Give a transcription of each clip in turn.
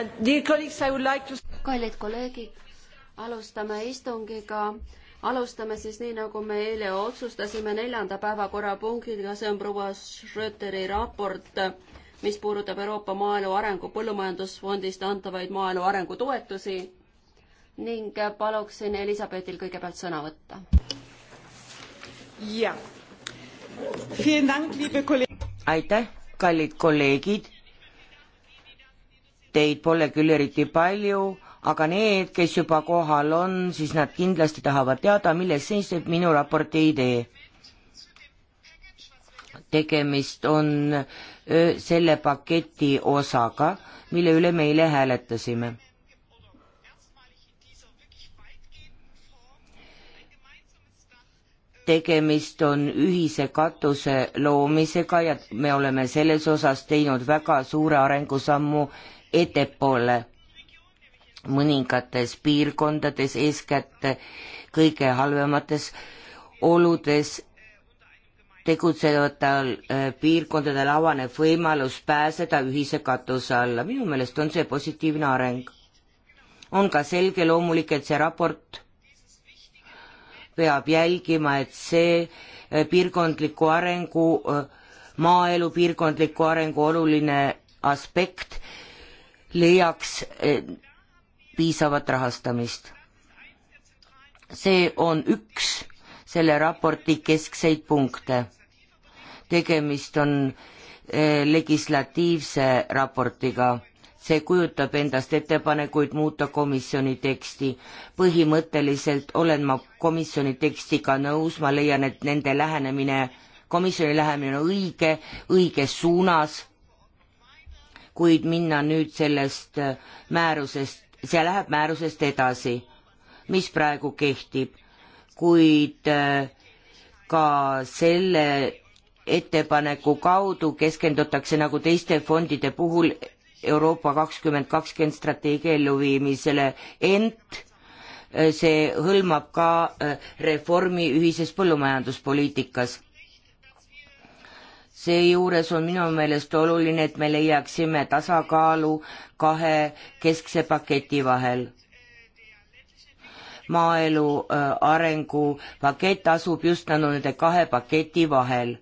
Uh, kallid kolleegid, alustame istungiga. alustame siis nii, nagu me eile otsustasime neljanda päevakorrapunktiga, see on proua Schröteri raport, mis puudutab Euroopa Maaelu Arengu Põllumajandusfondist antavaid maaelu arengutoetusi ning paluksin Elisabetil kõigepealt sõna võtta. aitäh, kallid kolleegid Teid pole küll eriti palju, aga need, kes juba kohal on, siis nad kindlasti tahavad teada, milles seisneb minu raporti idee. tegemist on selle paketi osaga, mille üle me eile hääletasime tegemist on ühise katuse loomisega ja me oleme selles osas teinud väga suure arengusammu ettepoole mõningates piirkondades, eeskätt kõige halvemates oludes tegutsevatel äh, piirkondadel avaneb võimalus pääseda ühise katuse alla. minu meelest on see positiivne areng. on ka selge loomulik, et see raport peab jälgima, et see äh, piirkondliku arengu, äh, maaelu piirkondliku arengu oluline aspekt leiaks eh, piisavat rahastamist. see on üks selle raporti keskseid punkte. tegemist on eh, legislatiivse raportiga, see kujutab endast ettepanekuid muuta komisjoni teksti. põhimõtteliselt olen ma komisjoni tekstiga nõus, ma leian, et nende lähenemine, komisjoni lähenemine on õige, õiges suunas kuid minna nüüd sellest äh, määrusest, see läheb määrusest edasi, mis praegu kehtib, kuid äh, ka selle ettepaneku kaudu keskendutakse nagu teiste fondide puhul Euroopa kakskümmend kakskümmend strateegia elluviimisele, ent äh, see hõlmab ka reformi ühises põllumajanduspoliitikas seejuures on minu meelest oluline, et me leiaksime tasakaalu kahe keskse paketi vahel. maaelu äh, arengupakett asub just nagu nende kahe paketi vahel.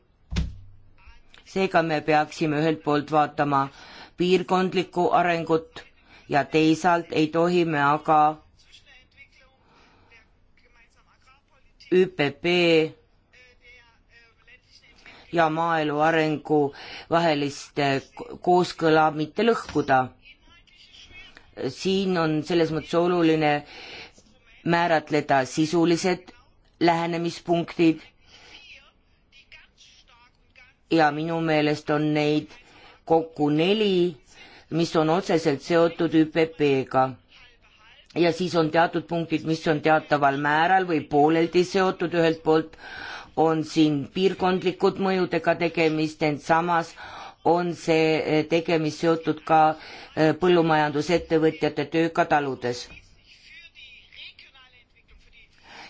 seega me peaksime ühelt poolt vaatama piirkondlikku arengut ja teisalt ei tohi me aga ÜPP ja maaelu arengu vahelist kooskõla mitte lõhkuda. siin on selles mõttes oluline määratleda sisulised lähenemispunktid ja minu meelest on neid kokku neli, mis on otseselt seotud ÜPP-ga. ja siis on teatud punktid, mis on teataval määral või pooleldi seotud, ühelt poolt on siin piirkondlikud mõjudega tegemist, ent samas on see eh, tegemist seotud ka eh, põllumajandusettevõtjate tööga taludes.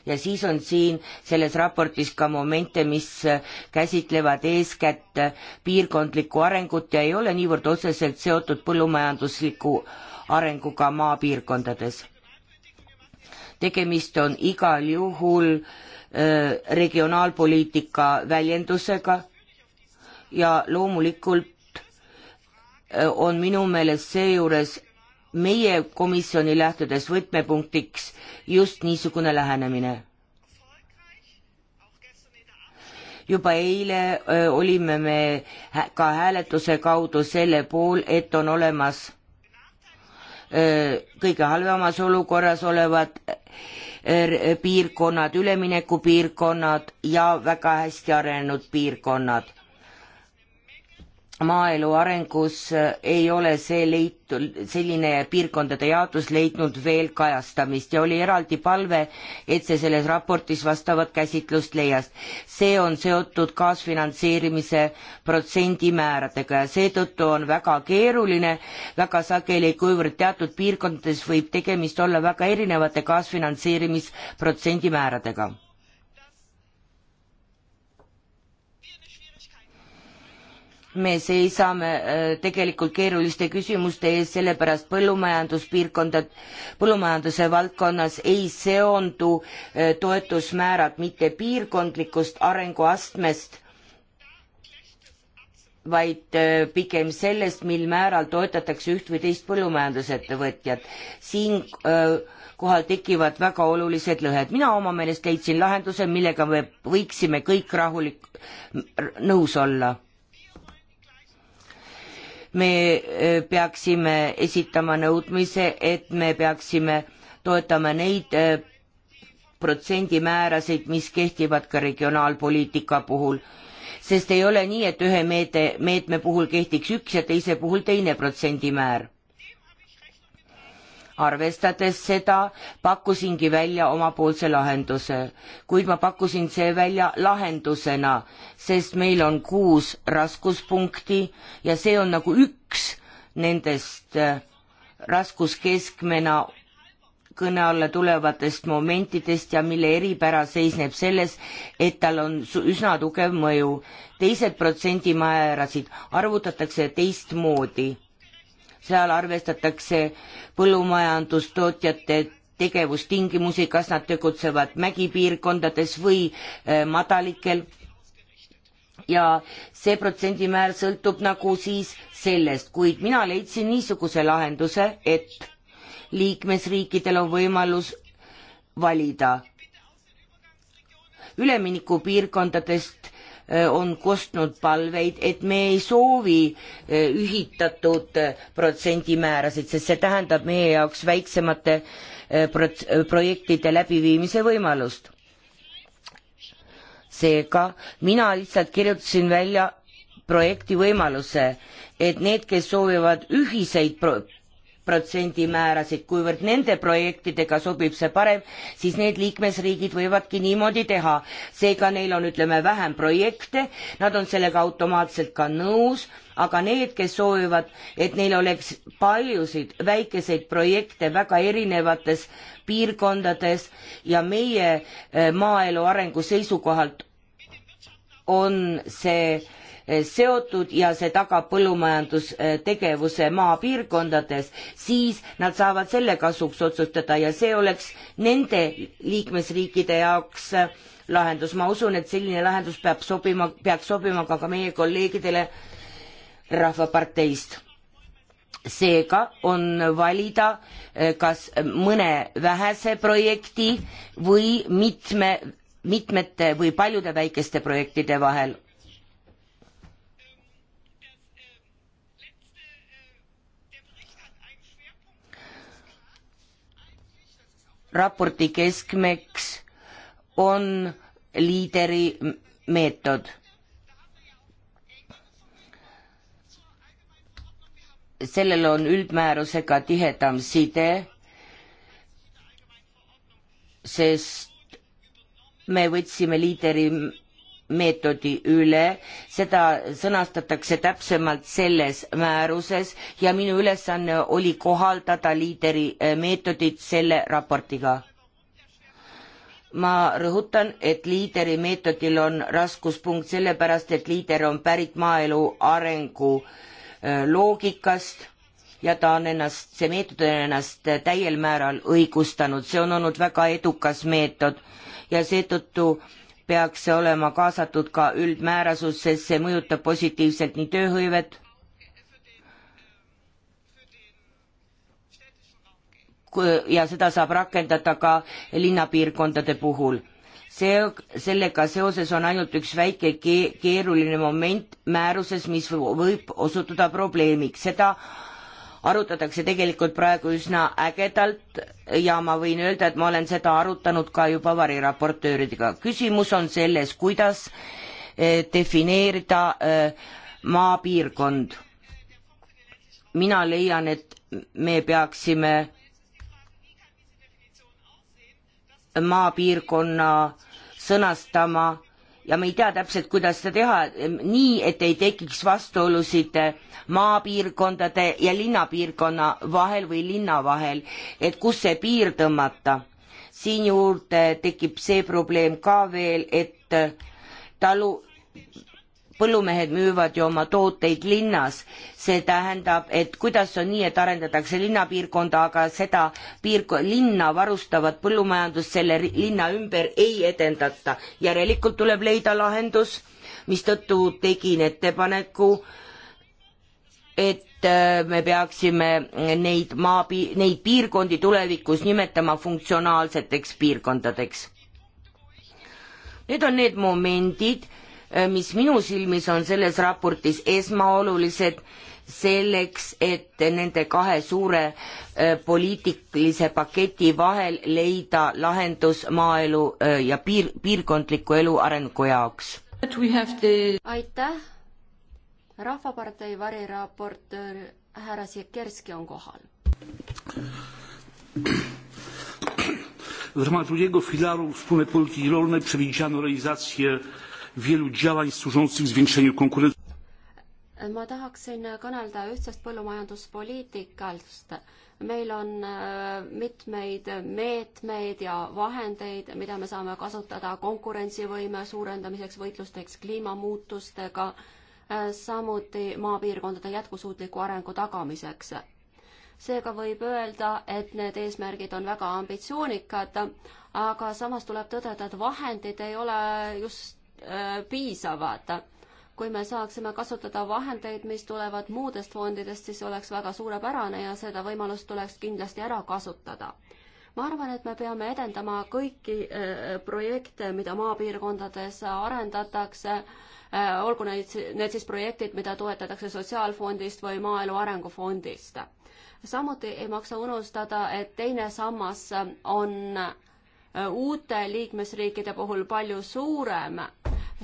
ja siis on siin selles raportis ka momente, mis eh, käsitlevad eeskätt piirkondlikku arengut ja ei ole niivõrd otseselt seotud põllumajandusliku arenguga maapiirkondades. tegemist on igal juhul äh, regionaalpoliitika väljendusega ja loomulikult on minu meelest seejuures meie komisjoni lähtudes võtmepunktiks just niisugune lähenemine. juba eile olime me ka hääletuse kaudu selle pool, et on olemas Äh, kõige halvemas olukorras olevad äh, piirkonnad, üleminekupiirkonnad ja väga hästi arenenud piirkonnad maaelu arengus äh, ei ole see leitud, selline piirkondade jaotus leidnud veel kajastamist ja oli eraldi palve, et see selles raportis vastavat käsitlust leias. see on seotud kaasfinantseerimise protsendimääradega ja seetõttu on väga keeruline, väga sageli, kuivõrd teatud piirkondades võib tegemist olla väga erinevate kaasfinantseerimisprotsendimääradega me seisame äh, tegelikult keeruliste küsimuste ees, sellepärast põllumajanduspiirkondad, põllumajanduse valdkonnas ei seondu äh, toetusmäärad mitte piirkondlikust arenguastmest, vaid äh, pigem sellest, mil määral toetatakse üht või teist põllumajandusettevõtjat. siin öö, kohal tekivad väga olulised lõhed. mina oma meelest leidsin lahenduse, millega me võiksime kõik rahulik, nõus olla me eh, peaksime esitama nõudmise, et me peaksime toetama neid eh, protsendimäärasid, mis kehtivad ka regionaalpoliitika puhul. sest ei ole nii, et ühe meede, meetme puhul kehtiks üks ja teise puhul teine protsendimäär arvestades seda, pakkusingi välja omapoolse lahenduse, kuid ma pakkusin see välja lahendusena, sest meil on kuus raskuspunkti ja see on nagu üks nendest äh, raskuskeskmena kõne alla tulevatest momentidest ja mille eripära seisneb selles, et tal on üsna tugev mõju. teised protsendimäärad arvutatakse teistmoodi seal arvestatakse põllumajandustootjate tegevustingimusi, kas nad tegutsevad mägipiirkondades või äh, madalikel ja see protsendimäär sõltub nagu siis sellest, kuid mina leidsin niisuguse lahenduse, et liikmesriikidel on võimalus valida üleminekupiirkondades Äh, on kostnud palveid, et me ei soovi äh, ühitatud äh, protsendimäärasid, sest see tähendab meie jaoks väiksemate prot-, projektide läbiviimise võimalust. seega mina lihtsalt kirjutasin välja projekti võimaluse, et need, kes soovivad ühiseid pro-, protsendimäärasid, kuivõrd nende projektidega sobib see parem, siis need liikmesriigid võivadki niimoodi teha. seega neil on, ütleme, vähem projekte, nad on sellega automaatselt ka nõus, aga need, kes soovivad, et neil oleks paljusid väikeseid projekte väga erinevates piirkondades ja meie eh, maaelu arengu seisukohalt on see seotud ja see tagab põllumajandustegevuse maapiirkondades, siis nad saavad selle kasuks otsustada ja see oleks nende liikmesriikide jaoks lahendus, ma usun, et selline lahendus peab sobima, peaks sobima ka, ka meie kolleegidele Rahvaparteist seega on valida eh, kas mõne vähese projekti või mitme, mitmete või paljude väikeste projektide vahel. raporti keskmeks on liideri meetod. sellel on üldmäärusega tihedam side, sest me võtsime liideri meetodi üle, seda sõnastatakse täpsemalt selles määruses ja minu ülesanne oli kohaldada liideri eh, meetodit selle raportiga. ma rõhutan, et liideri meetodil on raskuspunkt sellepärast, et liider on pärit maaelu arengu eh, loogikast ja ta on ennast, see meetod on ennast täiel määral õigustanud, see on olnud väga edukas meetod ja seetõttu äh, peaks see olema kaasatud ka üldmäärasus, sest see mõjutab positiivselt nii tööhõivet ja seda saab rakendada ka linnapiirkondade puhul. see, sellega seoses on ainult üks väike keeruline moment määruses, mis võib osutuda probleemiks, seda arutatakse tegelikult praegu üsna ägedalt ja ma võin öelda, et ma olen seda arutanud ka juba variraportööridega. küsimus on selles, kuidas eh, defineerida eh, maapiirkond. mina leian, et me peaksime maapiirkonna sõnastama ja me ei tea täpselt, kuidas seda teha nii, et ei tekiks vastuolusid eh, maapiirkondade ja linnapiirkonna vahel või linna vahel, et kus see piir tõmmata. siin juurde tekib see probleem ka veel, et eh, talu, põllumehed müüvad ju oma tooteid linnas, see tähendab, et kuidas on nii, et arendatakse linnapiirkonda, aga seda piirk-, linna varustavat põllumajandust selle linna ümber ei edendata. järelikult tuleb leida lahendus, mistõttu tegin ettepaneku, et äh, me peaksime neid maapi-, neid piirkondi tulevikus nimetama funktsionaalseteks piirkondadeks. Need on need momendid, Äh, mis minu silmis on selles raportis esmaolulised selleks, et nende kahe suure äh, poliitilise paketi vahel leida lahendus maaelu äh, ja piir, piirkondliku elu arengu jaoks. The... aitäh, Rahvapartei variraportöör härra Sikerski on kohal. W ramach drugiego filaru wspólnej polityki rolnej przewidziano realizację wielu działań służących zwiększeniu konkurencji. ma tahaksin kõnelda ühtsest põllumajanduspoliitikast. meil on äh, mitmeid meetmeid ja vahendeid, mida me saame kasutada konkurentsivõime suurendamiseks, võitlusteks kliimamuutustega, äh, samuti maapiirkondade jätkusuutliku arengu tagamiseks seega võib öelda, et need eesmärgid on väga ambitsioonikad, aga samas tuleb tõdeda, et vahendid ei ole just Äh, piisavad. kui me saaksime kasutada vahendeid, mis tulevad muudest fondidest, siis oleks väga suurepärane ja seda võimalust tuleks kindlasti ära kasutada ma arvan, et me peame edendama kõiki äh, projekte, mida maapiirkondades arendatakse, äh, olgu neid, need siis projektid, mida toetatakse Sotsiaalfondist või Maaelu Arengufondist. samuti ei maksa unustada, et teine sammas on uute liikmesriikide puhul palju suurem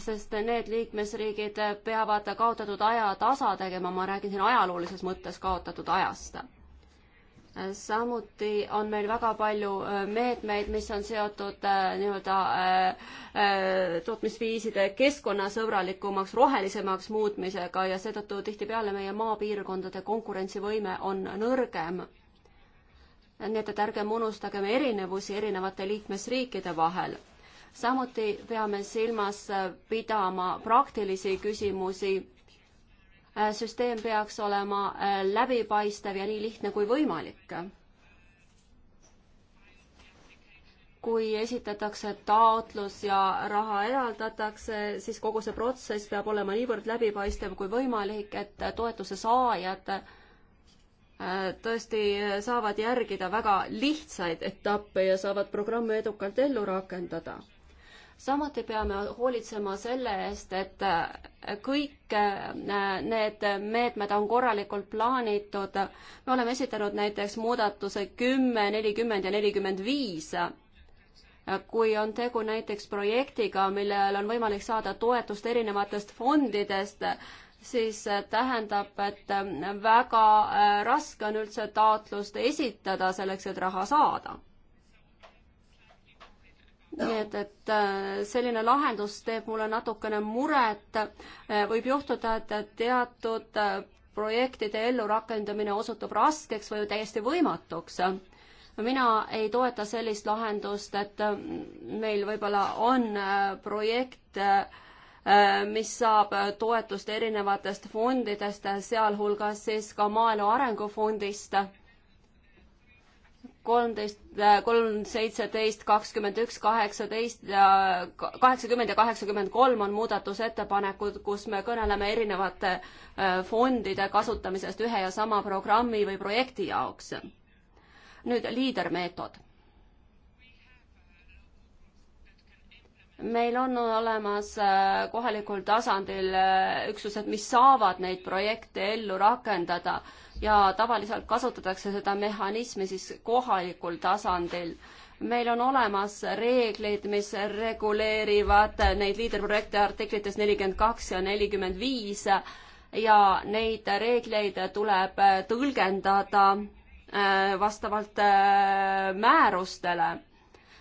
sest need liikmesriigid peavad kaotatud aja tasa tegema, ma räägin siin ajaloolises mõttes kaotatud ajast. samuti on meil väga palju äh, meetmeid, mis on seotud äh, nii-öelda äh, tootmisviiside keskkonnasõbralikumaks, rohelisemaks muutmisega ja seetõttu tihtipeale meie maapiirkondade konkurentsivõime on nõrgem nii et, et ärgem unustagem erinevusi erinevate liikmesriikide vahel samuti peame silmas äh, pidama praktilisi küsimusi. Äh, süsteem peaks olema äh, läbipaistev ja nii lihtne kui võimalik. kui esitatakse taotlus ja raha eraldatakse, siis kogu see protsess peab olema niivõrd läbipaistev kui võimalik, et toetuse saajad tõesti saavad järgida väga lihtsaid etappe ja saavad programme edukalt ellu rakendada samuti peame hoolitsema selle eest, et äh, kõik äh, need meetmed on korralikult plaanitud. me oleme esitanud näiteks muudatuse kümme, nelikümmend ja nelikümmend viis. kui on tegu näiteks projektiga, millel on võimalik saada toetust erinevatest fondidest, siis tähendab, et äh, väga raske on üldse taotlust esitada selleks, et raha saada nii et, et äh, selline lahendus teeb mulle natukene muret. Äh, võib juhtuda, et teatud äh, projektide ellurakendamine osutub raskeks või täiesti võimatuks. mina ei toeta sellist lahendust, et meil võib-olla on projekt, mis saab toetust erinevatest fondidest, sealhulgas siis ka Maaelu Arengufondist kolmteist, kolm, seitseteist, kakskümmend üks, kaheksateist ja kaheksakümmend ja kaheksakümmend kolm on muudatusettepanekud, kus me kõneleme erinevate äh, fondide kasutamisest ühe ja sama programmi või projekti jaoks. nüüd liidermeetod. meil on olemas äh, kohalikul tasandil äh, üksused, mis saavad neid projekte ellu rakendada ja tavaliselt kasutatakse seda mehhanismi siis kohalikul tasandil. meil on olemas reeglid, mis reguleerivad neid liiderprojekte artiklites nelikümmend kaks ja nelikümmend viis ja neid reegleid tuleb tõlgendada äh, vastavalt äh, määrustele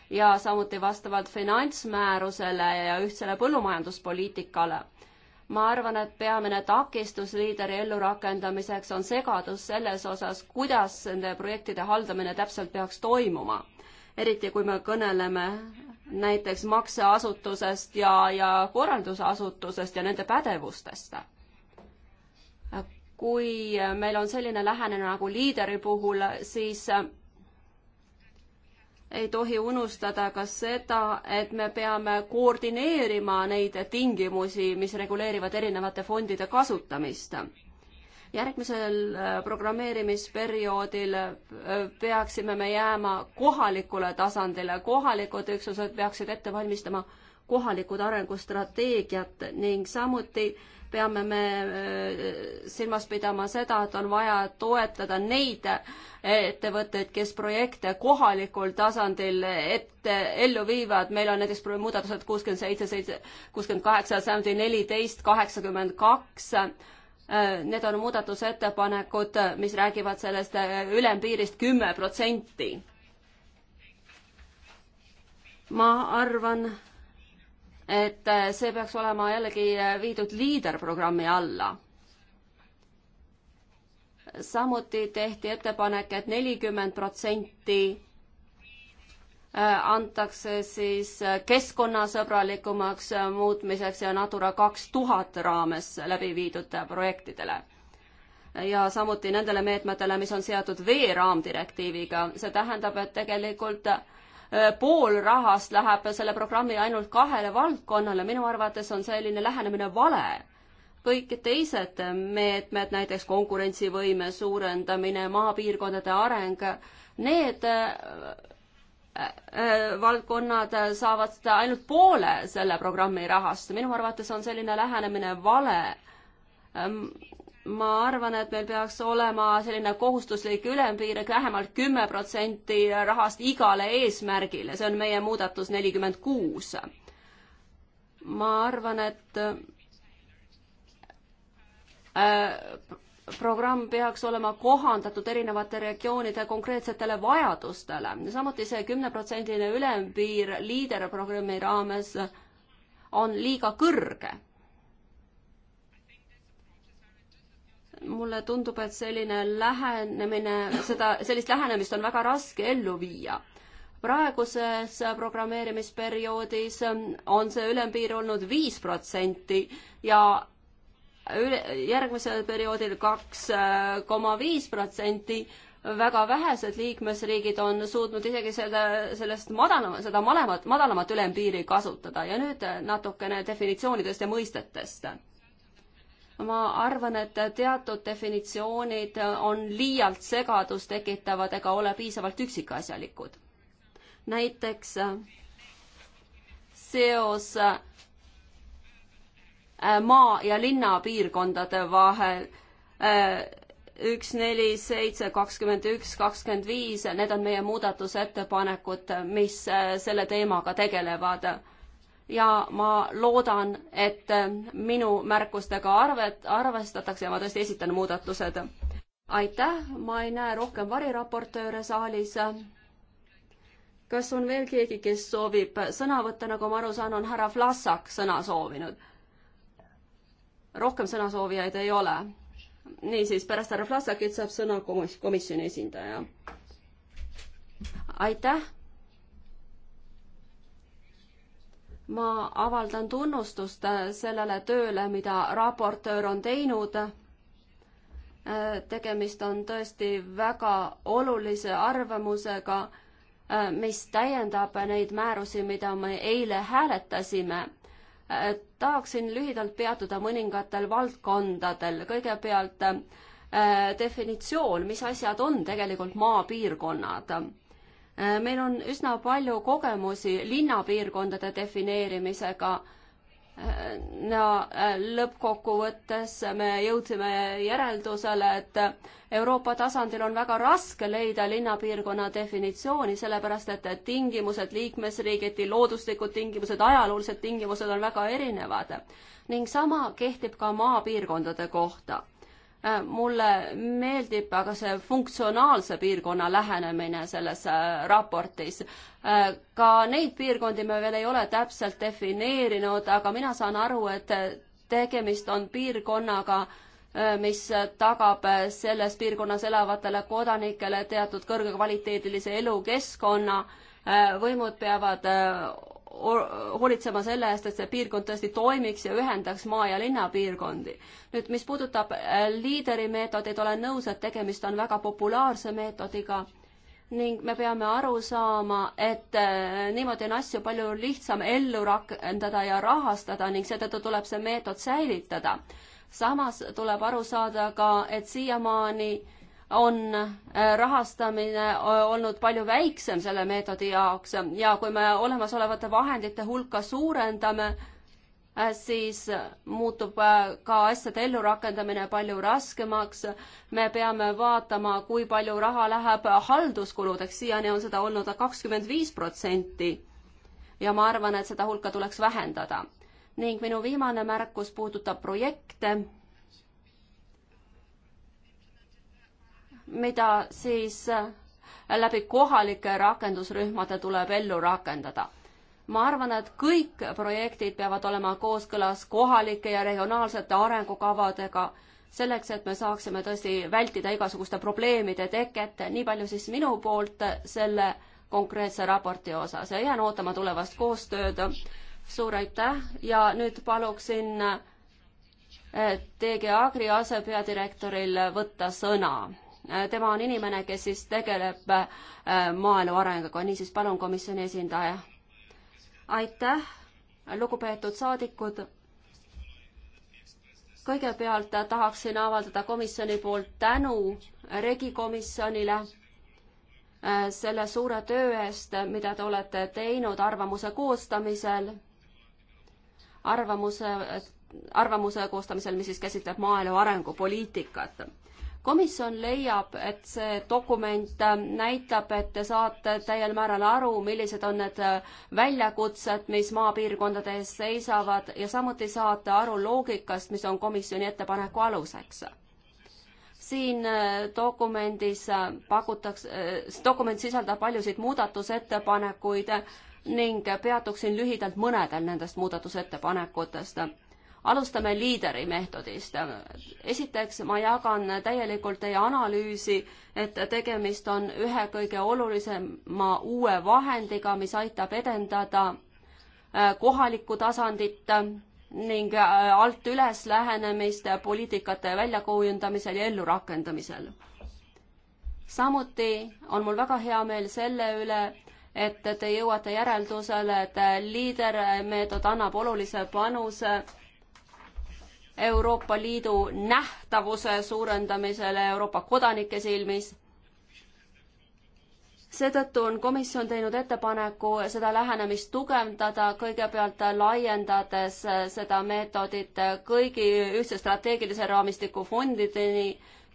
ja samuti vastavalt finantsmäärusele ja ühtsele põllumajanduspoliitikale ma arvan, et peamine takistus liideri ellurakendamiseks on segadus selles osas, kuidas nende projektide haldamine täpselt peaks toimuma. eriti kui me kõneleme näiteks makseasutusest ja, ja korraldusasutusest ja nende pädevustest. kui meil on selline lähenemine nagu liideri puhul, siis ei tohi unustada ka seda, et me peame koordineerima neid tingimusi, mis reguleerivad erinevate fondide kasutamist. järgmisel äh, programmeerimisperioodil äh, peaksime me jääma kohalikule tasandile, kohalikud üksused peaksid ette valmistama kohalikud arengustrateegiad ning samuti peame me äh, silmas pidama seda, et on vaja toetada neid äh, ettevõtteid, kes projekte kohalikul tasandil ette ellu viivad. meil on näiteks muudatused kuuskümmend seitse, seitse, kuuskümmend kaheksa, samuti neliteist, kaheksakümmend kaks. Äh, need on muudatusettepanekud, mis räägivad sellest ülempiirist kümme protsenti. ma arvan, et äh, see peaks olema jällegi äh, viidud liiderprogrammi alla. samuti tehti ettepanek et, et nelikümmend protsenti äh, antakse siis keskkonnasõbralikumaks muutmiseks ja Natura kaks tuhat raames läbi viidud projektidele. ja samuti nendele meetmetele, mis on seotud veeraamdirektiiviga, see tähendab, et tegelikult äh, Äh, pool rahast läheb selle programmi ainult kahele valdkonnale, minu arvates on selline lähenemine vale kõik teised meetmed, näiteks konkurentsivõime suurendamine, maapiirkondade areng, need äh, äh, valdkonnad saavad seda ainult poole selle programmi rahast. minu arvates on selline lähenemine vale ma arvan, et meil peaks olema selline kohustuslik ülempiir, et vähemalt kümme protsenti rahast igale eesmärgile, see on meie muudatus nelikümmend kuus. ma arvan, et äh, programm peaks olema kohandatud erinevate regioonide konkreetsetele vajadustele. samuti see kümneprotsendiline ülempiir liiderprogrammi raames on liiga kõrge mulle tundub, et selline lähenemine, seda, sellist lähenemist on väga raske ellu viia. praeguses programmeerimisperioodis on see ülempiir olnud viis protsenti ja üle, järgmisel perioodil kaks koma viis protsenti väga vähesed liikmesriigid on suutnud isegi selle, sellest madalama, seda malevat, madalamat ülempiiri kasutada ja nüüd natukene definitsioonidest ja mõistetest ma arvan, et teatud definitsioonid on liialt segadust tekitavad ega ole piisavalt üksikasjalikud. näiteks äh, seos äh, maa- ja linnapiirkondade vahel äh, üks, neli, seitse, kakskümmend üks, kakskümmend viis, need on meie muudatusettepanekud, mis selle teemaga tegelevad ja ma loodan, et ähm, minu märkustega arvet, arvestatakse ja ma tõesti esitan muudatused. aitäh, ma ei näe rohkem variraportööre saalis. kas on veel keegi, kes soovib sõna võtta, nagu ma aru saan, on härra Vlasak sõna soovinud? rohkem sõnasoovijaid ei ole. niisiis, pärast härra Vlasakit saab sõna komisjoni esindaja. aitäh ma avaldan tunnustust sellele tööle, mida raportöör on teinud. tegemist on tõesti väga olulise arvamusega, mis täiendab neid määrusi, mida me eile hääletasime. tahaksin lühidalt peatuda mõningatel valdkondadel. kõigepealt eh, definitsioon, mis asjad on tegelikult maapiirkonnad Äh, meil on üsna palju kogemusi linnapiirkondade defineerimisega. no äh, äh, lõppkokkuvõttes me jõudsime järeldusele, et Euroopa tasandil on väga raske leida linnapiirkonna definitsiooni, sellepärast et tingimused liikmesriigiti, looduslikud tingimused, ajaloolised tingimused on väga erinevad. ning sama kehtib ka maapiirkondade kohta Äh, mulle meeldib aga see funktsionaalse piirkonna lähenemine selles äh, raportis. Äh, ka neid piirkondi me veel ei ole täpselt defineerinud, aga mina saan aru, et tegemist on piirkonnaga, mis tagab selles piirkonnas elavatele kodanikele teatud kõrgekvaliteedilise elukeskkonna. võimud peavad hoolitsema selle eest, et see piirkond tõesti toimiks ja ühendaks maa- ja linnapiirkondi. nüüd, mis puudutab äh, liideri meetodit, olen nõus, et tegemist on väga populaarse meetodiga ning me peame aru saama, et äh, niimoodi on asju palju lihtsam ellu rakendada ja rahastada ning seetõttu tuleb see meetod säilitada. samas tuleb aru saada ka, et siiamaani on äh, rahastamine äh, olnud palju väiksem selle meetodi jaoks ja kui me olemasolevate vahendite hulka suurendame, äh, siis muutub ka asjade ellurakendamine palju raskemaks. me peame vaatama, kui palju raha läheb halduskuludeks, siiani on seda olnud kakskümmend viis protsenti. ja ma arvan, et seda hulka tuleks vähendada. ning minu viimane märkus puudutab projekte mida siis äh, läbi kohalike rakendusrühmade tuleb ellu rakendada. ma arvan, et kõik projektid peavad olema kooskõlas kohalike ja regionaalsete arengukavadega, selleks et me saaksime tõesti vältida igasuguste probleemide teket, nii palju siis minu poolt selle konkreetse raporti osas ja jään ootama tulevast koostööd. suur aitäh ja nüüd paluksin TG äh, Agri asepeadirektoril võtta sõna Äh, tema on inimene, kes siis tegeleb äh, maaelu arenguga, niisiis palun, komisjoni esindaja. aitäh, lugupeetud saadikud. kõigepealt äh, tahaksin avaldada komisjoni poolt tänu regikomisjonile selle suure töö eest, mida te olete teinud arvamuse koostamisel, arvamuse, arvamuse koostamisel, mis siis käsitleb maaelu arengupoliitikat komisjon leiab, et see dokument äh, näitab, et te saate täiel määral aru, millised on need äh, väljakutsed, mis maapiirkondade ees seisavad ja samuti saate aru loogikast, mis on komisjoni ettepaneku aluseks siin äh, dokumendis pakutakse, dokument sisaldab paljusid muudatusettepanekuid ning peatuksin lühidalt mõnedel nendest muudatusettepanekutest alustame liideri meetodist. esiteks, ma jagan täielikult teie analüüsi, et tegemist on ühe kõige olulisema uue vahendiga, mis aitab edendada äh, kohalikku tasandit ning äh, alt üles lähenemist poliitikate väljakujundamisel ja ellurakendamisel. samuti on mul väga hea meel selle üle, et te jõuate järeldusele, et liidermeetod annab olulise panuse Euroopa Liidu nähtavuse suurendamisele Euroopa kodanike silmis. seetõttu on komisjon teinud ettepaneku seda lähenemist tugevdada, kõigepealt laiendades seda meetodit kõigi ühtse strateegilise raamistiku fondideni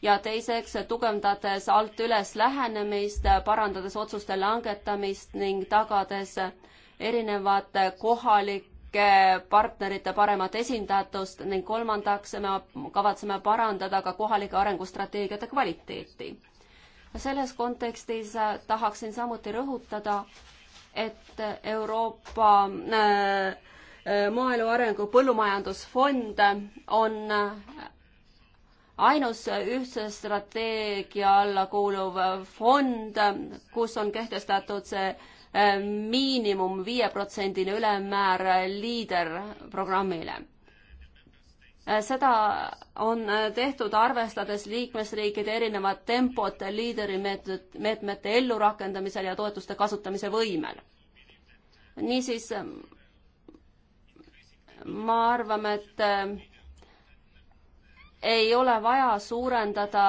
ja teiseks tugevdades alt üles lähenemist, parandades otsuste langetamist ning tagades erinevate kohalike kohalike partnerite paremat esindatust ning kolmandaks me kavatseme parandada ka kohalike arengustrateegiate kvaliteeti. selles kontekstis äh, tahaksin samuti rõhutada, et Euroopa äh, äh, Maaelu Arengu Põllumajandusfond on ainus ühtse strateegia alla kuuluv fond, kus on kehtestatud see Äh, miinimum viieprotsendine ülemmäär liider programmile. Äh, seda on äh, tehtud arvestades liikmesriikide erinevat tempot liideri meetmete ellurakendamisel ja toetuste kasutamise võimel. niisiis ähm, ma arvan, et ei ole vaja suurendada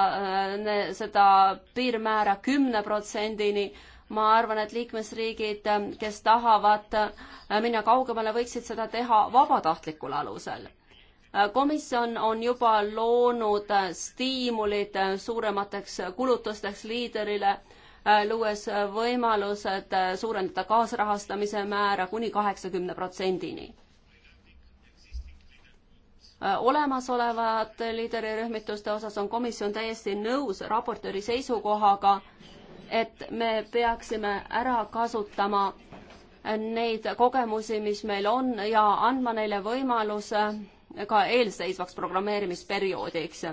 seda piirmäära kümne protsendini, ma arvan, et liikmesriigid, kes tahavad äh, minna kaugemale, võiksid seda teha vabatahtlikul alusel. Äh, komisjon on juba loonud äh, stiimulid suuremateks kulutusteks liiderile, luues võimalused suurendada kaasrahastamise määra kuni kaheksakümne protsendini olemasolevate liiderirühmituste osas on komisjon täiesti nõus raportööri seisukohaga, et me peaksime ära kasutama neid kogemusi, mis meil on ja andma neile võimaluse ka eelseisvaks programmeerimisperioodiks.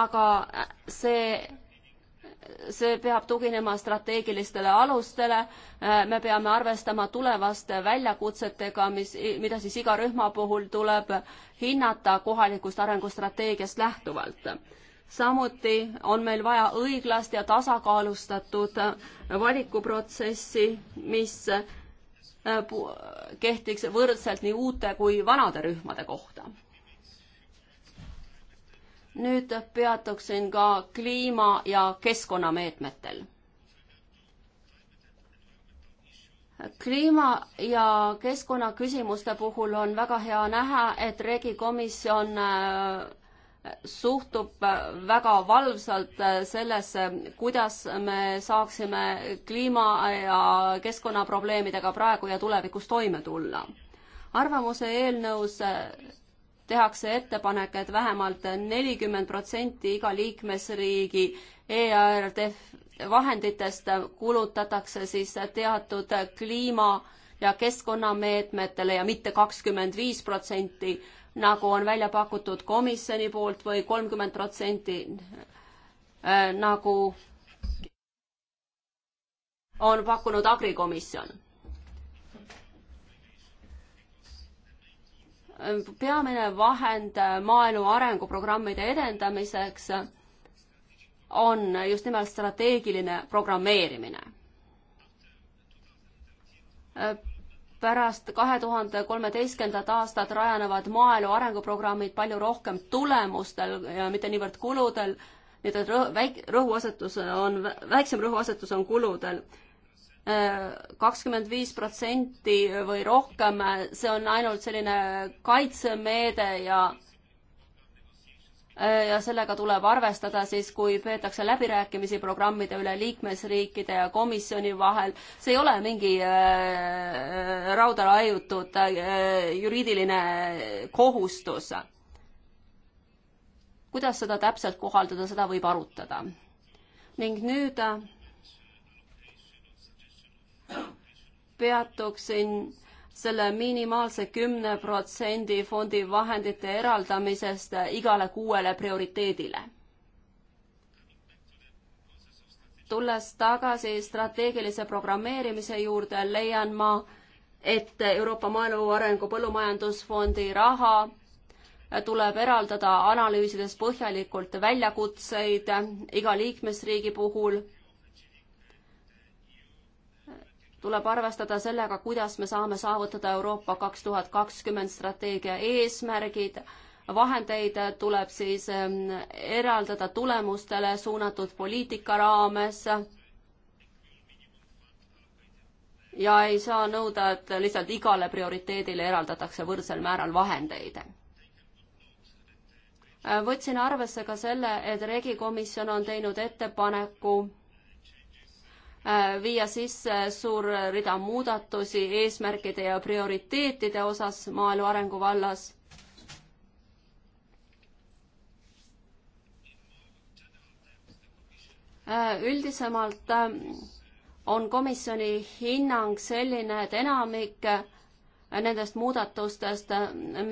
aga see, see peab tuginema strateegilistele alustele, me peame arvestama tulevaste väljakutsetega, mis, mida siis iga rühma puhul tuleb hinnata kohalikust arengustrateegiast lähtuvalt samuti on meil vaja õiglast ja tasakaalustatud valikuprotsessi, mis äh, kehtiks võrdselt nii uute kui vanade rühmade kohta. nüüd peatuksin ka kliima- ja keskkonnameetmetel. kliima- ja keskkonnaküsimuste puhul on väga hea näha, et regikomisjon äh, suhtub äh, väga valvsalt äh, sellesse, kuidas me saaksime kliima- ja keskkonnaprobleemidega praegu ja tulevikus toime tulla. arvamuse eelnõus äh, tehakse ettepanek, et vähemalt nelikümmend protsenti iga liikmesriigi ERDF vahenditest kulutatakse siis teatud kliima- ja keskkonnameetmetele ja mitte kakskümmend viis protsenti nagu on välja pakutud komisjoni poolt või kolmkümmend protsenti äh, nagu on pakkunud agrikomisjon. peamine vahend maaelu arenguprogrammide edendamiseks on just nimelt strateegiline programmeerimine äh, pärast kahe tuhande kolmeteistkümnendat aastat rajanevad maaelu arenguprogrammid palju rohkem tulemustel ja mitte niivõrd kuludel, nii et väik-, rõhuasetus on, väiksem rõhuasetus on kuludel. kakskümmend viis protsenti või rohkem, see on ainult selline kaitsemeede ja äh, Äh, ja sellega tuleb arvestada siis, kui peetakse läbirääkimisi programmide üle liikmesriikide ja komisjoni vahel. see ei ole mingi äh, äh rauda raiutud äh, juriidiline kohustus. kuidas seda täpselt kohaldada, seda võib arutada. ning nüüd äh, peatuksin selle minimaalse kümne protsendi fondi vahendite eraldamisest igale kuuele prioriteedile. tulles tagasi strateegilise programmeerimise juurde, leian ma, et Euroopa Maaelu Arengu Põllumajandusfondi raha tuleb eraldada analüüsides põhjalikult väljakutseid iga liikmesriigi puhul tuleb arvestada sellega, kuidas me saame saavutada Euroopa kaks tuhat kakskümmend strateegia eesmärgid, vahendeid tuleb siis ähm, eraldada tulemustele suunatud poliitika raames ja ei saa nõuda, et lihtsalt igale prioriteedile eraldatakse võrdsel määral vahendeid võtsin arvesse ka selle, et regikomisjon on teinud ettepaneku Äh, viia sisse suur rida muudatusi eesmärkide ja prioriteetide osas maaelu arengu vallas. Äh, üldisemalt äh, on komisjoni hinnang selline, et enamik nendest muudatustest,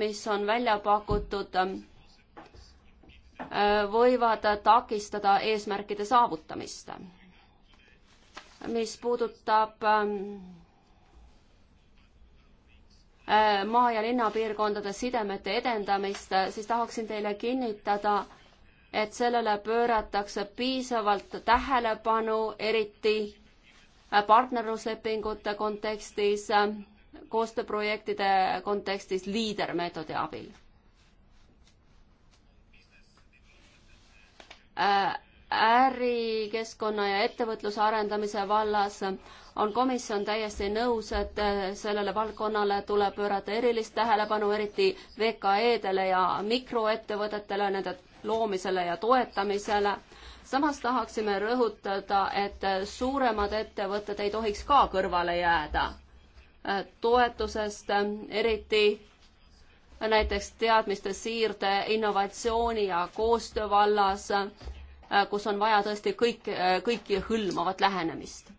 mis on välja pakutud, võivad takistada eesmärkide saavutamist mis puudutab ähm, äh, maa- ja linnapiirkondade sidemete edendamist, siis tahaksin teile kinnitada, et sellele pööratakse piisavalt tähelepanu, eriti äh, partnerluslepingute kontekstis, äh, koostööprojektide kontekstis liidermeetodi abil äh, ärikeskkonna ja ettevõtluse arendamise vallas on komisjon täiesti nõus, et eh, sellele valdkonnale tuleb pöörata erilist tähelepanu, eriti VKE-dele ja mikroettevõtetele, nende loomisele ja toetamisele. samas tahaksime rõhutada, et suuremad ettevõtted ei tohiks ka kõrvale jääda eh, toetusest, eh, eriti näiteks teadmiste siirde, innovatsiooni ja koostöö vallas Äh, kus on vaja tõesti kõik, äh, kõiki hõlmavat lähenemist.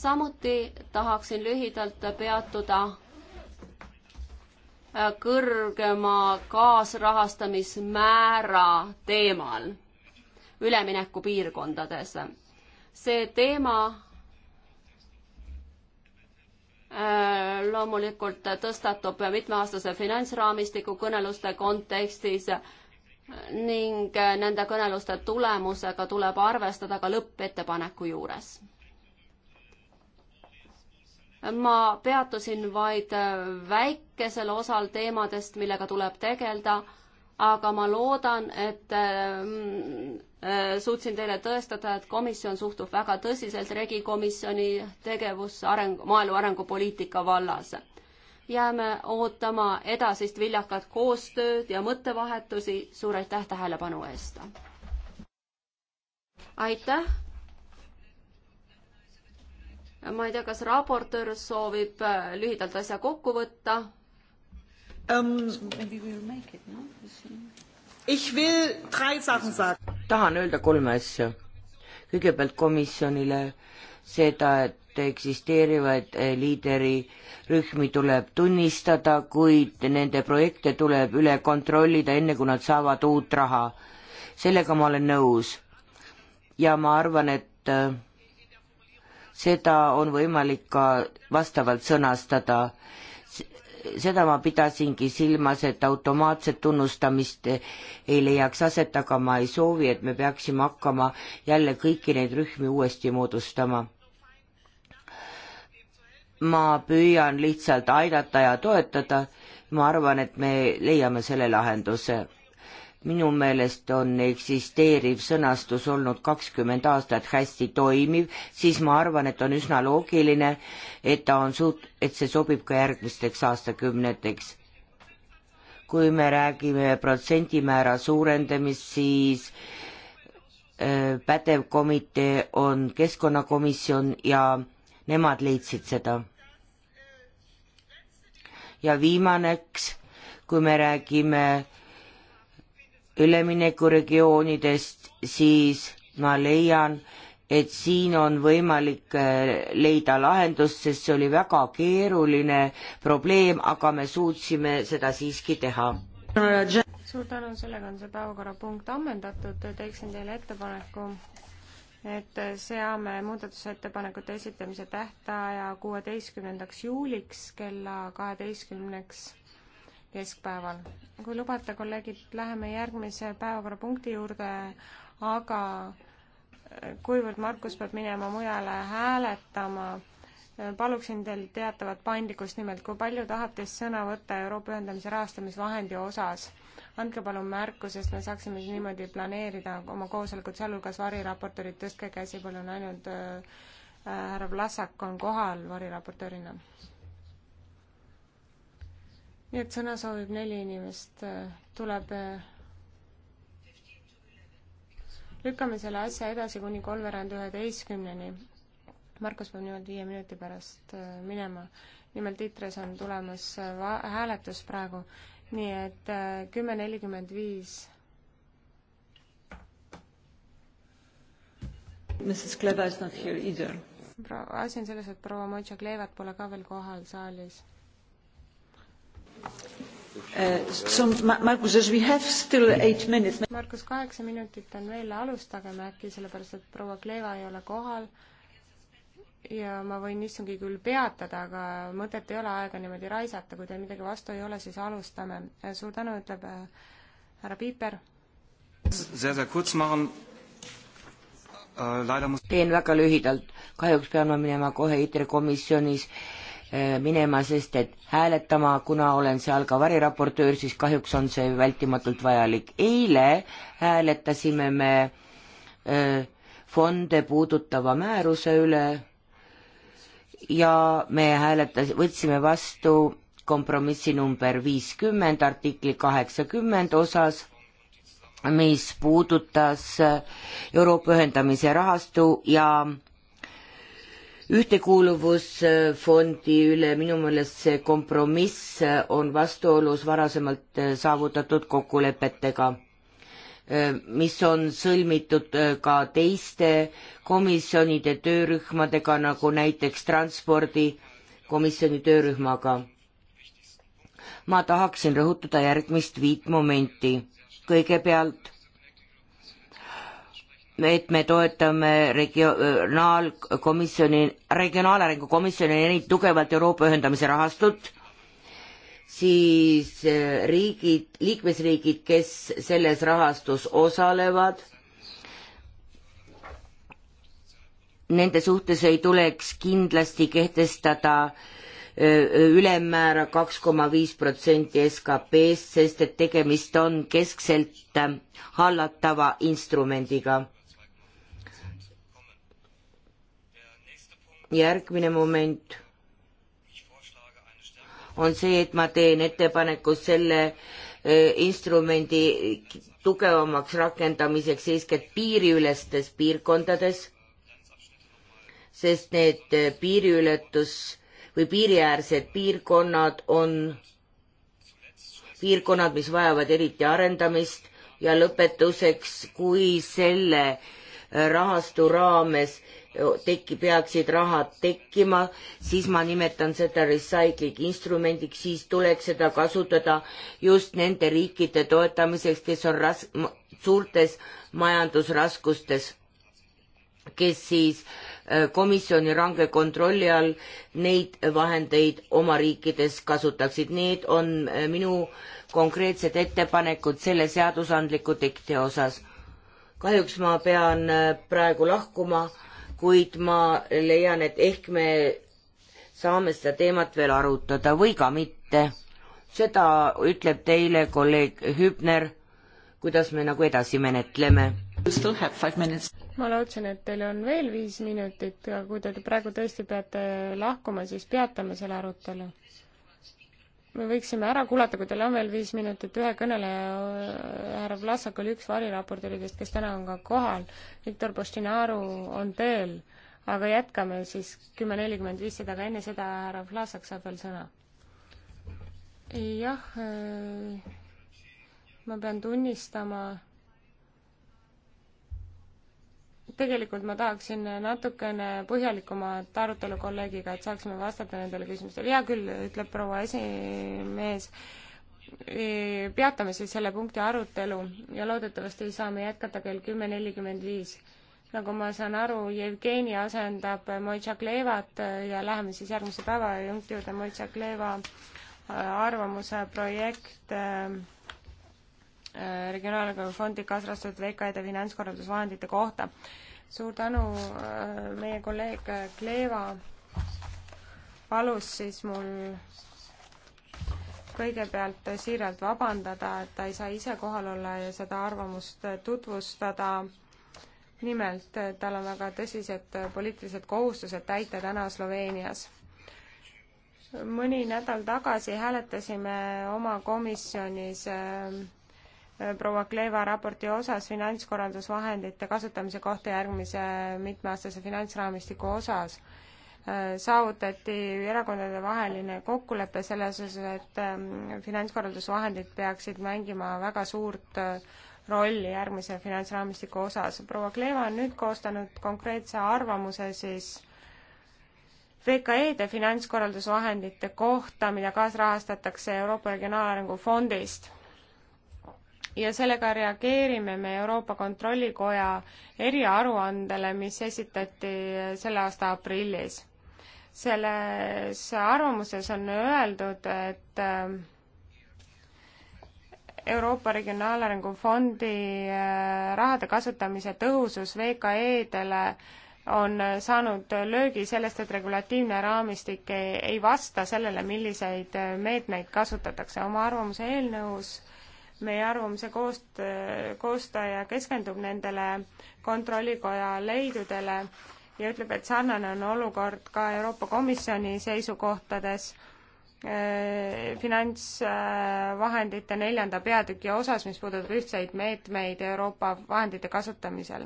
samuti tahaksin lühidalt peatuda äh, kõrgema kaasrahastamismäära teemal üleminekupiirkondades. see teema loomulikult tõstatub mitmeaastase finantsraamistiku kõneluste kontekstis ning äh, nende kõneluste tulemusega tuleb arvestada ka lõppettepaneku juures. ma peatusin vaid äh, väikesel osal teemadest, millega tuleb tegeleda, aga ma loodan, et äh, suutsin teile tõestada, et komisjon suhtub väga tõsiselt regikomisjoni tegevusse areng, maaelu arengupoliitika vallas jääme ootama edasist viljakat koostööd ja mõttevahetusi. suur aitäh tähelepanu eest! aitäh! ma ei tea, kas raportöör soovib äh, lühidalt asja kokku võtta um,? tahan öelda kolme asja. kõigepealt komisjonile seda, et eksisteerivaid eh, liiderirühmi tuleb tunnistada, kuid nende projekte tuleb üle kontrollida, enne kui nad saavad uut raha. sellega ma olen nõus. ja ma arvan, et eh, seda on võimalik ka vastavalt sõnastada. seda ma pidasingi silmas, et automaatset tunnustamist eh, ei leiaks aset, aga ma ei soovi, et me peaksime hakkama jälle kõiki neid rühmi uuesti moodustama ma püüan lihtsalt aidata ja toetada, ma arvan, et me leiame selle lahenduse. minu meelest on eksisteeriv sõnastus olnud kakskümmend aastat hästi toimiv, siis ma arvan, et on üsna loogiline, et ta on suut-, et see sobib ka järgmisteks aastakümneteks. kui me räägime protsendimäära suurendamist, siis öö, pädev komitee on keskkonnakomisjon ja nemad leidsid seda ja viimaneks, kui me räägime üleminekuregioonidest, siis ma leian, et siin on võimalik äh, leida lahendust, sest see oli väga keeruline probleem, aga me suutsime seda siiski teha. suur tänu, sellega on see päevakorrapunkt ammendatud, teeksin teile ettepaneku et seame muudatusettepanekute esitamise tähtaja kuueteistkümnendaks juuliks kella kaheteistkümneks keskpäeval. kui lubate, kolleegid, läheme järgmise päevakorrapunkti juurde, aga äh, kuivõrd Markus peab minema mujale hääletama, äh, paluksin teil teatavat paindlikkust, nimelt kui palju tahate sõna võtta Euroopa ühendamise rahastamisvahendi osas andke palun märku, sest me saaksime niimoodi planeerida oma koosolekut, sealhulgas variraportorid, tõstke käsi palun, ainult äh, härra Vlasak on kohal variraportorina. nii et sõna soovib neli inimest, äh, tuleb äh, lükkame selle asja edasi kuni kolmveerand üheteistkümneni. Markus peab nimelt viie minuti pärast minema. nimelt ITRE-s on tulemas hääletus praegu nii et äh, kümme nelikümmend viis. Mrs Kleva is not here either. asi on selles, et proua Mojtša Klevat pole ka veel kohal saalis äh, Markus, kaheksa minutit on veel, alustagem äkki, sellepärast et proua Kleva ei ole kohal ja ma võin istungi küll peatada, aga mõtet ei ole aega niimoodi raisata, kui teil midagi vastu ei ole, siis alustame. suur tänu, ütleb äh, härra Piiper. Äh, teen väga lühidalt, kahjuks pean ma minema kohe ITRE komisjonis äh, minema, sest et hääletama, kuna olen seal ka variraportöör, siis kahjuks on see vältimatult vajalik. eile hääletasime me fonde puudutava määruse üle ja me hääletas, võtsime vastu kompromissi number viiskümmend artikli kaheksakümmend osas, mis puudutas Euroopa ühendamise rahastu ja ühtekuuluvusfondi üle, minu meelest see kompromiss on vastuolus varasemalt saavutatud kokkulepetega Äh, mis on sõlmitud äh, ka teiste komisjonide töörühmadega, nagu näiteks transpordikomisjoni töörühmaga. ma tahaksin rõhutada järgmist viit momenti. kõigepealt, et me toetame regionaalkomisjoni, regionaalarengu komisjoni ja neid tugevalt Euroopa ühendamise rahastut siis äh, riigid, liikmesriigid, kes selles rahastus osalevad, nende suhtes ei tuleks kindlasti kehtestada äh, ülemmäära kaks koma viis protsenti SKP-st, sest et tegemist on keskselt äh, hallatava instrumendiga. järgmine moment on see, et ma teen ettepaneku selle äh, instrumendi tugevamaks rakendamiseks eeskätt piiriülestes piirkondades, sest need äh, piiriületus või piiriäärsed piirkonnad on piirkonnad, mis vajavad eriti arendamist ja lõpetuseks, kui selle rahastu raames teki, peaksid rahad tekkima, siis ma nimetan seda recycling instrumendiks, siis tuleks seda kasutada just nende riikide toetamiseks, kes on ras-, suurtes majandusraskustes, kes siis äh, komisjoni range kontrolli all neid vahendeid oma riikides kasutaksid. Need on äh, minu konkreetsed ettepanekud selle seadusandliku teksti osas. kahjuks ma pean äh, praegu lahkuma kuid ma leian, et ehk me saame seda teemat veel arutada või ka mitte. seda ütleb teile kolleeg Hübner, kuidas me nagu edasi menetleme. ma lootsin, et teil on veel viis minutit, aga kui te praegu tõesti peate lahkuma, siis peatame selle arutelu me võiksime ära kuulata, kui teil on veel viis minutit, ühe kõneleja, äh, härra Vlasak oli üks variraportööridest, kes täna on ka kohal, Viktor Postinaru on teel, aga jätkame siis kümme nelikümmend viis seda, aga enne seda härra Vlasak saab veel sõna. jah, äh, ma pean tunnistama, tegelikult ma tahaksin natukene põhjalikumat arutelu kolleegiga, et saaksime vastata nendele küsimustele. hea küll, ütleb proua esimees, e, peatame siis selle punkti arutelu ja loodetavasti saame jätkata kell kümme nelikümmend viis. nagu ma saan aru, Jevgeni asendab Mojtšak Levat ja läheme siis järgmise päeva juurde, Mojtšak Leva äh, arvamuse projekt äh, Regionaalarengu Fondi kaasrahastatud VKD finantskorraldusvahendite kohta. suur tänu, äh, meie kolleeg Kleeva palus siis mul kõigepealt siiralt vabandada, et ta ei saa ise kohal olla ja seda arvamust tutvustada. nimelt, tal on väga tõsised poliitilised kohustused täita täna Sloveenias mõni nädal tagasi hääletasime oma komisjonis äh, Äh, proua Kleva raporti osas finantskorraldusvahendite kasutamise kohta järgmise mitmeaastase finantsraamistiku osas äh, saavutati erakondade vaheline kokkulepe selles osas, et ähm, finantskorraldusvahendid peaksid mängima väga suurt äh, rolli järgmise finantsraamistiku osas. proua Kleva on nüüd koostanud konkreetse arvamuse siis VKE-de finantskorraldusvahendite kohta, mida kaasrahastatakse Euroopa Regionaalarengu Fondist ja sellega reageerime me Euroopa Kontrollikoja eriaruandele, mis esitati selle aasta aprillis. selles arvamuses on öeldud, et äh, Euroopa Regionaalarengu Fondi äh, rahade kasutamise tõhusus VKE-dele on saanud löögi sellest, et regulatiivne raamistik ei, ei vasta sellele, milliseid meetmeid kasutatakse. oma arvamuse eelnõus meie arvamuse koost-, koostaja keskendub nendele kontrollikoja leidudele ja ütleb, et sarnane on olukord ka Euroopa Komisjoni seisukohtades äh, finantsvahendite neljanda peatüki osas, mis puudutab ühtseid meetmeid Euroopa vahendite kasutamisel.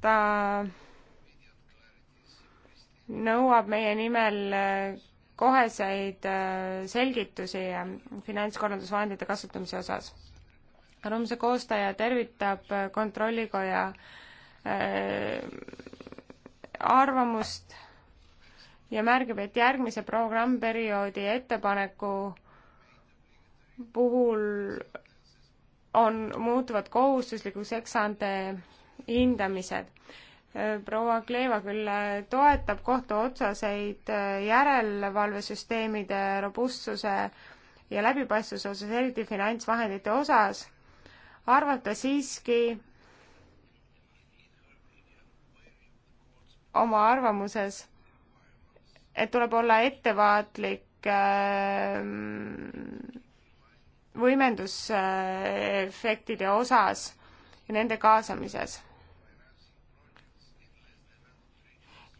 ta nõuab meie nimel äh, koheseid äh, selgitusi äh, finantskorraldusvahendite kasutamise osas. arvamuse koostaja tervitab äh, Kontrollikoja arvamust ja märgib, et järgmise programmperioodi ettepaneku puhul on, muutuvad kohustuslikuks eksante hindamised. Äh, proua Kleeva küll äh, toetab kohtuotsaseid äh, järelevalvesüsteemide robustsuse ja läbipaistvuse osas, eriti finantsvahendite osas, arvab ta siiski oma arvamuses, et tuleb olla ettevaatlik võimendusefektide osas ja nende kaasamises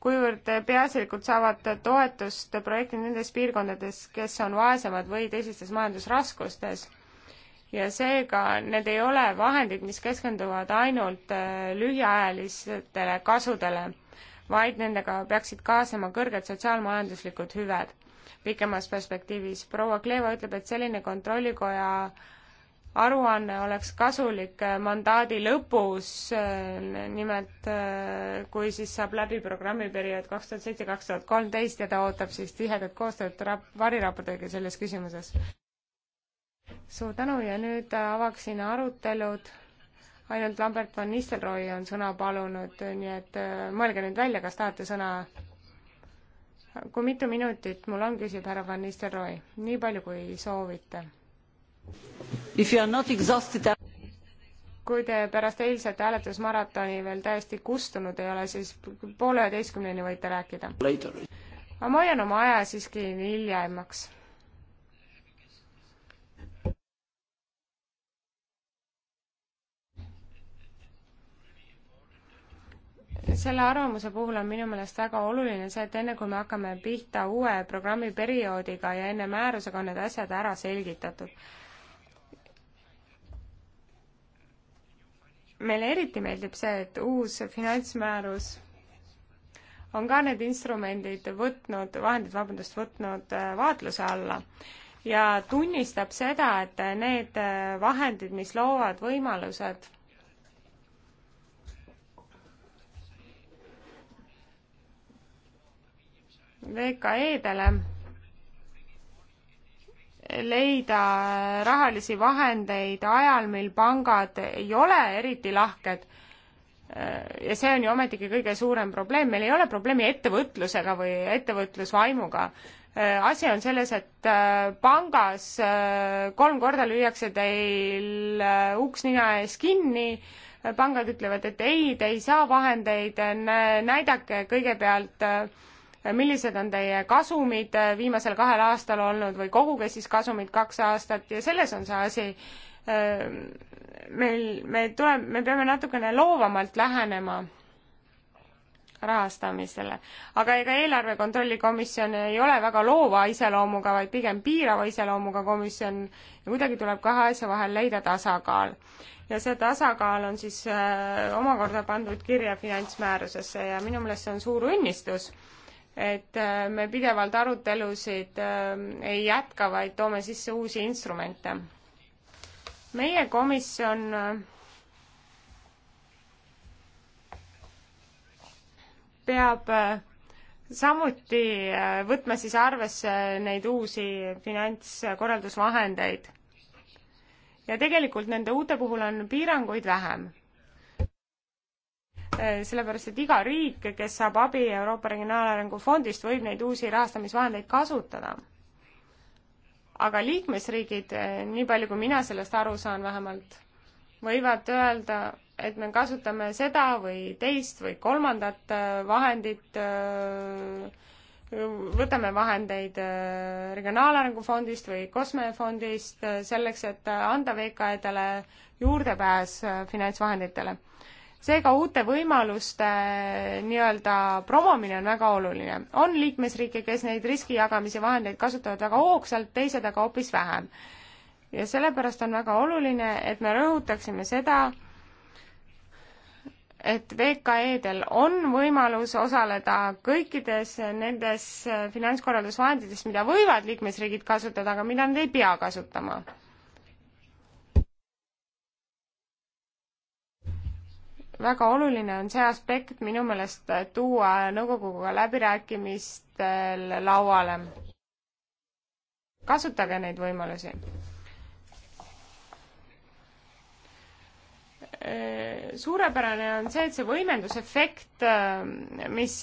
kuivõrd peaasjalikult saavad toetust projektid nendes piirkondades, kes on vaesemad või tõsistes majandusraskustes. ja seega need ei ole vahendid, mis keskenduvad ainult äh, lühiajalistele kasudele, vaid nendega peaksid kaasnema kõrged sotsiaalmajanduslikud hüved pikemas perspektiivis. proua Kleeva ütleb, et selline kontrollikoja aruanne oleks kasulik äh, mandaadi lõpus, äh, nimelt äh, kui siis saab läbi programmiperiood kaks tuhat seitse, kaks tuhat kolmteist ja ta ootab siis tihedat koostööd rap-, variraportööriga selles küsimuses. suur tänu ja nüüd avaksin arutelud. ainult Lambert von Nistelrooy on sõna palunud, nii et mõelge nüüd välja, kas tahate sõna. kui mitu minutit mul on, küsib härra von Nistelrooy, nii palju kui soovite kui te pärast eilset hääletusmaratoni veel täiesti kustunud ei ole, siis poole üheteistkümneni võite rääkida. aga ma hoian oma aja siiski hiljemaks. selle arvamuse puhul on minu meelest väga oluline see, et enne kui me hakkame pihta uue programmiperioodiga ja enne määrusega, on need asjad ära selgitatud meile eriti meeldib see, et uus finantsmäärus on ka need instrumendid võtnud, vahendid, vabandust, võtnud äh, vaatluse alla ja tunnistab seda, et äh, need äh, vahendid, mis loovad võimalused VKE-dele leida rahalisi vahendeid ajal, mil pangad ei ole eriti lahked. ja see on ju ometigi kõige suurem probleem, meil ei ole probleemi ettevõtlusega või ettevõtlusvaimuga. asi on selles, et äh, pangas äh, kolm korda lüüakse teil äh, uks nina ees kinni, pangad ütlevad, et ei, te ei saa vahendeid, näidake kõigepealt äh, millised on teie kasumid viimasel kahel aastal olnud või koguge siis kasumid kaks aastat ja selles on see asi. Ehm, meil, me tuleb, me peame natukene loovamalt lähenema rahastamisele. aga ega eelarve kontrolli komisjon ei ole väga loova iseloomuga, vaid pigem piirava iseloomuga komisjon ja kuidagi tuleb kahe asja vahel leida tasakaal ja see tasakaal on siis äh, omakorda pandud kirja finantsmäärusesse ja minu meelest see on suur õnnistus äh, et äh, me pidevalt arutelusid äh, ei jätka, vaid toome sisse uusi instrumente. meie komisjon äh, peab samuti võtma siis arvesse neid uusi finantskorraldusvahendeid. ja tegelikult nende uute puhul on piiranguid vähem Äh, sellepärast et iga riik, kes saab abi Euroopa Regionaalarengu Fondist, võib neid uusi rahastamisvahendeid kasutada. aga liikmesriigid, äh, nii palju kui mina sellest aru saan vähemalt, võivad öelda, et me kasutame seda või teist või kolmandat äh, vahendit, võtame vahendeid Regionaalarengu Fondist või Kosme Fondist selleks, et anda VKE-dele juurdepääs finantsvahenditele seega uute võimaluste eh, nii-öelda promomine on väga oluline. on liikmesriike, kes neid riskijagamise vahendeid kasutavad väga hoogsalt, teised aga hoopis vähem. ja sellepärast on väga oluline, et me rõhutaksime seda, et VKE-del on võimalus osaleda kõikides nendes finantskorraldusvahendites, mida võivad liikmesriigid kasutada, aga mida nad ei pea kasutama väga oluline on see aspekt minu meelest tuua nõukoguga läbirääkimistel lauale. kasutage neid võimalusi. suurepärane on see, et see võimendusefekt, mis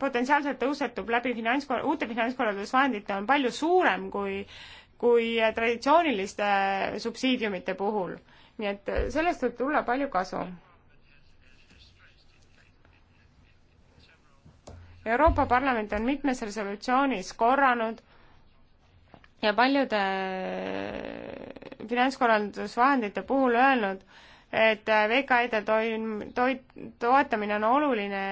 potentsiaalselt tõusetub läbi finantskor-, uute finantskorraldusvahendite, on palju suurem kui, kui traditsiooniliste subsiidiumite puhul. nii et sellest võib tulla palju kasu Euroopa Parlament on mitmes resolutsioonis korranud ja paljude finantskorraldusvahendite puhul öelnud, et VKE-de toim-, toi-, toetamine on oluline,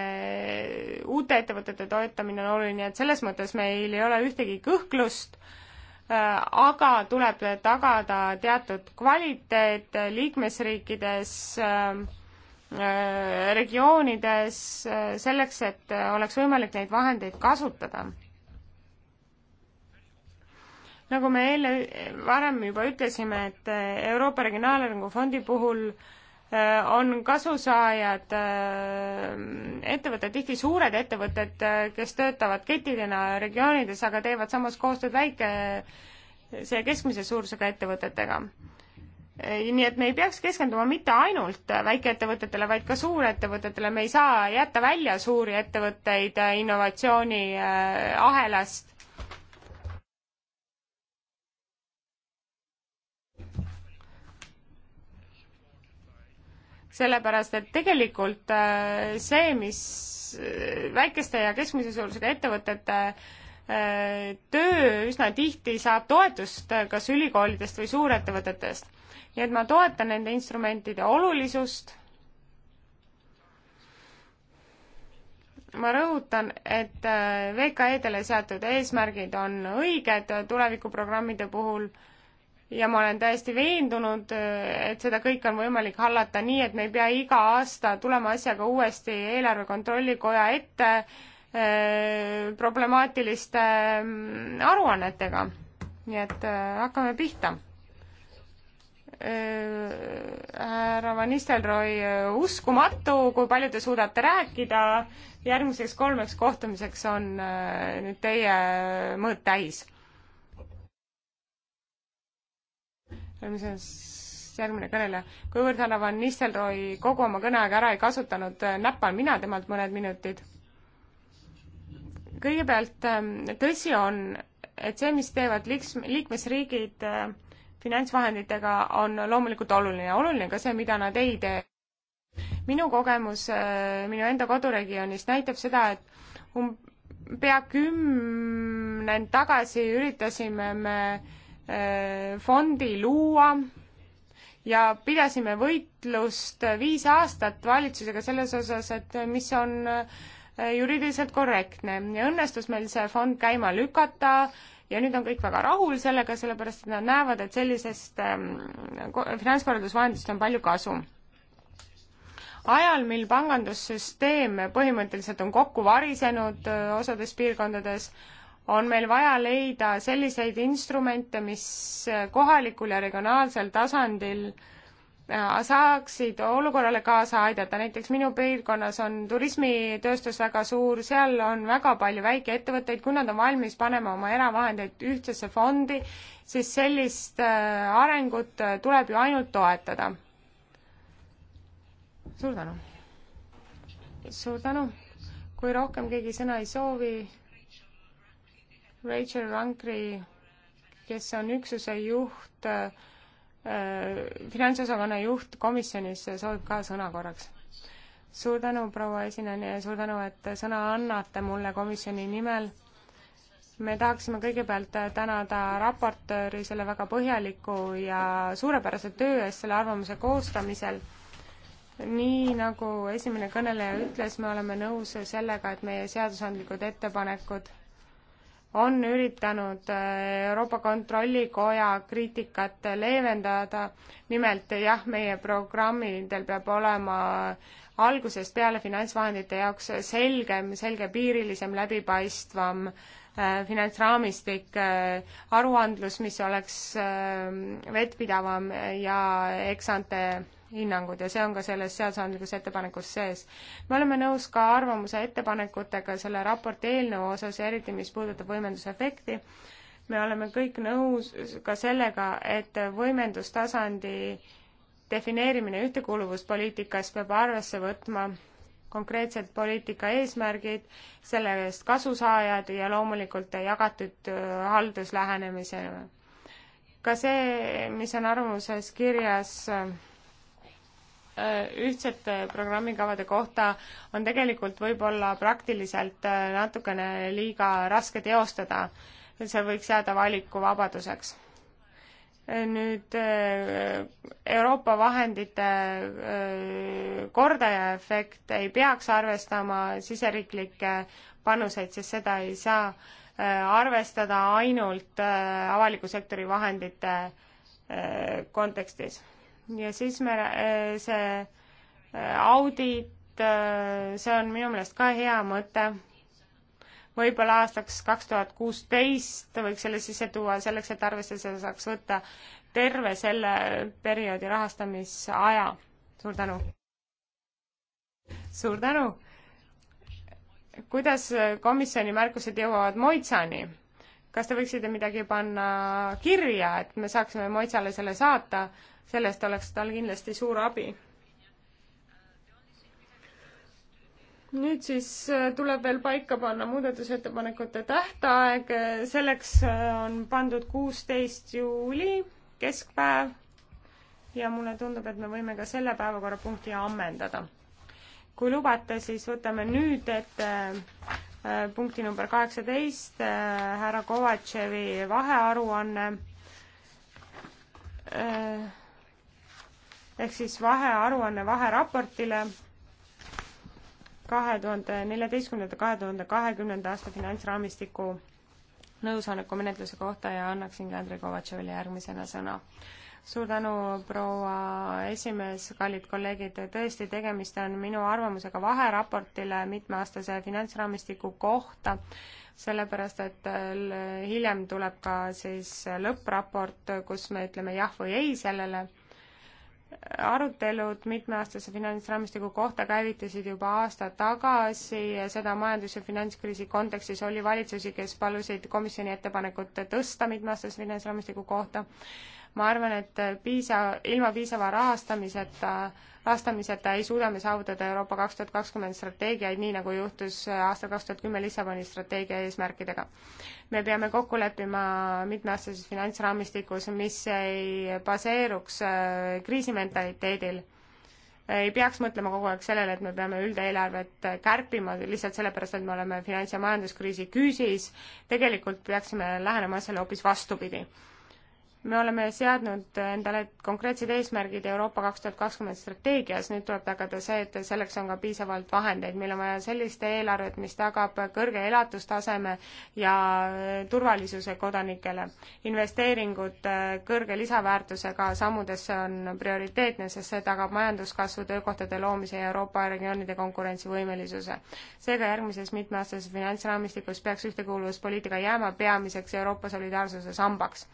uute ettevõtete toetamine on oluline, et selles mõttes meil ei ole ühtegi kõhklust, aga tuleb tagada teatud kvaliteet liikmesriikides äh, Äh, regioonides äh, selleks, et äh, oleks võimalik neid vahendeid kasutada. nagu me eile, varem juba ütlesime, et Euroopa Regionaalarengu Fondi puhul on kasusaajad ettevõtted, tihti suured ettevõtted, kes töötavad kettidena regioonides, aga teevad samas koostööd väikese ja keskmise suurusega ettevõtetega nii et me ei peaks keskenduma mitte ainult väikeettevõtetele, vaid ka suurettevõtetele, me ei saa jätta välja suuri ettevõtteid äh, innovatsiooniahelast. Äh, sellepärast, et tegelikult äh, see, mis väikeste ja keskmise suurusega ettevõtete töö üsna tihti saab toetust kas ülikoolidest või suurettevõtetest nii et ma toetan nende instrumentide olulisust. ma rõhutan, et äh, VKE-dele seatud eesmärgid on õiged tulevikuprogrammide puhul ja ma olen täiesti veendunud, äh, et seda kõike on võimalik hallata nii, et me ei pea iga aasta tulema asjaga uuesti eelarve kontrollikoja ette äh, problemaatiliste mm, aruannetega. nii et hakkame pihta Äh, härra Van Nistelrooy, äh, uskumatu, kui palju te suudate rääkida. järgmiseks kolmeks kohtumiseks on äh, nüüd teie mõõt täis. järgmises, järgmine kõneleja. kuivõrd härra Van Nistelrooy kogu oma kõneaega ära ei kasutanud, näpan mina temalt mõned minutid. kõigepealt ähm, tõsi on, et see, mis teevad liiks-, liikmesriigid finantsvahenditega on loomulikult oluline, oluline ka see, mida nad ei tee. minu kogemus äh, minu enda koduregioonis näitab seda, et um-, pea kümnend tagasi üritasime me äh, fondi luua ja pidasime võitlust viis aastat valitsusega selles osas, et mis on äh, juriidiliselt korrektne ja õnnestus meil see fond käima lükata ja nüüd on kõik väga rahul sellega, sellepärast et nad näevad, et sellisest ähm, finantskorraldusvahendist on palju kasu. ajal, mil pangandussüsteem põhimõtteliselt on kokku varisenud öö, äh, osades piirkondades, on meil vaja leida selliseid instrumente, mis äh, kohalikul ja regionaalsel tasandil äh, Äh, saaksid olukorrale kaasa aidata, näiteks minu piirkonnas on turismitööstus väga suur, seal on väga palju väikeettevõtteid, kui nad on valmis panema oma eravahendeid ühtsesse fondi, siis sellist äh, arengut äh, tuleb ju ainult toetada. suur tänu! suur tänu! kui rohkem keegi sõna ei soovi, Rachel Rankri, kes on üksuse juht, Äh, finantsosakonna juht komisjonis soovib ka sõna korraks. suur tänu, proua esinejani ja suur tänu, et sõna annate mulle komisjoni nimel. me tahaksime kõigepealt tänada raportööri selle väga põhjaliku ja suurepärase töö eest selle arvamuse koostamisel nii nagu esimene kõneleja ütles, me oleme nõus sellega, et meie seadusandlikud ettepanekud on üritanud äh, Euroopa Kontrollikoja kriitikat leevendada. nimelt jah, meie programmidel peab olema algusest peale finantsvahendite jaoks selgem, selgepiirilisem, läbipaistvam äh, finantsraamistik, äh, aruandlus, mis oleks vettpidavam ja eksante hinnangud ja see on ka selles seadusandlikus ettepanekus sees. me oleme nõus ka arvamuse ettepanekutega selle raporti eelnõu osas ja eriti, mis puudutab võimendusefekti. me oleme kõik nõus ka sellega, et võimendustasandi defineerimine ühtekuuluvuspoliitikas peab arvesse võtma konkreetsed poliitika eesmärgid, selle eest kasusaajad ja loomulikult jagatud äh, halduslähenemisele. ka see, mis on arvamuses kirjas äh, Äh, ühtsete äh, programmikavade kohta on tegelikult võib-olla praktiliselt äh, natukene liiga raske teostada. see võiks jääda valikuvabaduseks. nüüd Euroopa vahendite kordaja efekt ei peaks arvestama siseriiklikke panuseid, sest seda ei saa arvestada ainult avaliku sektori vahendite kontekstis ja siis me, äh, see äh, audit, äh, see on minu meelest ka hea mõte. võib-olla aastaks kaks tuhat kuusteist võiks selle sisse tuua selleks, et arvesse seda saaks võtta terve selle perioodi rahastamisaja. suur tänu! suur tänu! kuidas komisjoni märkused jõuavad Moitsani? kas te võiksite midagi panna kirja, et me saaksime Moitsale selle saata? sellest oleks tal kindlasti suur abi. nüüd siis äh, tuleb veel paika panna muudatusettepanekute tähtaeg, selleks äh, on pandud kuusteist juuli, keskpäev, ja mulle tundub, et me võime ka selle päevakorrapunkti ammendada. kui lubate, siis võtame nüüd ette äh, punkti number kaheksateist, härra Kovatševi vahearuanne äh, ehk siis vahearuanne vaheraportile kahe tuhande neljateistkümnenda, kahe tuhande kahekümnenda aasta finantsraamistiku nõusoleku menetluse kohta ja annaksingi Andrei Kovatšovile järgmisena sõna. suur tänu, proua esimees, kallid kolleegid, tõesti, tegemist on minu arvamusega vaheraportile mitmeaastase finantsraamistiku kohta, sellepärast et hiljem tuleb ka siis lõppraport, kus me ütleme jah või ei sellele arutelud mitmeaastase finantsraamistiku kohta käivitusid juba aasta tagasi ja seda majandus- ja finantskriisi kontekstis oli valitsusi, kes palusid komisjoni ettepanekut tõsta mitmeaastase finantsraamistiku kohta ma arvan, et piisa, ilma piisava rahastamiseta, rahastamiseta ei suuda me saavutada Euroopa kaks tuhat kakskümmend strateegiaid, nii nagu juhtus aastal kaks tuhat kümme Lissaboni strateegia eesmärkidega. me peame kokku leppima mitmeaastases finantsraamistikus, mis ei baseeruks äh, kriisimentaliteedil ei peaks mõtlema kogu aeg sellele, et me peame üldeelarvet kärpima lihtsalt sellepärast, et me oleme finants- ja majanduskriisi küüsis, tegelikult peaksime lähenema asjale hoopis vastupidi me oleme seadnud endale konkreetsed eesmärgid Euroopa kaks tuhat kakskümmend strateegias, nüüd tuleb tagada see, et selleks on ka piisavalt vahendeid, meil on vaja sellist eelarvet, mis tagab kõrge elatustaseme ja äh, turvalisuse kodanikele. investeeringud äh, kõrge lisaväärtusega sammudesse on prioriteetne, sest see tagab majanduskasvu, töökohtade loomise ja Euroopa regioonide konkurentsivõimelisuse. seega järgmises mitmeaastases finantsraamistikus peaks ühtekuuluvuspoliitika jääma peamiseks Euroopa solidaarsuse sambaks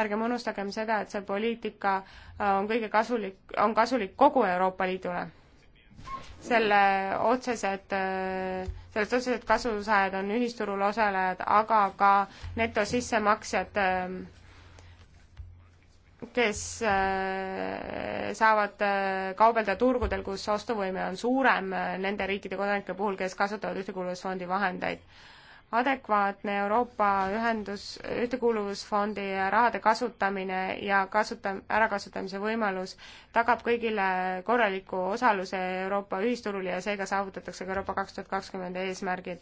ärgem unustagem seda, et see poliitika äh, on kõige kasulik, on kasulik kogu Euroopa Liidule. selle otsesed, äh, sellest otsesed kasusaajad on ühisturul osalejad, aga ka netosissemaksjad, äh, kes saavad kaubelda turgudel, kus ostuvõime on suurem nende riikide kodanike puhul, kes kasutavad Ühtekuuluvusfondi vahendeid adekvaatne Euroopa Ühendus, Ühtekuuluvusfondi rahade kasutamine ja kasuta-, ärakasutamise võimalus tagab kõigile korraliku osaluse Euroopa ühisturul ja seega saavutatakse ka Euroopa kaks tuhat kakskümmend eesmärgid.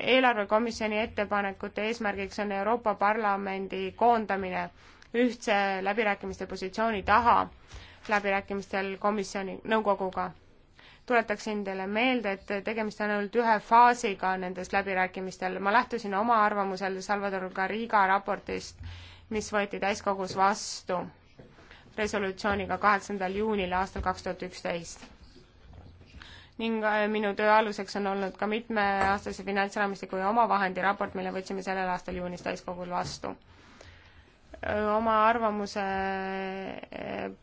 eelarvekomisjoni ettepanekute eesmärgiks on Euroopa Parlamendi koondamine ühtse läbirääkimiste positsiooni taha läbirääkimistel komisjoni, nõukoguga tuletaksin teile meelde, et tegemist on ainult ühe faasiga nendes läbirääkimistel. ma lähtusin oma arvamusel Salvador Garriga raportist, mis võeti täiskogus vastu resolutsiooniga kaheksandal juunil aastal kaks tuhat üksteist ning äh, minu töö aluseks on olnud ka mitmeaastase finantsraamistiku ja omavahendi raport, mille võtsime sellel aastal juunis täiskogul vastu oma arvamuse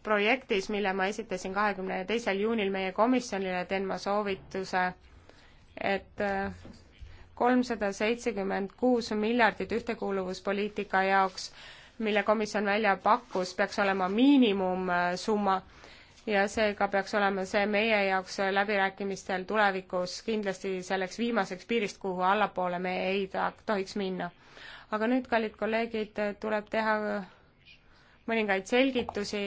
projektis, mille ma esitasin kahekümne teisel juunil meie komisjonile, teen ma soovituse, et kolmsada seitsekümmend kuus miljardit ühtekuuluvuspoliitika jaoks, mille komisjon välja pakkus, peaks olema miinimumsumma ja seega peaks olema see meie jaoks läbirääkimistel tulevikus kindlasti selleks viimaseks piirist, kuhu allapoole me ei tohiks minna aga nüüd, kallid kolleegid, tuleb teha mõningaid selgitusi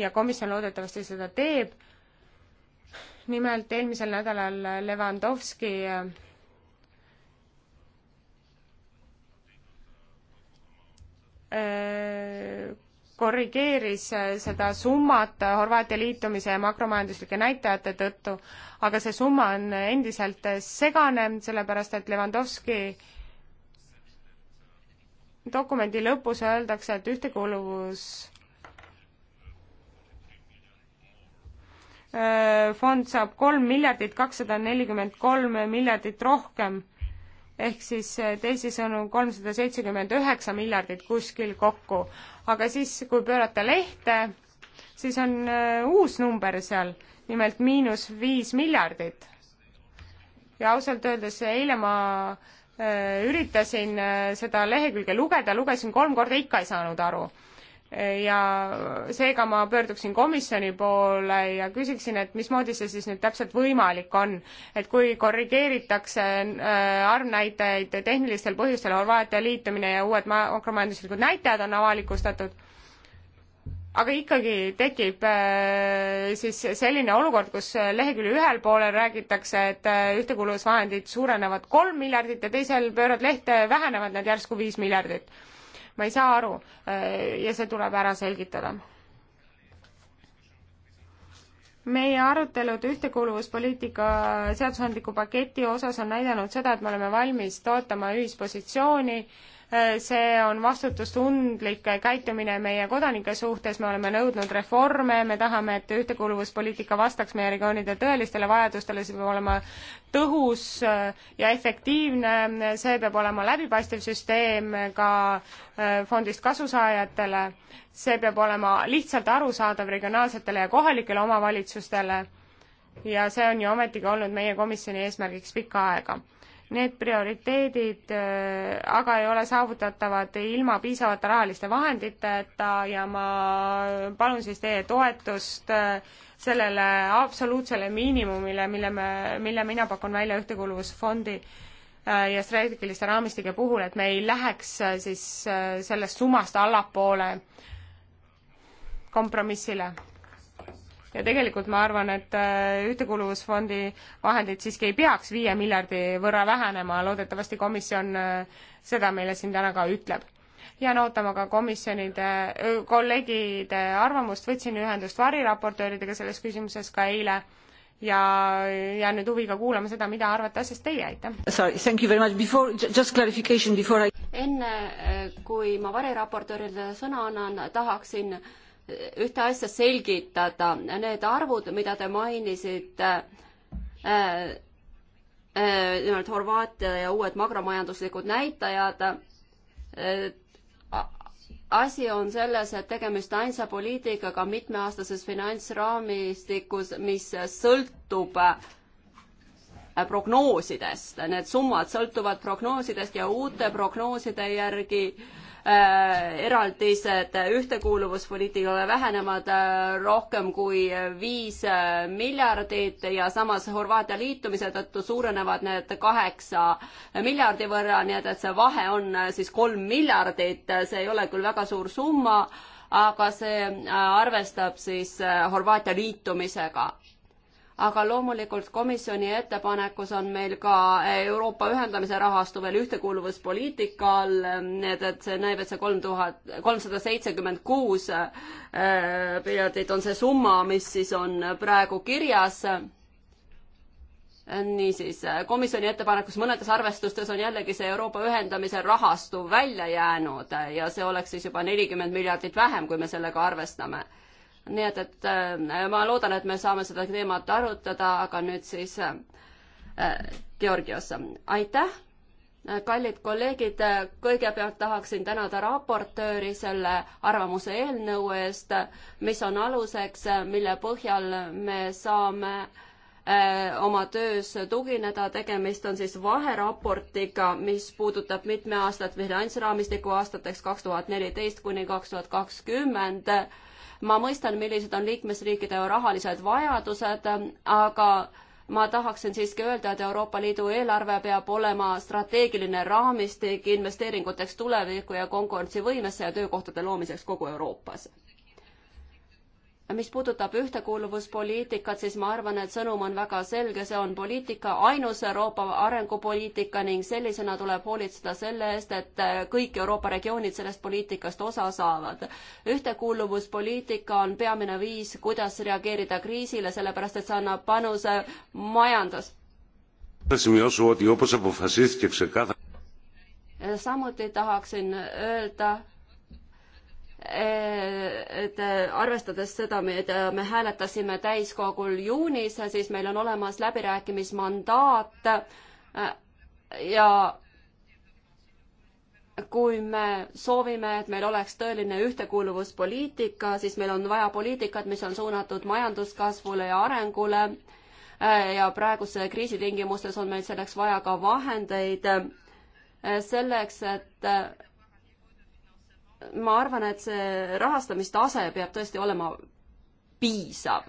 ja komisjon loodetavasti seda teeb. nimelt eelmisel nädalal Levandovski äh, korrigeeris seda summat Horvaatia liitumise ja makromajanduslike näitajate tõttu, aga see summa on endiselt segane, sellepärast et Levandovski dokumendi lõpus öeldakse, et ühtekuuluvus äh, fond saab kolm miljardit kakssada nelikümmend kolm miljardit rohkem ehk siis äh, teisisõnu kolmsada seitsekümmend üheksa miljardit kuskil kokku. aga siis, kui pöörata lehte, siis on äh, uus number seal, nimelt miinus viis miljardit. ja ausalt öeldes eile ma Äh, üritasin äh, seda lehekülge lugeda, lugesin kolm korda, ikka ei saanud aru. Äh, ja seega ma pöörduksin komisjoni poole ja küsiksin, et mismoodi see siis nüüd täpselt võimalik on, et kui korrigeeritakse arvnäitajaid tehnilistel põhjustel, Horvaatia liitumine ja uued makromajanduslikud näitajad on avalikustatud aga ikkagi tekib äh, siis selline olukord, kus lehekülje ühel poolel räägitakse, et äh, ühtekuuluvusvahendid suurenevad kolm miljardit ja teisel pöörad lehte, vähenevad nad järsku viis miljardit. ma ei saa aru äh, ja see tuleb ära selgitada. meie arutelud ühtekuuluvuspoliitika seadusandliku paketi osas on näidanud seda, et me oleme valmis toetama ühispositsiooni äh, Äh, see on vastutustundlik käitumine meie kodanike suhtes, me oleme nõudnud reforme, me tahame, et ühtekuuluvuspoliitika vastaks meie regioonide tõelistele vajadustele, see peab olema tõhus äh, ja efektiivne, see peab olema läbipaistev süsteem ka äh, fondist kasusaajatele, see peab olema lihtsalt arusaadav regionaalsetele ja kohalikele omavalitsustele ja see on ju ometigi olnud meie komisjoni eesmärgiks pikka aega Need prioriteedid äh, aga ei ole saavutatavad ilma piisavate rahaliste vahenditeta ja ma palun siis teie toetust äh, sellele absoluutsele miinimumile, mille me, mille mina pakun välja Ühtekuuluvusfondi äh, ja strateegiliste raamistike puhul, et me ei läheks siis sellest summast allapoole kompromissile ja tegelikult ma arvan, et äh, Ühtekuuluvusfondi vahendid siiski ei peaks viie miljardi võrra vähenema, loodetavasti komisjon äh, seda meile siin täna ka ütleb jään ootama ka komisjonide, äh, kolleegide arvamust, võtsin ühendust variraportööridega selles küsimuses ka eile ja jään nüüd huviga kuulama seda, mida arvate asjast teie, aitäh. Sorry, thank you very much, before, just clarification before I enne, kui ma variraportöörile sõna annan, tahaksin äh, ühte asja selgitada. Need arvud, mida te mainisite äh,, äh, nimelt Horvaatia ja uued makromajanduslikud näitajad äh,, asi on selles, et tegemist ainsa poliitikaga mitmeaastases finantsraamistikus, mis sõltub äh, prognoosidest, need summad sõltuvad prognoosidest ja uute prognooside järgi äh, eraldised ühtekuuluvuspoliitikale vähenevad äh, rohkem kui viis äh, miljardit ja samas Horvaatia liitumise tõttu suurenevad need kaheksa miljardi võrra, nii et, et see vahe on äh, siis kolm miljardit, äh, see ei ole küll väga suur summa, aga see äh, arvestab siis Horvaatia liitumisega aga loomulikult komisjoni ettepanekus on meil ka Euroopa ühendamise rahastu veel ühtekuuluvuspoliitika all, et, et see näib, et see kolm tuhat, kolmsada seitsekümmend kuus miljardit äh, on see summa, mis siis on praegu kirjas. niisiis, komisjoni ettepanekus mõnedes arvestustes on jällegi see Euroopa ühendamise rahastu välja jäänud ja see oleks siis juba nelikümmend miljardit vähem, kui me sellega arvestame nii et, et äh, ma loodan, et me saame seda teemat arutada, aga nüüd siis äh, Georgios, aitäh! kallid kolleegid, kõigepealt tahaksin tänada raportööri selle arvamuse eelnõu eest, mis on aluseks, mille põhjal me saame äh, oma töös tugineda, tegemist on siis vaheraportiga, mis puudutab mitme aastat finantsraamistiku aastateks kaks tuhat neliteist kuni kaks tuhat kakskümmend ma mõistan, millised on liikmesriikide rahalised vajadused, aga ma tahaksin siiski öelda, et Euroopa Liidu eelarve peab olema strateegiline raamistik investeeringuteks tulevikku ja konkurentsivõimesse ja töökohtade loomiseks kogu Euroopas mis puudutab ühtekuuluvuspoliitikat, siis ma arvan, et sõnum on väga selge, see on poliitika, ainus Euroopa arengupoliitika ning sellisena tuleb hoolitseda selle eest, et kõik Euroopa regioonid sellest poliitikast osa saavad. ühtekuuluvuspoliitika on peamine viis, kuidas reageerida kriisile, sellepärast et see annab panuse majandus. samuti tahaksin öelda, et arvestades seda, mida me hääletasime täiskogul juunis, siis meil on olemas läbirääkimismandaat ja kui me soovime, et meil oleks tõeline ühtekuuluvuspoliitika, siis meil on vaja poliitikat, mis on suunatud majanduskasvule ja arengule ja praeguse kriisi tingimustes on meil selleks vaja ka vahendeid selleks, et ma arvan, et see rahastamistase peab tõesti olema piisav.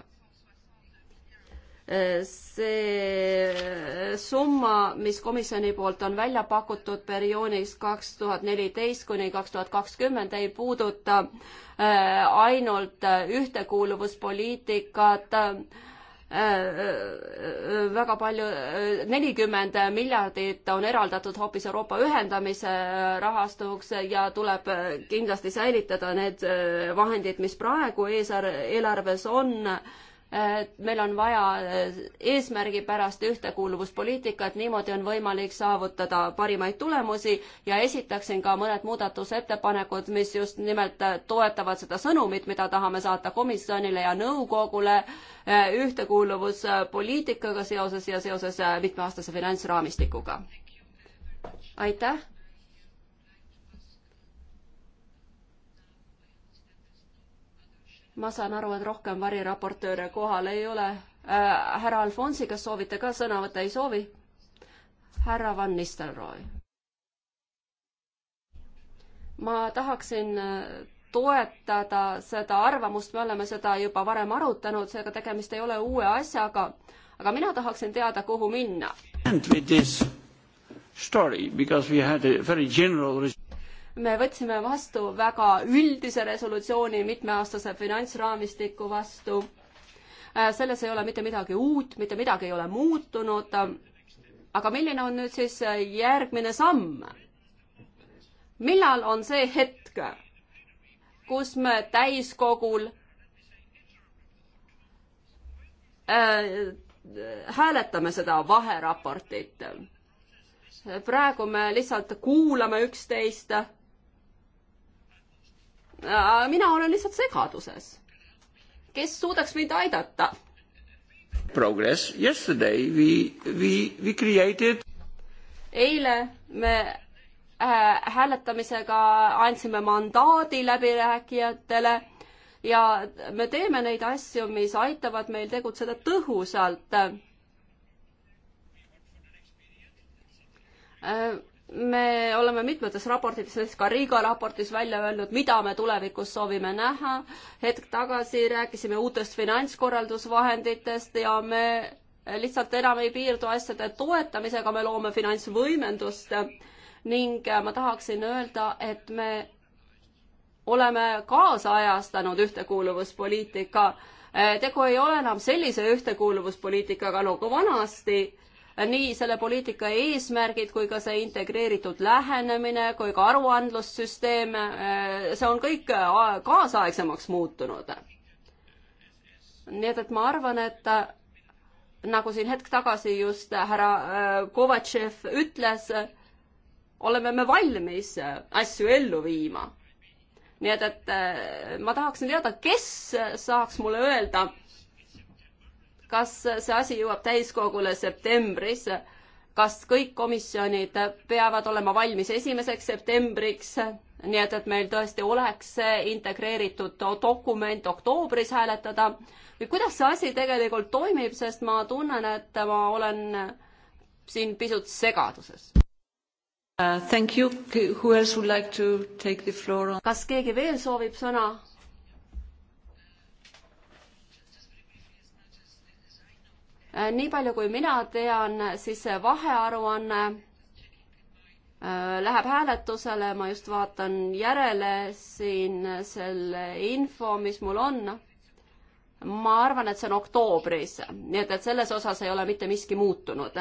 see summa, mis komisjoni poolt on välja pakutud perioodiks kaks tuhat neliteist kuni kaks tuhat kakskümmend, ei puuduta äh, ainult äh, ühtekuuluvuspoliitikat äh,, väga palju, nelikümmend miljardit on eraldatud hoopis Euroopa ühendamise rahastuks ja tuleb kindlasti säilitada need vahendid, mis praegu eesar-, eelarves on meil on vaja eh, eesmärgipärast ühtekuuluvuspoliitikat, niimoodi on võimalik saavutada parimaid tulemusi ja esitaksin ka mõned muudatusettepanekud, mis just nimelt eh, toetavad seda sõnumit, mida tahame saata komisjonile ja nõukogule eh, ühtekuuluvuspoliitikaga seoses ja seoses mitmeaastase finantsraamistikuga. aitäh! ma saan aru, et rohkem variraportööre kohal ei ole äh,. härra Alfonsi, kas soovite ka sõna võtta? ei soovi? härra Van Nistelrooy. ma tahaksin äh, toetada seda arvamust, me oleme seda juba varem arutanud, seega tegemist ei ole uue asjaga, aga mina tahaksin teada, kuhu minna. Story, because we had a very general me võtsime vastu väga üldise resolutsiooni mitmeaastase finantsraamistiku vastu. Äh, selles ei ole mitte midagi uut, mitte midagi ei ole muutunud. aga milline on nüüd siis äh, järgmine samm? millal on see hetk, kus me täiskogul äh, hääletame seda vaheraportit? praegu me lihtsalt kuulame üksteist mina olen lihtsalt segaduses. kes suudaks mind aidata? Progress, yesterday we, we, we created. eile me äh, hääletamisega andsime mandaadi läbirääkijatele ja me teeme neid asju, mis aitavad meil tegutseda tõhusalt äh, me oleme mitmetes raportites, näiteks ka Riiga raportis välja öelnud, mida me tulevikus soovime näha. hetk tagasi rääkisime uutest finantskorraldusvahenditest ja me lihtsalt enam ei piirdu asjade toetamisega, me loome finantsvõimendust ning ma tahaksin öelda, et me oleme kaasajastanud ühtekuuluvuspoliitika. tegu ei ole enam sellise ühtekuuluvuspoliitikaga nagu vanasti nii selle poliitika eesmärgid kui ka see integreeritud lähenemine kui ka aruandlussüsteem, eh, see on kõik eh, kaasaegsemaks muutunud. nii et, et ma arvan, et eh, nagu siin hetk tagasi just härra Kovatšev ütles, oleme me valmis asju ellu viima. nii et, et ma tahaksin teada, kes saaks mulle öelda, kas see asi jõuab täiskogule septembris? kas kõik komisjonid peavad olema valmis esimeseks septembriks, nii et, et meil tõesti oleks see integreeritud dokument oktoobris hääletada või kuidas see asi tegelikult toimib, sest ma tunnen, et ma olen siin pisut segaduses uh,. Thank you, who else would like to take the floor on? kas keegi veel soovib sõna? Äh, nii palju, kui mina tean, siis see vahearuanne äh, läheb hääletusele, ma just vaatan järele siin selle info, mis mul on. ma arvan, et see on oktoobris, nii et, et selles osas ei ole mitte miski muutunud.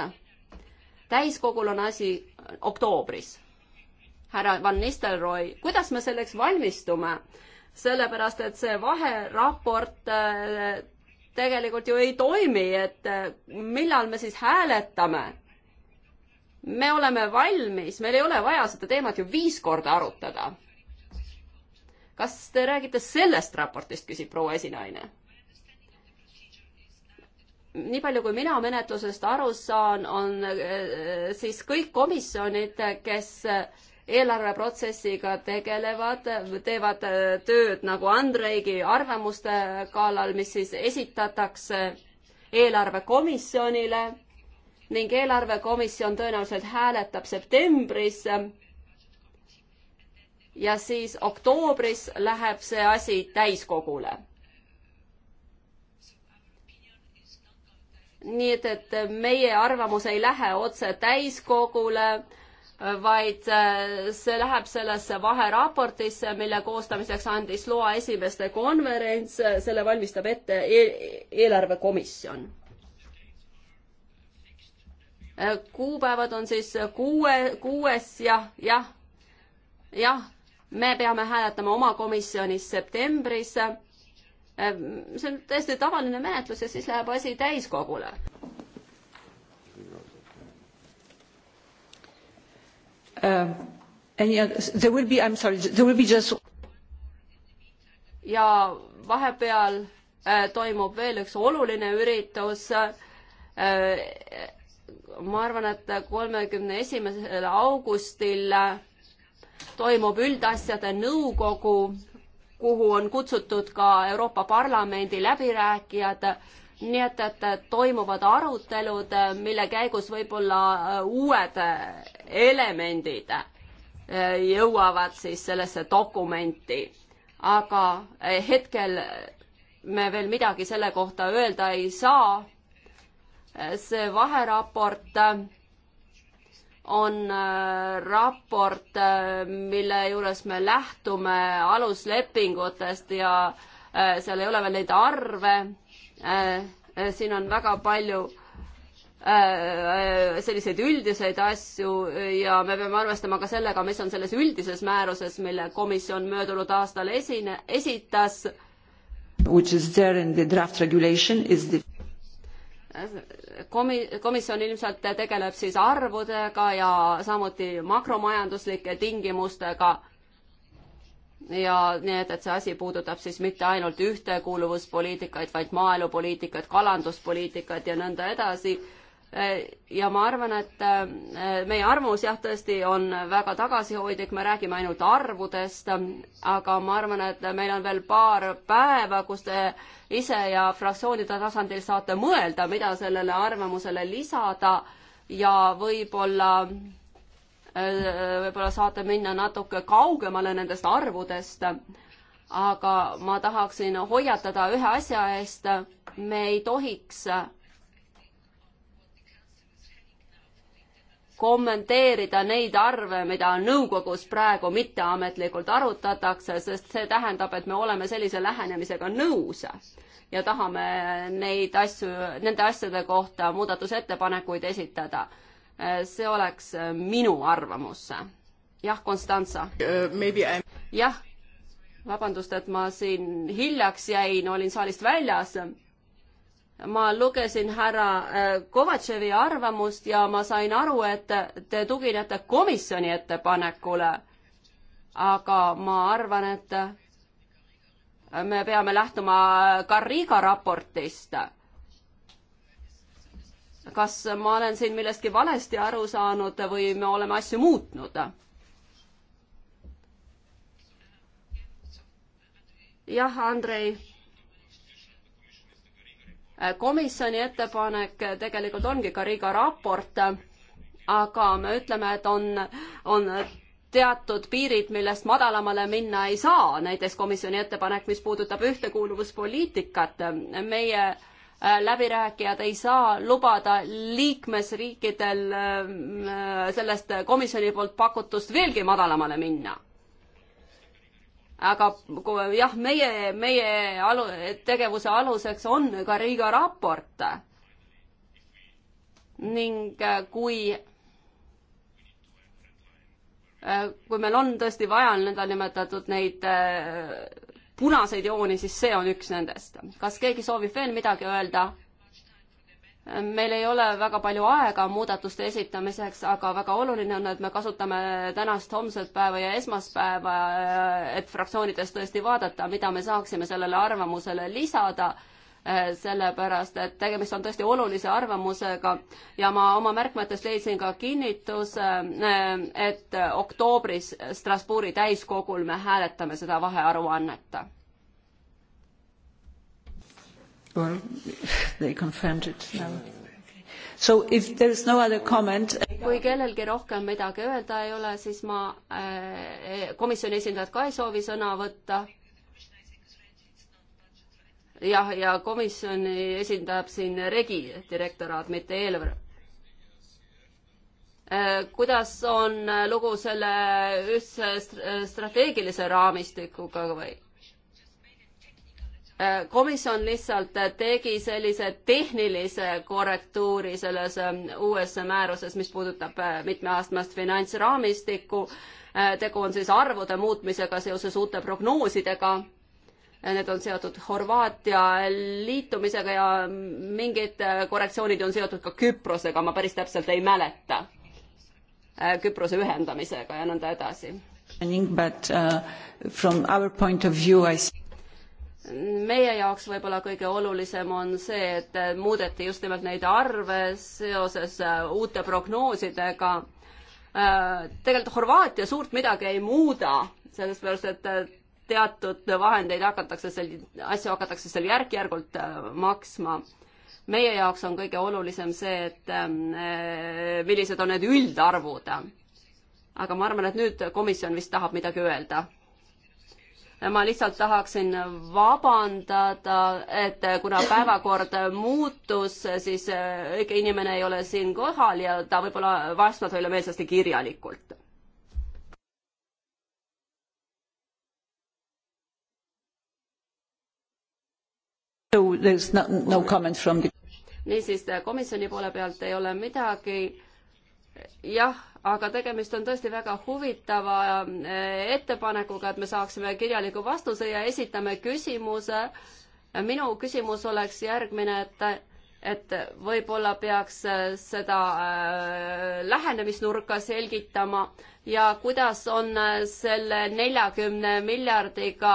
täiskogul on asi äh, oktoobris. härra Van Nistelrooy, kuidas me selleks valmistume? sellepärast, et see vaheraport tegelikult ju ei toimi, et äh, millal me siis hääletame? me oleme valmis, meil ei ole vaja seda teemat ju viis korda arutada. kas te räägite sellest raportist, küsib proua esinaine nii palju, kui mina menetlusest aru saan, on äh, siis kõik komisjonid, kes äh, eelarveprotsessiga tegelevad, teevad äh, tööd nagu Andreigi arvamuste kallal, mis siis esitatakse eelarvekomisjonile ning eelarvekomisjon tõenäoliselt hääletab septembris. ja siis oktoobris läheb see asi täiskogule. nii et, et meie arvamus ei lähe otse täiskogule vaid äh, see läheb sellesse vaheraportisse, mille koostamiseks andis loa esimeste konverents, selle valmistab ette e-, eelarvekomisjon. Äh, kuupäevad on siis kuue, kuues ja, jah, jah, me peame hääletama oma komisjonis septembris. Äh, see on täiesti tavaline menetlus ja siis läheb asi täiskogule Uh, and yeah, there will be, I am sorry, there will be just. ja vahepeal äh, toimub veel üks oluline üritus äh,. äh ma arvan, et kolmekümne esimesel augustil äh, toimub üldasjade nõukogu, kuhu on kutsutud ka Euroopa Parlamendi läbirääkijad äh, nii et, et toimuvad arutelud, mille käigus võib-olla äh, uued äh, elemendid äh, jõuavad siis sellesse dokumenti. aga hetkel me veel midagi selle kohta öelda ei saa. see vaheraport on raport, mille juures me lähtume aluslepingutest ja seal ei ole veel neid arve Äh, äh, siin on väga palju äh, selliseid üldiseid asju ja me peame arvestama ka sellega, mis on selles üldises määruses, mille komisjon möödunud aastal esine, esitas. Which is there in the draft regulation is the komi-, komisjon ilmselt tegeleb siis arvudega ja samuti makromajanduslike tingimustega ja nii et, et see asi puudutab siis mitte ainult ühtekuuluvuspoliitikaid, vaid maaelupoliitikat, kalanduspoliitikat ja nõnda edasi. ja ma arvan, et äh, meie arvamus jah, tõesti on väga tagasihoidlik, me räägime ainult arvudest, aga ma arvan, et meil on veel paar päeva, kus te ise ja fraktsioonide tasandil saate mõelda, mida sellele arvamusele lisada ja võib-olla Äh, võib-olla saate minna natuke kaugemale nendest arvudest, aga ma tahaksin hoiatada ühe asja eest, me ei tohiks kommenteerida neid arve, mida nõukogus praegu mitteametlikult arutatakse, sest see tähendab, et me oleme sellise lähenemisega nõus ja tahame neid asju, nende asjade kohta muudatusettepanekuid esitada see oleks äh, minu arvamus. jah, Konstantsa? Uh, jah, vabandust, et ma siin hiljaks jäin, olin saalist väljas. ma lugesin härra äh, Kovatševi arvamust ja ma sain aru, et te tuginete komisjoni ettepanekule. aga ma arvan, et me peame lähtuma Carriga raportist kas ma olen siin millestki valesti aru saanud või me oleme asju muutnud? jah, Andrei. komisjoni ettepanek tegelikult ongi ka Riga raport, aga me ütleme, et on, on teatud piirid, millest madalamale minna ei saa, näiteks komisjoni ettepanek, mis puudutab ühtekuuluvuspoliitikat. meie äh, Äh, läbirääkijad ei saa lubada liikmesriikidel äh, sellest komisjoni poolt pakutust veelgi madalamale minna. aga jah, meie, meie alu-, tegevuse aluseks on ka Riiga raport. ning äh, kui kui meil on tõesti vaja nõndanimetatud neid punaseid jooni, siis see on üks nendest. kas keegi soovib veel midagi öelda? meil ei ole väga palju aega muudatuste esitamiseks, aga väga oluline on, et me kasutame tänast homset päeva ja esmaspäeva, et fraktsioonides tõesti vaadata, mida me saaksime sellele arvamusele lisada Äh, sellepärast et tegemist on tõesti olulise arvamusega ja ma oma märkmetes leidsin ka kinnituse, äh, et oktoobris Strasbourgi täiskogul me hääletame seda vahearuannet. Well, they confirmed it now. So if there is no other comment kui kellelgi rohkem midagi öelda ei ole, siis ma äh,, komisjoni esindajad ka ei soovi sõna võtta jah, ja komisjoni esindab siin regi direktoraat, mitte eelarve. Äh, kuidas on lugu selle ühtse strateegilise raamistikuga või? Äh, komisjon lihtsalt tegi sellise tehnilise korrektuuri selles ähm, uues määruses, mis puudutab äh, mitmeaastast finantsraamistikku. tegu on siis arvude muutmisega seoses uute prognoosidega need on seotud Horvaatia liitumisega ja mingid korrektsioonid on seotud ka Küprosega, ma päris täpselt ei mäleta. Küprose ühendamisega ja nõnda edasi. But uh, from our point of view I see meie jaoks võib-olla kõige olulisem on see, et muudeti just nimelt neid arve seoses uh, uute prognoosidega. Uh, tegelikult Horvaatia suurt midagi ei muuda, sellepärast et uh, teatud vahendeid hakatakse sel, asju hakatakse seal järk-järgult äh, maksma. meie jaoks on kõige olulisem see, et ähm, äh, millised on need üldarvud. aga ma arvan, et nüüd komisjon vist tahab midagi öelda ma lihtsalt tahaksin vabandada, et kuna päevakord muutus, siis äh, õige inimene ei ole siin kohal ja ta võib-olla vastab teile meelsasti kirjalikult So there's no, no comment from the niisiis, äh, komisjoni poole pealt ei ole midagi. jah, aga tegemist on tõesti väga huvitava äh, ettepanekuga, et me saaksime kirjaliku vastuse ja esitame küsimuse. minu küsimus oleks järgmine, et et võib-olla peaks äh, seda äh, lähenemisnurka selgitama ja kuidas on äh, selle neljakümne miljardiga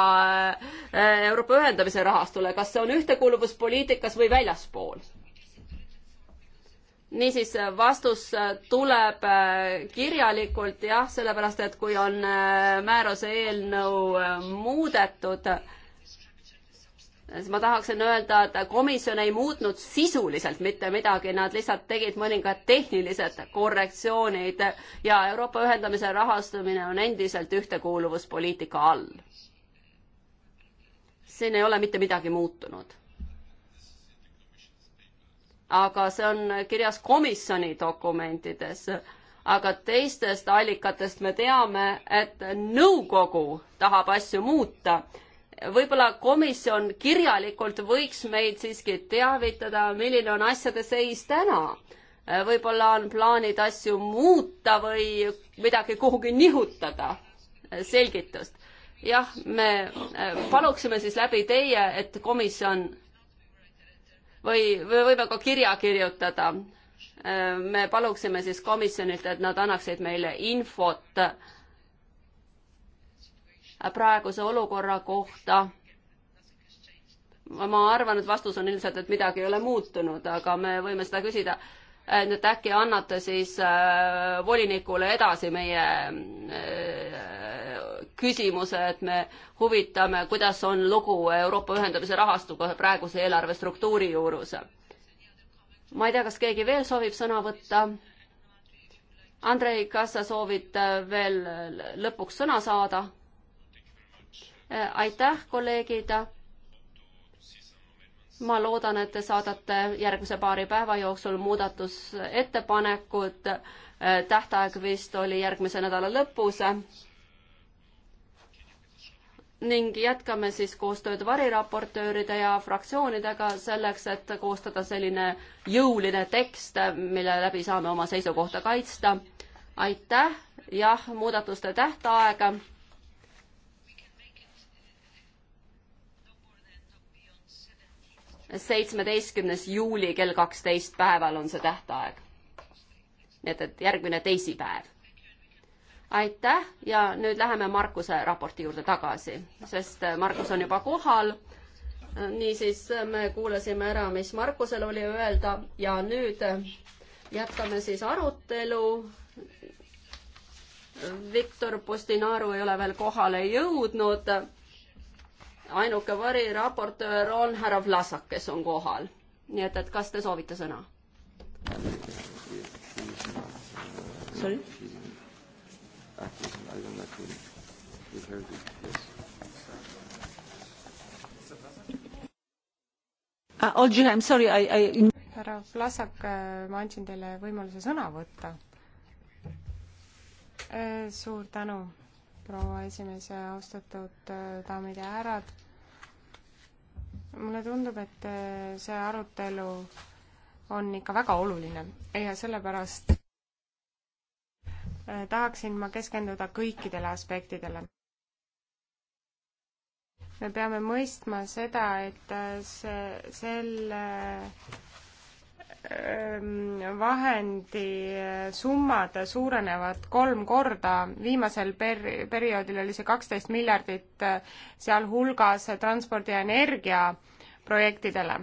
Euroopa ühendamise rahastule, kas see on ühtekuuluvuspoliitikas või väljaspool? niisiis, vastus tuleb kirjalikult jah, sellepärast et kui on määruse eelnõu muudetud, siis ma tahaksin öelda, et komisjon ei muutnud sisuliselt mitte midagi, nad lihtsalt tegid mõningad tehnilised korrektsioonid ja Euroopa ühendamise rahastamine on endiselt ühtekuuluvuspoliitika all. siin ei ole mitte midagi muutunud. aga see on kirjas komisjoni dokumentides, aga teistest allikatest me teame, et nõukogu tahab asju muuta võib-olla komisjon kirjalikult võiks meid siiski teavitada, milline on asjade seis täna. Äh, võib-olla on plaanid asju muuta või midagi kuhugi nihutada, äh, selgitust. jah, me äh, paluksime siis läbi teie, et komisjon või, või võime ka kirja kirjutada. me paluksime siis komisjonilt, et nad annaksid meile infot äh, praeguse olukorra kohta. ma arvan, et vastus on ilmselt, et midagi ei ole muutunud, aga me võime seda küsida et äh, äkki annate siis äh, volinikule edasi meie äh, küsimuse, et me huvitame, kuidas on lugu Euroopa ühendamise rahastuga praeguse eelarve struktuuri juures. ma ei tea, kas keegi veel soovib sõna võtta. Andrei, kas sa soovid äh, veel äh, lõpuks sõna saada? Äh, aitäh, kolleegid. ma loodan, et te saadate järgmise paari päeva jooksul muudatusettepanekud. Äh, tähtaeg vist oli järgmise nädala lõpus. ning jätkame siis koostööd variraportööride ja fraktsioonidega selleks, et koostada selline jõuline tekst, mille läbi saame oma seisukohta kaitsta. aitäh, jah, muudatuste tähtaeg seitsmeteistkümnes juuli kell kaksteist päeval on see tähtaeg. nii et, et järgmine teisipäev. aitäh ja nüüd läheme Markuse raporti juurde tagasi, sest Markus on juba kohal. niisiis me kuulasime ära, mis Markusel oli öelda ja nüüd jätkame siis arutelu. Viktor Postinaru ei ole veel kohale jõudnud ainuke variraportöör on härra Vlasak, kes on kohal. nii et, et kas te soovite sõna? Sorry? Olgi, I m sorry, I, I härra Vlasak, äh, ma andsin teile võimaluse sõna võtta. Äh, suur tänu proua esimees ja austatud äh, daamid ja härrad. mulle tundub, et äh, see arutelu on ikka väga oluline ja sellepärast äh, tahaksin ma keskenduda kõikidele aspektidele. me peame mõistma seda, et see, selle Ähm, vahendi summad suurenevad kolm korda, viimasel per-, perioodil oli see kaksteist miljardit, äh, sealhulgas transpordi ja energia projektidele.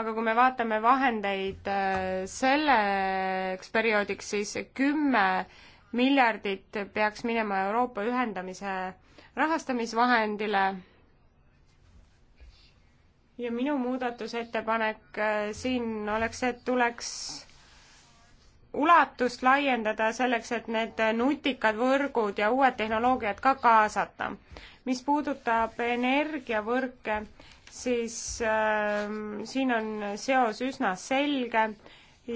aga kui me vaatame vahendeid äh, selleks perioodiks, siis kümme miljardit peaks minema Euroopa ühendamise rahastamisvahendile ja minu muudatusettepanek äh, siin oleks, et tuleks ulatust laiendada selleks, et need nutikad võrgud ja uued tehnoloogiad ka kaasata. mis puudutab energiavõrke, siis äh, siin on seos üsna selge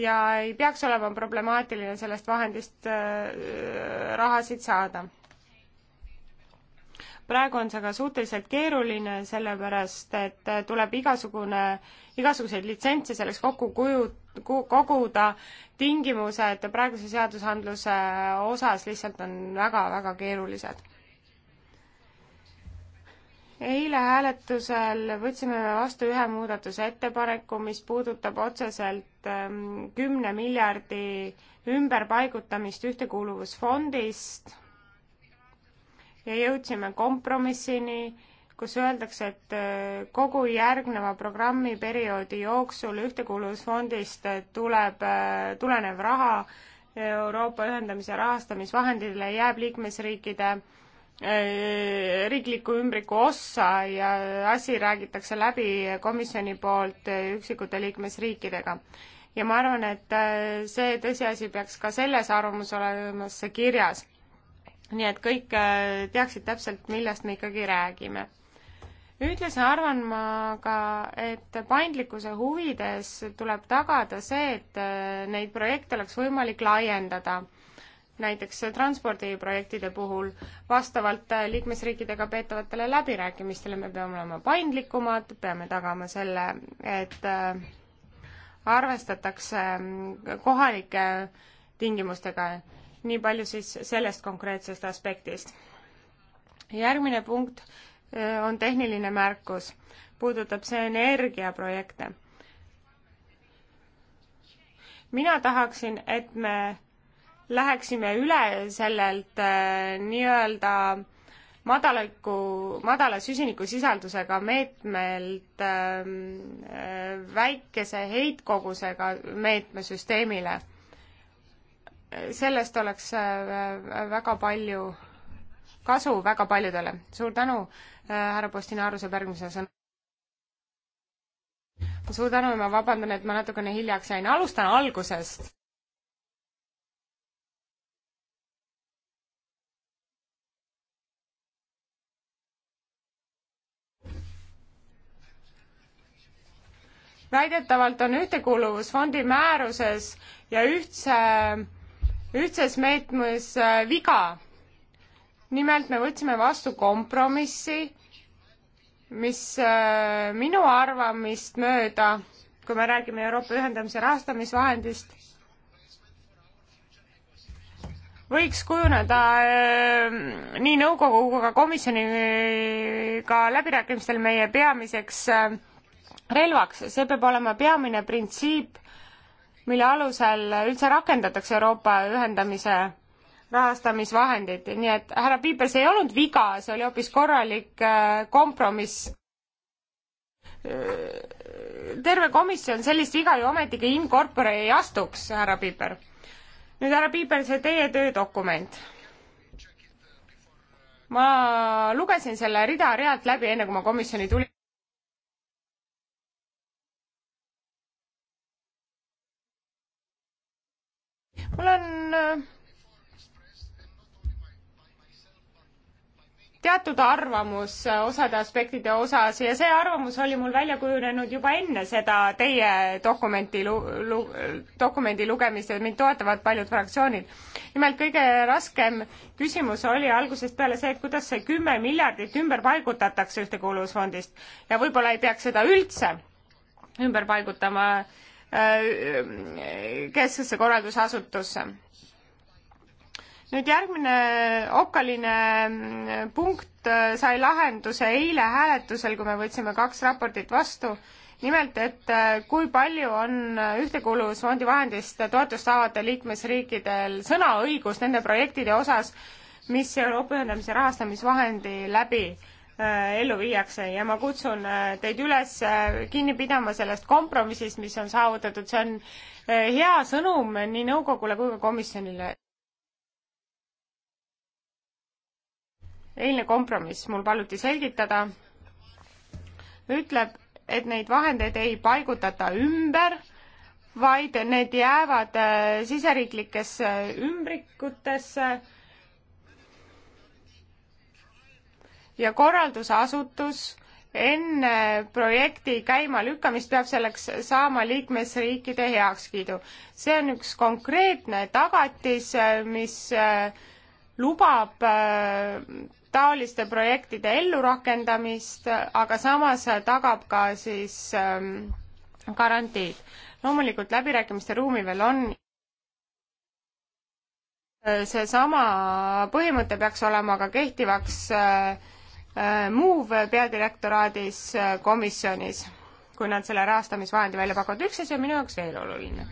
ja ei peaks olema problemaatiline sellest vahendist äh, rahasid saada praegu on see aga suhteliselt keeruline, sellepärast et tuleb igasugune, igasuguseid litsentse selleks kokku kuju-, koguda, tingimused praeguse seadusandluse osas lihtsalt on väga-väga keerulised. eile hääletusel võtsime vastu ühe muudatuse ettepaneku, mis puudutab otseselt ähm, kümne miljardi ümberpaigutamist ühtekuuluvusfondist ja jõudsime kompromissini, kus öeldakse, et äh, kogu järgneva programmiperioodi jooksul Ühtekuuluvusfondist äh, tuleb, äh, tulenev raha Euroopa ühendamise rahastamisvahendile jääb liikmesriikide riikliku ümbriku ossa ja asi räägitakse läbi komisjoni poolt üksikute liikmesriikidega. ja ma arvan, et see tõsiasi peaks ka selles arvamuses olema kirjas nii et kõik äh, teaksid täpselt, millest me ikkagi räägime. ühtlasi arvan ma ka, et paindlikkuse huvides tuleb tagada see, et äh, neid projekte oleks võimalik laiendada, näiteks transpordiprojektide puhul, vastavalt äh, liikmesriikidega peetavatele läbirääkimistele me peame olema paindlikumad, peame tagama selle, et arvestatakse kohalike tingimustega nii palju siis sellest konkreetsest aspektist. järgmine punkt äh, on tehniline märkus, puudutab see energiaprojekte. mina tahaksin, et me läheksime üle sellelt äh, nii-öelda madaliku, madala süsinikusisaldusega meetmelt ähm, äh, väikese heitkogusega meetmesüsteemile sellest oleks äh, äh, väga palju kasu väga paljudele. suur tänu, äh, härra Postinaru, saab järgmise sõna. suur tänu ja ma vabandan, et ma natukene hiljaks jäin. alustan algusest. väidetavalt on Ühtekuuluvusfondi määruses ja ühtse ühtses meetmes äh, viga. nimelt me võtsime vastu kompromissi, mis äh, minu arvamist mööda, kui me räägime Euroopa ühendamise rahastamisvahendist, võiks kujuneda äh, nii nõukogu kui ka komisjoniga läbirääkimistel meie peamiseks äh, relvaks, see peab olema peamine printsiip mille alusel üldse rakendatakse Euroopa ühendamise rahastamisvahendid, nii et härra Piiper, see ei olnud viga, see oli hoopis korralik äh, kompromiss. Äh, terve komisjon sellist viga ju ometigi in corpore ei astuks, härra Piiper. nüüd härra Piiper, see teie töödokument. ma lugesin selle rida-realt läbi, enne kui ma komisjoni tulin mul on äh, teatud arvamus äh, osade aspektide osas ja see arvamus oli mul välja kujunenud juba enne seda teie dokumenti lu-, lu-, dokumendi lugemist ja mind toetavad paljud fraktsioonid. nimelt kõige raskem küsimus oli algusest peale see, et kuidas see kümme miljardit ümber paigutatakse ühtekuuluvusfondist ja võib-olla ei peaks seda üldse ümber paigutama kesksesse korraldusasutusse. nüüd järgmine okkaline mm, punkt äh, sai lahenduse eile hääletusel, kui me võtsime kaks raportit vastu nimelt, et äh, kui palju on äh, Ühtekuuluvusfondi vahendist toetust saavate liikmesriikidel sõnaõigus nende projektide osas, mis Euroopa Ühendamise rahastamisvahendi läbi Äh, ellu viiakse ja ma kutsun äh, teid üles äh, kinni pidama sellest kompromissist, mis on saavutatud, see on hea sõnum nii nõukogule kui ka komisjonile. eilne kompromiss, mul paluti selgitada, ütleb, et neid vahendeid ei paigutata ümber, vaid need jäävad siseriiklikesse ümbrikutesse ja korraldusasutus enne projekti käimalükkamist peab selleks saama liikmesriikide heakskiidu. see on üks konkreetne tagatis, mis äh, lubab äh, taoliste projektide ellurakendamist, aga samas tagab ka siis ähm, garantiid. loomulikult läbirääkimiste ruumi veel on äh, seesama põhimõte peaks olema ka kehtivaks äh, Äh, MUV peadirektoraadis äh, komisjonis, kui nad selle rahastamisvahendi välja pakuvad. üks asi on minu jaoks veel oluline.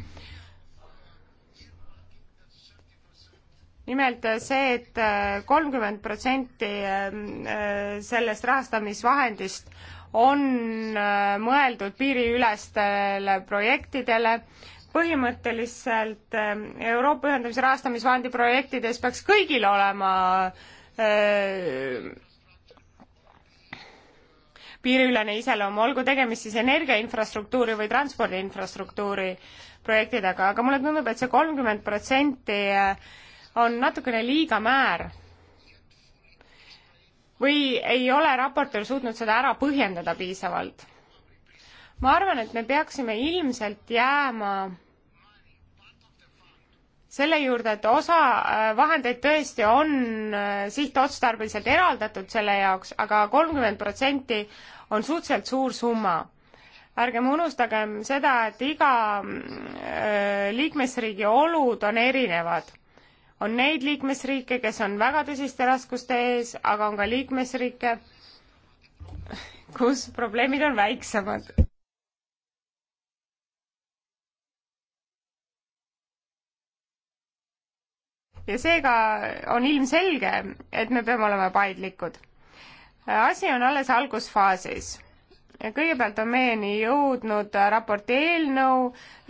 nimelt äh, see et, et kolmkümmend protsenti sellest rahastamisvahendist on mõeldud piiriülestele projektidele, põhimõtteliselt Euroopa ühendamise rahastamisvahendi projektides peaks kõigil olema öö, piiriülene iseloom, olgu tegemist siis energiainfrastruktuuri või transpordiinfrastruktuuri projektidega, aga mulle tundub, et see kolmkümmend protsenti eh, on natukene liiga määr. või ei ole raportöör suutnud seda ära põhjendada piisavalt? ma arvan, et me peaksime ilmselt jääma selle juurde, et osa äh, vahendeid tõesti on äh, sihtotstarbeliselt eraldatud selle jaoks aga, aga kolmkümmend protsenti on suhteliselt suur summa. ärgem unustagem seda, et iga äh, liikmesriigi olud on erinevad. on neid liikmesriike, kes on väga tõsiste raskuste ees, aga on ka liikmesriike, kus probleemid on väiksemad ja seega on ilmselge, et me peame olema paindlikud. asi on alles algusfaasis. kõigepealt on meieni jõudnud raporti eelnõu,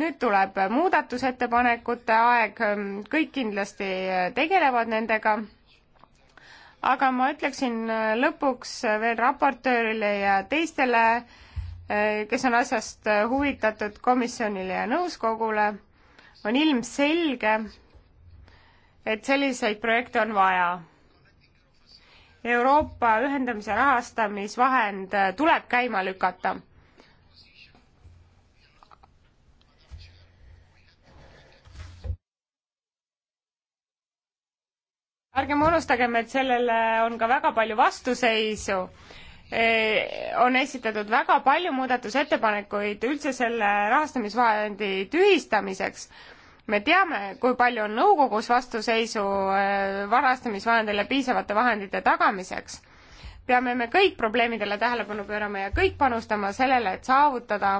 nüüd tuleb muudatusettepanekute aeg, kõik kindlasti tegelevad nendega, aga ma ütleksin lõpuks veel raportöörile ja teistele, kes on asjast huvitatud komisjonile ja nõuskogule, on ilmselge, et selliseid projekte on vaja. Euroopa ühendamise rahastamisvahend äh, tuleb käima lükata ärgem unustagem, et sellele on ka väga palju vastuseisu. E, on esitatud väga palju muudatusettepanekuid üldse selle rahastamisvahendi tühistamiseks me teame, kui palju on nõukogus vastuseisu äh, varastamisvahendile piisavate vahendite tagamiseks. peame me kõik probleemidele tähelepanu pöörama ja kõik panustama sellele, et saavutada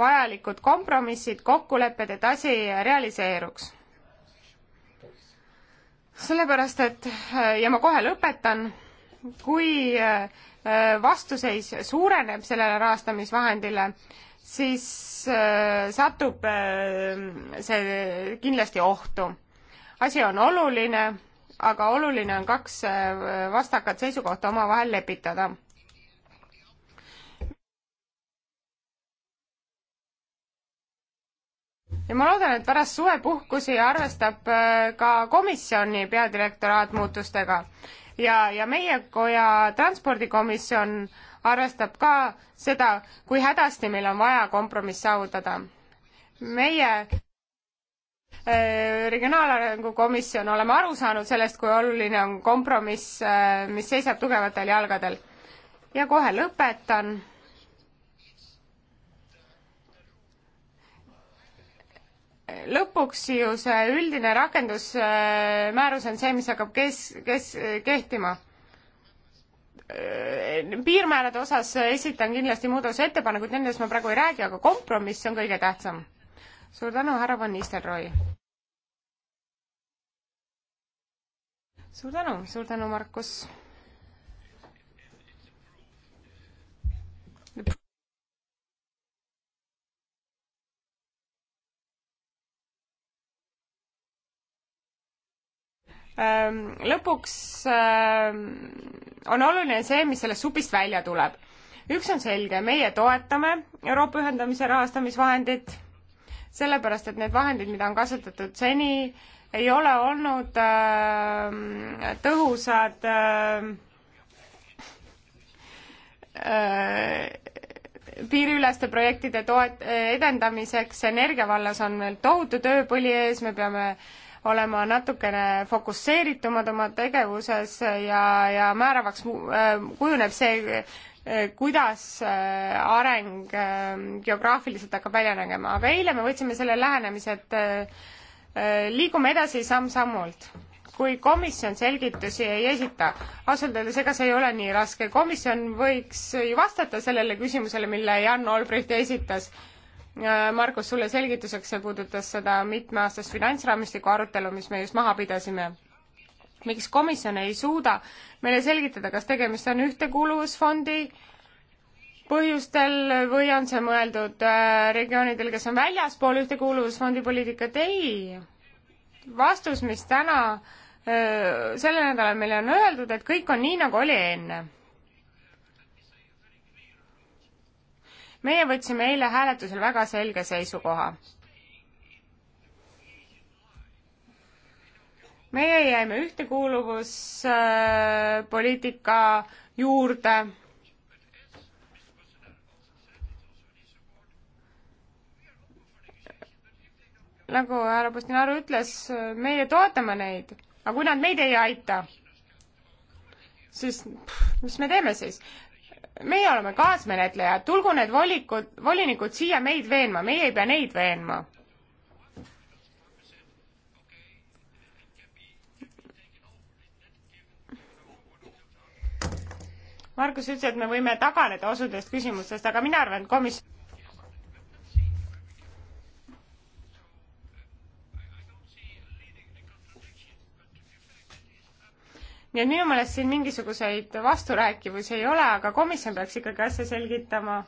vajalikud kompromissid, kokkulepped, et asi realiseeruks. sellepärast, et äh, ja ma kohe lõpetan, kui äh, vastuseis suureneb sellele rahastamisvahendile, siis äh, satub äh, see kindlasti ohtu. asi on oluline, aga oluline on kaks äh, vastakat seisukohta omavahel lepitada ja ma loodan, et pärast suvepuhkusi arvestab ka komisjoni peadirektoraat muutustega ja, ja meie koja transpordikomisjon arvestab ka seda, kui hädasti meil on vaja kompromiss saavutada. meie äh, regionaalarengu komisjon oleme aru saanud sellest, kui oluline on kompromiss, äh, mis seisab tugevatel jalgadel. ja kohe lõpetan lõpuks ju see üldine rakendusmäärus on see, mis hakkab kes, kes kehtima piirmäärade osas esitan kindlasti muudatusettepanekuid, nendest ma praegu ei räägi, aga kompromiss on kõige tähtsam. suur tänu, härra Van Nistelrooy. suur tänu, suur tänu, Markus Ehm, lõpuks ehm, on oluline see, mis sellest supist välja tuleb. üks on selge, meie toetame Euroopa ühendamise rahastamisvahendit, sellepärast et need vahendid, mida on kasutatud seni, ei ole olnud äh, tõhusad äh, piiriüleste projektide toet-, edendamiseks energia vallas on meil tohutu tööpõli ees, me peame äh, olema natukene fokusseeritumad oma tegevuses ja, ja määravaks äh, kujuneb see, äh, kuidas äh, areng geograafiliselt hakkab välja nägema, aga eile me võtsime selle lähenemise, et liigume edasi samm-sammult kui komisjon selgitusi ei esita, ausalt öeldes ega see ei ole nii raske, komisjon võiks ju vastata sellele küsimusele, mille Jan Olbrecht esitas Äh, Margus, sulle selgituseks, see puudutas seda mitmeaastast finantsraamistiku arutelu, mis me just maha pidasime. miks komisjon ei suuda meile selgitada, kas tegemist on ühtekuuluvusfondi põhjustel või on see mõeldud äh, regioonidel, kes on väljaspool ühtekuuluvusfondi poliitikat, ei. vastus, mis täna äh, sellel nädalal meile on öeldud, et kõik on nii, nagu oli enne meie võtsime eile hääletusel väga selge seisukoha. meie jäime ühtekuuluvuspoliitika juurde nagu härra Postinaru ütles, meie toetame neid, aga kui nad meid ei aita, siis pff, mis me teeme siis? meie oleme kaasmenetlejad, tulgu need volikud, volinikud siia meid veenma, meie ei pea neid veenma. Margus ütles, et me võime taganeda osudest küsimustest, aga mina arvan, et komisjon nii et minu meelest siin mingisuguseid vasturääkivusi ei ole, aga komisjon peaks ikkagi asja selgitama.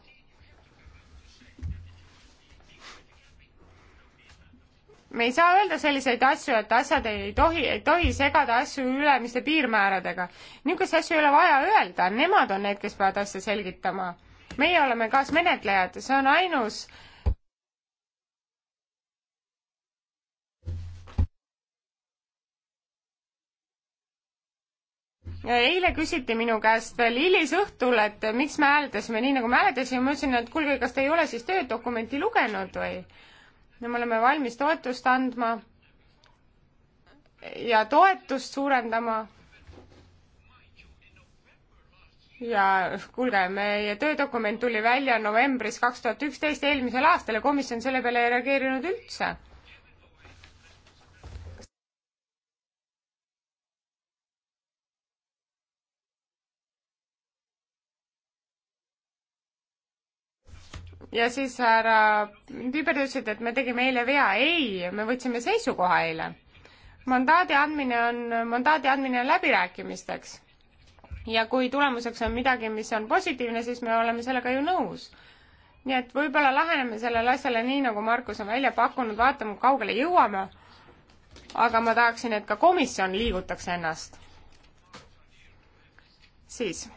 me ei saa öelda selliseid asju, et asjad ei tohi, ei tohi segada asju ülemiste piirmääradega. niisuguseid asju ei ole vaja öelda, nemad on need, kes peavad asja selgitama. meie oleme kaasmenetlejad, see on ainus äh, eile küsiti minu käest veel hilisõhtul, et miks me hääletasime nii, nagu me hääletasime, ma ütlesin, et kuulge, kas te ei ole siis töödokumenti lugenud või? no me oleme valmis toetust andma ja toetust suurendama. ja kuulge, meie töödokument tuli välja novembris kaks tuhat üksteist, eelmisel aastal ja komisjon selle peale ei reageerinud üldse ja siis härra Piber ütles, et me tegime eile vea. ei, me võtsime seisukoha eile. mandaadi andmine on, mandaadi andmine on läbirääkimisteks. ja kui tulemuseks on midagi, mis on positiivne, siis me oleme sellega ju nõus. nii et võib-olla läheneme sellele asjale nii, nagu Markus on välja pakkunud, vaatame, kui kaugele jõuame. aga ma tahaksin, et ka komisjon liigutaks ennast. siis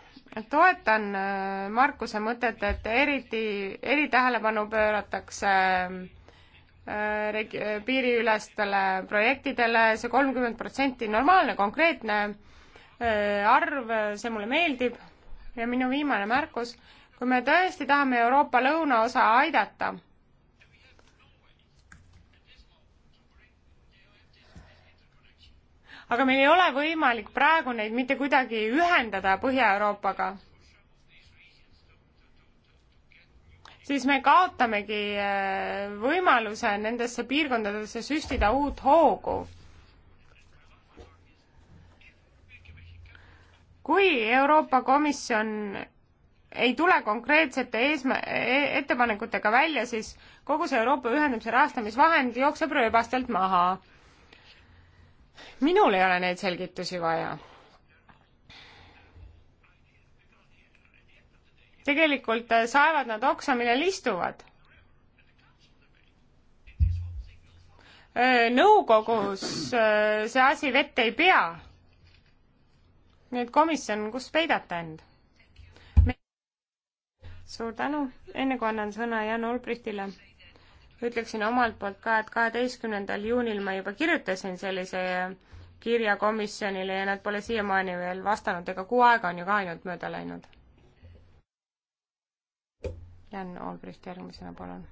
toetan äh, Markuse mõtet, et eriti, eritähelepanu pööratakse äh, regi-, äh, piiriülestele projektidele, see kolmkümmend protsenti, normaalne konkreetne arv, see mulle meeldib ja minu viimane märkus, kui me tõesti tahame Euroopa lõunaosa aidata aga meil ei ole võimalik praegu neid mitte kuidagi ühendada Põhja-Euroopaga. siis me kaotamegi äh, võimaluse nendesse piirkondadesse süstida uut hoogu kui Euroopa Komisjon ei tule konkreetsete eesmä-, e-, ettepanekutega välja, siis kogu see Euroopa ühendamise rahastamisvahend jookseb rööbastelt maha minul ei ole neid selgitusi vaja. tegelikult äh, saevad nad oksa, millel istuvad äh, nõukogus äh, see asi vett ei pea. nii et komisjon, kus peidate end Me...? suur tänu, enne kui annan sõna Jan Olbrichtile ütleksin omalt poolt ka, et kaheteistkümnendal juunil ma juba kirjutasin sellise kirja komisjonile ja nad pole siiamaani veel vastanud, ega kuu aega on ju ka ainult mööda läinud. Jan Olbrist järgmisena, palun.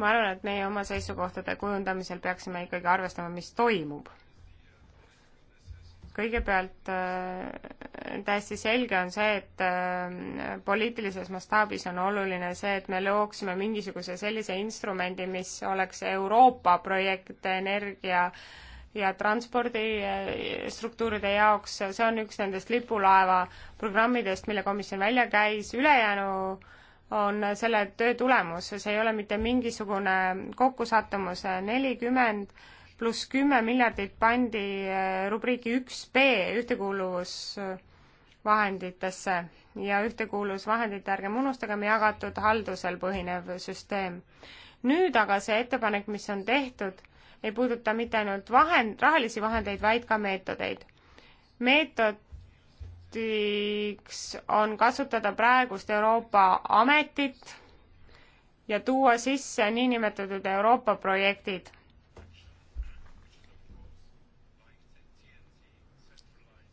ma arvan, et meie oma seisukohtade kujundamisel peaksime ikkagi arvestama, mis toimub kõigepealt äh, täiesti selge on see, et äh, poliitilises mastaabis on oluline see, et me looksime mingisuguse sellise instrumendi, mis oleks Euroopa projekt energia ja transpordistruktuuride äh, jaoks, see on üks nendest lipulaeva programmidest, mille komisjon välja käis, ülejäänu on selle töö tulemus, see ei ole mitte mingisugune kokkusattumus, nelikümmend 40 pluss kümme miljardit pandi äh, rubriigi üks B ühtekuuluvusvahenditesse ja ühtekuuluvusvahendid, ärgem unustagem, jagatud haldusel põhinev süsteem. nüüd aga see ettepanek, mis on tehtud, ei puuduta mitte ainult vahend, rahalisi vahendeid, vaid ka meetodeid. meetodiks on kasutada praegust Euroopa ametit ja tuua sisse niinimetatud Euroopa projektid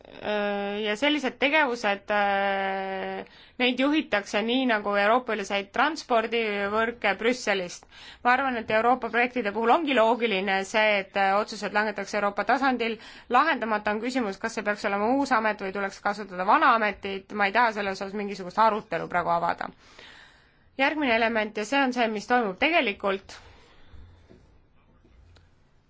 Äh, ja sellised tegevused, äh, neid juhitakse nii, nagu Euroopa üleseid transpordivõrke Brüsselist. ma arvan, et Euroopa projektide puhul ongi loogiline see, et äh, otsused langetatakse Euroopa tasandil, lahendamata on küsimus, kas see peaks olema uus amet või tuleks kasutada vana ametit, ma ei taha selle osas mingisugust arutelu praegu avada. järgmine element ja see on see, mis toimub tegelikult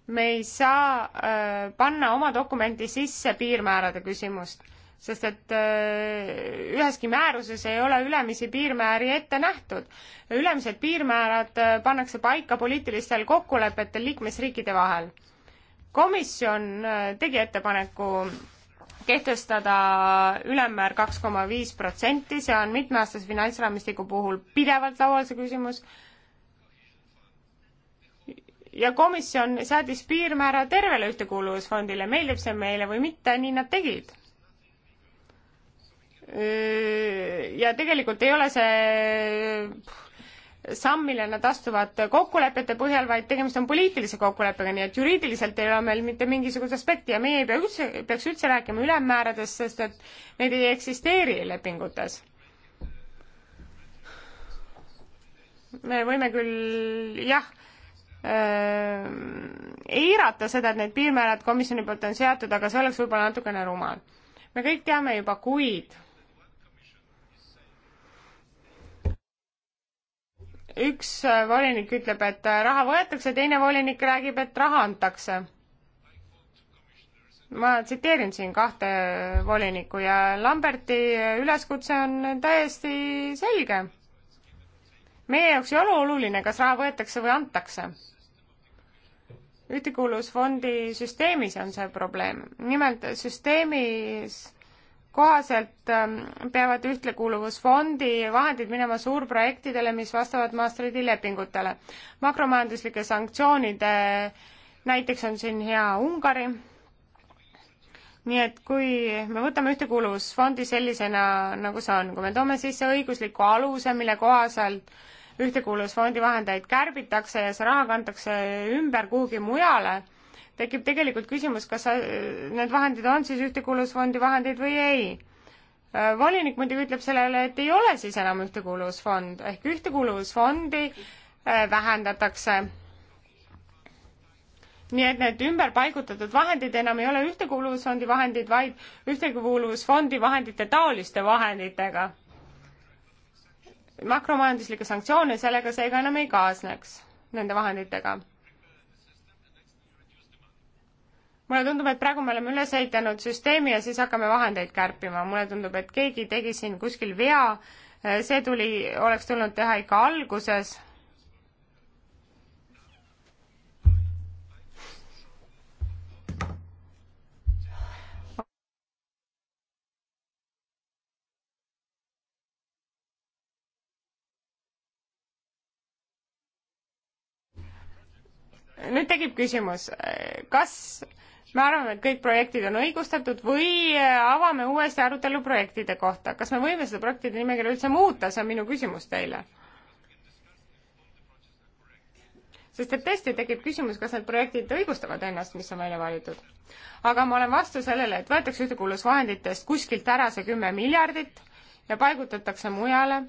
me ei saa öö, äh, panna oma dokumenti sisse piirmäärade küsimust, sest et öö, äh, üheski määruses ei ole ülemisi piirmääri ette nähtud. ülemised piirmäärad öö, äh, pannakse paika poliitilistel kokkulepetel liikmesriikide vahel. komisjon öö, tegi ettepaneku kehtestada ülemmäär kaks koma viis protsenti, see on mitmeaastase finantsraamistiku puhul pidevalt laual see küsimus ja komisjon seadis piirmäära tervele ühtekuuluvusfondile, meeldib see meile või mitte, nii nad tegid. ja tegelikult ei ole see samm, mille nad astuvad kokkulepete põhjal, vaid tegemist on poliitilise kokkuleppega, nii et juriidiliselt ei ole meil mitte mingisugust aspekti ja meie ei pea üldse, peaks üldse rääkima ülemmääradest, sest et need ei eksisteeri lepingutes me võime küll jah, Äh, eirata seda, et need piirmäärad komisjoni poolt on seatud, aga see oleks võib-olla natukene rumal. me kõik teame juba kuid, üks äh, volinik ütleb, et äh, raha võetakse, teine volinik räägib, et raha antakse. ma tsiteerin siin kahte volinikku ja Lamberti üleskutse on täiesti selge. meie jaoks ei ole oluline, kas raha võetakse või antakse ühtekuuluvusfondi süsteemis on see probleem. nimelt süsteemis kohaselt ähm, peavad ühtekuuluvusfondi vahendid minema suurprojektidele, mis vastavad Maastrichti lepingutele. makromajanduslike sanktsioonide näiteks on siin hea Ungari. nii et kui me võtame ühtekuuluvusfondi sellisena, nagu see on, kui me toome sisse õigusliku aluse, mille kohaselt äh, ühtekuuluvusfondi vahendeid kärbitakse ja see raha kantakse ümber kuhugi mujale, tekib tegelikult küsimus, kas need vahendid on siis ühtekuuluvusfondi vahendid või ei. volinik muidugi ütleb sellele, et ei ole siis enam ühtekuuluvusfond, ehk ühtekuuluvusfondi äh, vähendatakse nii et need ümberpaigutatud vahendid enam ei ole ühtekuuluvusfondi vahendid, vaid ühtekuuluvusfondi vahendite taoliste vahenditega makromajanduslikke sanktsioone sellega seega enam ei kaasneks, nende vahenditega. mulle tundub, et praegu me oleme üles ehitanud süsteemi ja siis hakkame vahendeid kärpima, mulle tundub, et keegi tegi siin kuskil vea, see tuli, oleks tulnud teha ikka alguses nüüd tekib küsimus, kas me arvame, et kõik projektid on õigustatud või äh, avame uuesti arutelu projektide kohta. kas me võime seda projektide nimekirja üldse muuta, see on minu küsimus teile. sest et tõesti tekib küsimus, kas need projektid õigustavad ennast, mis on välja valitud. aga ma olen vastu sellele, et võetakse ühtekuuluvusvahenditest kuskilt ära see kümme miljardit ja paigutatakse mujale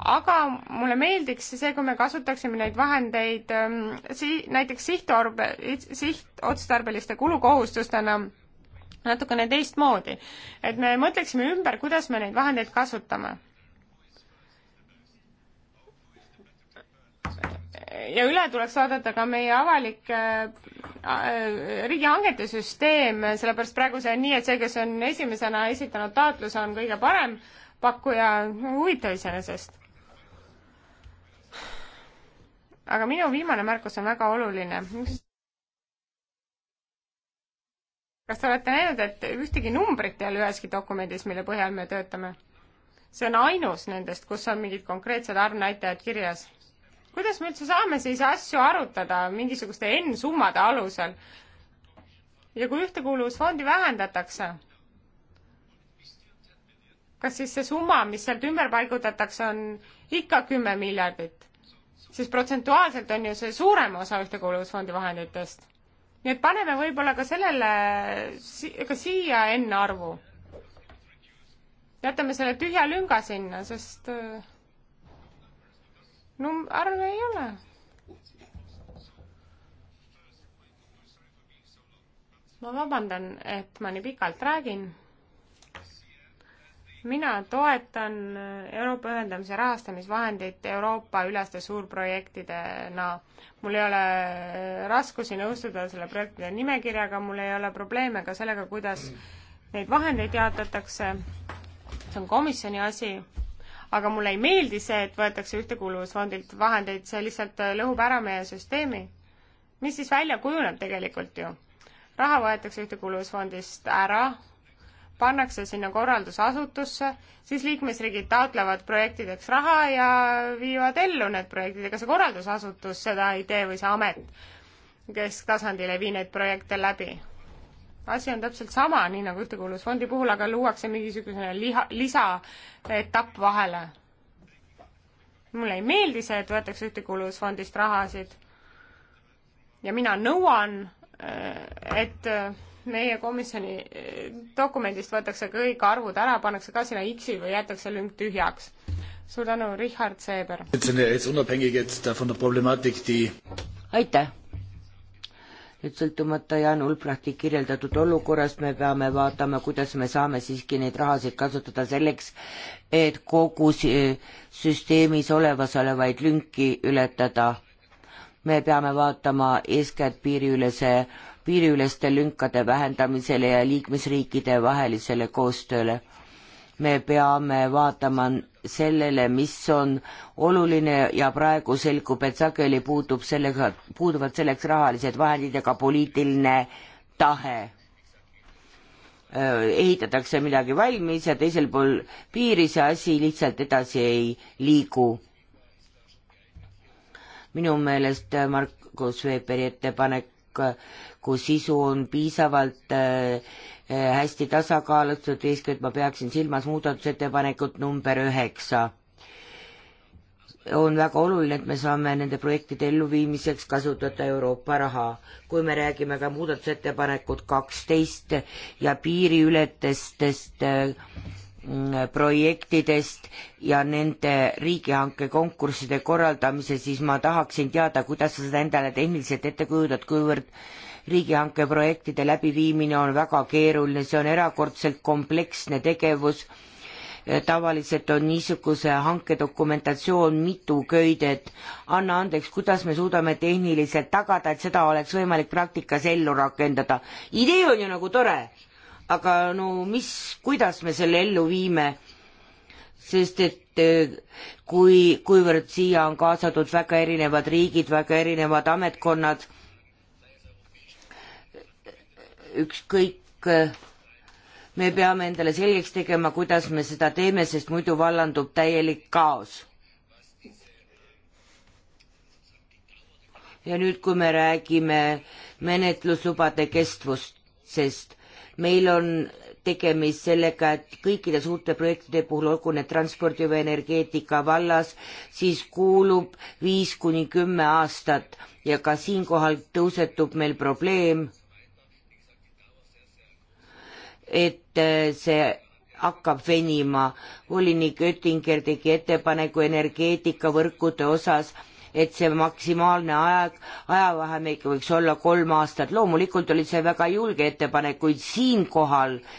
aga mulle meeldiks see, kui me kasutaksime neid vahendeid ähm, si-, näiteks sihtorbe, sihtotstarbeliste kulukohustustena natukene teistmoodi. et me mõtleksime ümber, kuidas me neid vahendeid kasutame. ja üle tuleks vaadata ka meie avalik äh, äh, riigihangete süsteem, sellepärast praegu see on nii, et see, kes on esimesena esitanud taotluse, on kõige parem pakkuja, huvitav iseenesest aga minu viimane märkus on väga oluline. kas te olete näinud, et ühtegi numbrit ei ole üheski dokumendis, mille põhjal me töötame? see on ainus nendest, kus on mingid konkreetsed arvnäitajad kirjas. kuidas me üldse saame siis asju arutada mingisuguste N-summade alusel? ja kui ühtekuuluvusfondi vähendatakse, kas siis see summa, mis sealt ümber paigutatakse, on ikka kümme miljardit? siis protsentuaalselt on ju see suurem osa Ühtekuuluvusfondi vahenditest. nii et paneme võib-olla ka sellele, ka siia enne arvu. jätame selle tühja lünga sinna, sest äh, num-, arve ei ole. ma vabandan, et ma nii pikalt räägin mina toetan Euroopa ühendamise rahastamisvahendit Euroopa üleste suurprojektidena. mul ei ole raskusi nõustuda selle projektide nimekirjaga, mul ei ole probleeme ka sellega, kuidas neid vahendeid jaotatakse, see on komisjoni asi, aga mulle ei meeldi see, et võetakse Ühtekuuluvusfondilt vahendeid, see lihtsalt lõhub ära meie süsteemi. mis siis välja kujuneb tegelikult ju? raha võetakse Ühtekuuluvusfondist ära pannakse sinna korraldusasutusse, siis liikmesriigid taotlevad projektideks raha ja viivad ellu need projektid, ega see korraldusasutus seda ei tee või see amet, kes tasandil ei vii neid projekte läbi. asi on täpselt sama, nii nagu Ühtekuuluvusfondi puhul, aga luuakse mingisugune liha, lisaetapp vahele. mulle ei meeldi see, et võetakse Ühtekuuluvusfondist rahasid ja mina nõuan, et meie komisjoni eh, dokumendist võetakse kõik arvud ära, pannakse ka sinna X-i või jäetakse lünk tühjaks. suur tänu, Richard Seeber. aitäh. nüüd sõltumata Jaan Ulbrachti kirjeldatud olukorrast me peame vaatama, kuidas me saame siiski neid rahasid kasutada selleks, et kogu süsteemis olevas olevaid lünki ületada. me peame vaatama eeskätt piiriülese piiriüleste lünkade vähendamisele ja liikmesriikide vahelisele koostööle. me peame vaatama sellele, mis on oluline ja praegu selgub, et sageli puudub sellega, puuduvad selleks rahalised vahendid ja ka poliitiline tahe ehitatakse midagi valmis ja teisel pool piiri see asi lihtsalt edasi ei liigu. minu meelest Markus Veeperi ettepanek kus sisu on piisavalt eh, eh, hästi tasakaalustatud, eeskätt ma peaksin silmas muudatusettepanekut number üheksa. on väga oluline, et me saame nende projektide elluviimiseks kasutada Euroopa raha. kui me räägime ka muudatusettepanekut kaksteist ja piiriületestest eh, Äh, projektidest ja nende riigihanke konkursside korraldamise, siis ma tahaksin teada, kuidas sa seda endale tehniliselt ette kujutad, kuivõrd riigihanke projektide läbiviimine on väga keeruline, see on erakordselt kompleksne tegevus. Äh, tavaliselt on niisuguse hanke dokumentatsioon mitu köidet. anna andeks, kuidas me suudame tehniliselt tagada, et seda oleks võimalik praktikas ellu rakendada. idee on ju nagu tore aga no mis, kuidas me selle ellu viime? sest et äh, kui, kuivõrd siia on kaasatud väga erinevad riigid, väga erinevad ametkonnad, ükskõik, äh, me peame endale selgeks tegema, kuidas me seda teeme, sest muidu vallandub täielik kaos. ja nüüd, kui me räägime menetluslubade kestvust, sest meil on tegemist sellega, et kõikide suurte projektide puhul, olgu need transpordi või energeetika vallas, siis kuulub viis kuni kümme aastat ja ka siinkohal tõusetub meil probleem, et äh, see hakkab venima. volinik Oettinger tegi ettepaneku energeetikavõrkude osas et see maksimaalne aeg, ajavahemik võiks olla kolm aastat. loomulikult oli see väga julge ettepanek, kuid siinkohal äh,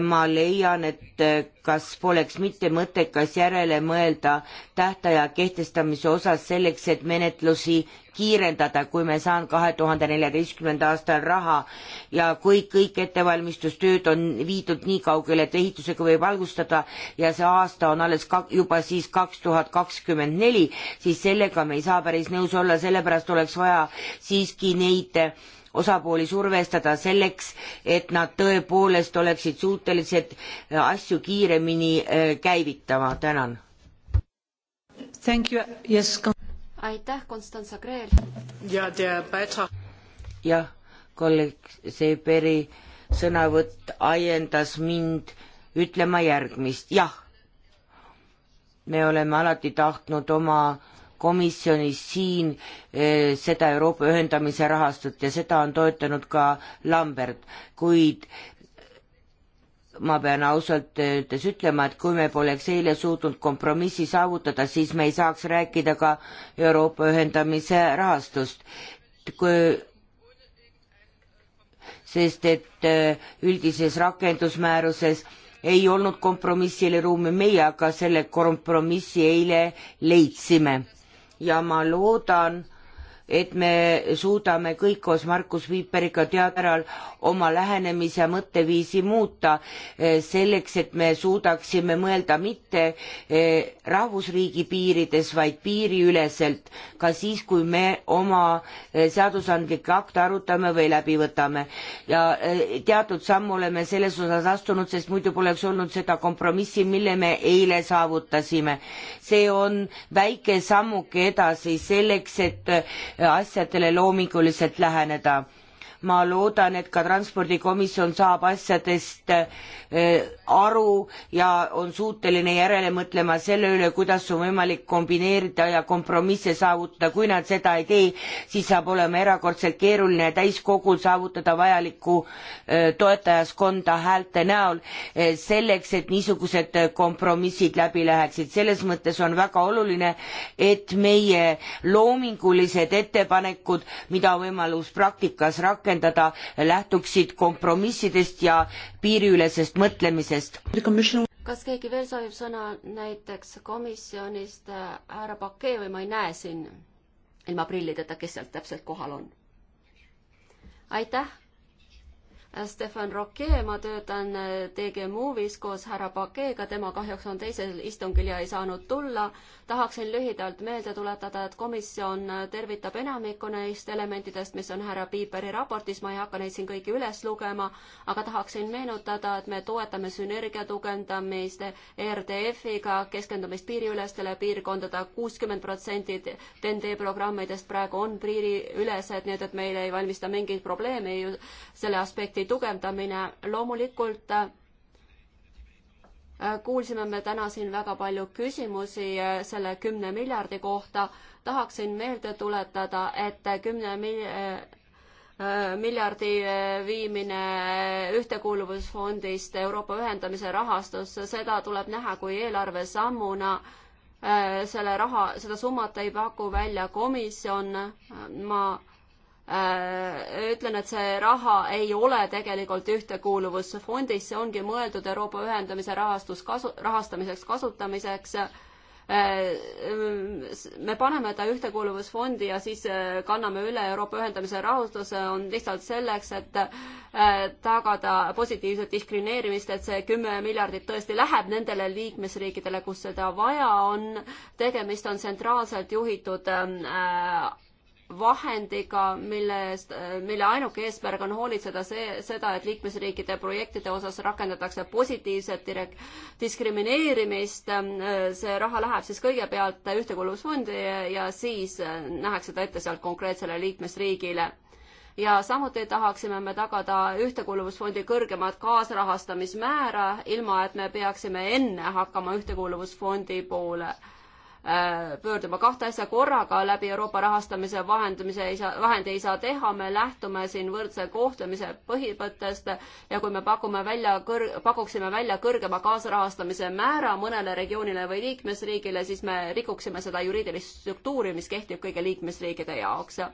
ma leian, et äh, kas poleks mitte mõttekas järele mõelda tähtaja kehtestamise osas selleks, et menetlusi kiirendada, kui me saan kahe tuhande neljateistkümnenda aastal raha ja kui kõik ettevalmistustööd on viidud nii kaugele, et ehitusega võib alustada ja see aasta on alles ka, juba siis kaks tuhat kakskümmend neli, siis sellega me ei saa päris nõus olla, sellepärast oleks vaja siiski neid äh, osapooli survestada selleks, et nad tõepoolest oleksid suutelised äh, asju kiiremini äh, käivitama, tänan. Yes, aitäh, Konstantin Kreel. ja, jah, kolleeg Seeberi sõnavõtt ajendas mind ütlema järgmist, jah, me oleme alati tahtnud oma komisjonis siin eh, seda Euroopa ühendamise rahastut ja seda on toetanud ka Lambert, kuid ma pean ausalt öeldes ütlema, et kui me poleks eile suutnud kompromissi saavutada, siis me ei saaks rääkida ka Euroopa ühendamise rahastust. kui sest et eh, üldises rakendusmääruses ei olnud kompromissile ruumi meie, aga selle kompromissi eile leidsime ja ma loodan, et me suudame kõik koos Markus Viiperiga teadral oma lähenemise mõtteviisi muuta eh, selleks, et me suudaksime mõelda mitte eh, rahvusriigi piirides, vaid piiriüleselt, ka siis, kui me oma eh, seadusandlikke akte arutame või läbi võtame. ja teatud sammu oleme selles osas astunud, sest muidu poleks olnud seda kompromissi, mille me eile saavutasime. see on väike sammuke edasi selleks, et asjadele loominguliselt läheneda ma loodan, et ka transpordikomisjon saab asjadest eh, aru ja on suuteline järele mõtlema selle üle, kuidas on võimalik kombineerida ja kompromisse saavutada, kui nad seda ei tee, siis saab olema erakordselt keeruline täiskogul saavutada vajalikku eh, toetajaskonda häälte näol, eh, selleks, et niisugused kompromissid läbi läheksid, selles mõttes on väga oluline, et meie loomingulised ettepanekud, mida on võimalus praktikas rakendada, rakendada, lähtuksid kompromissidest ja piiriülesest mõtlemisest. kas keegi veel soovib sõna näiteks komisjonist, äh, härra Pakee või ma ei näe siin ilma prillideta, kes sealt täpselt kohal on? aitäh Stefan Roque, ma töötan äh, TG Movies koos härra Pakeega, tema kahjuks on teisel istungil ja ei saanud tulla. tahaksin lühidalt meelde tuletada, et komisjon äh, tervitab enamikku neist elementidest, mis on härra Piiperi raportis, ma ei hakka neid siin kõiki üles lugema, aga tahaksin meenutada, et me toetame sünergia tugevdamist ERDF-iga, keskendumist piiriülestele piirkondade, kuuskümmend protsenti TNT programmidest praegu on piiriülesed, nii et, et meil ei valmista mingeid probleeme selle aspekti rolli tugevdamine, loomulikult äh, kuulsime me täna siin väga palju küsimusi äh, selle kümne miljardi kohta. tahaksin meelde tuletada, et kümne mil-, äh, miljardi viimine Ühtekuuluvusfondist Euroopa ühendamise rahastusse, seda tuleb näha kui eelarvesammuna. selle raha, seda summat ei paku välja komisjon. ma Äh, ütlen, et see raha ei ole tegelikult ühtekuuluvusfondis, see ongi mõeldud Euroopa ühendamise rahastus kasu, rahastamiseks, kasutamiseks. Äh, me paneme ta ühtekuuluvusfondi ja siis äh, kanname üle Euroopa ühendamise rahastuse, on lihtsalt selleks, et tagada positiivset diskrimineerimist, et see kümme miljardit tõesti läheb nendele liikmesriikidele, kus seda vaja on. tegemist on tsentraalselt juhitud äh, vahendiga, millest, mille ainuke eesmärk on hoolitseda see, seda, et liikmesriikide projektide osas rakendatakse positiivset direk-, diskrimineerimist. see raha läheb siis kõigepealt Ühtekuuluvusfondi ja siis nähakse ta ette sealt konkreetsele liikmesriigile ja samuti tahaksime me tagada Ühtekuuluvusfondi kõrgemat kaasrahastamismäära, ilma et me peaksime enne hakkama Ühtekuuluvusfondi poole äh, Äh, pöörduma kahte asja korraga läbi Euroopa rahastamise vahendamise ei saa, vahend ei saa teha, me lähtume siin võrdse kohtlemise põhimõttest ja kui me pakume välja kõr-, pakuksime välja kõrgema kaasrahastamise määra mõnele regioonile või liikmesriigile, siis me rikuksime seda juriidilist struktuuri, mis kehtib kõigi liikmesriikide jaoks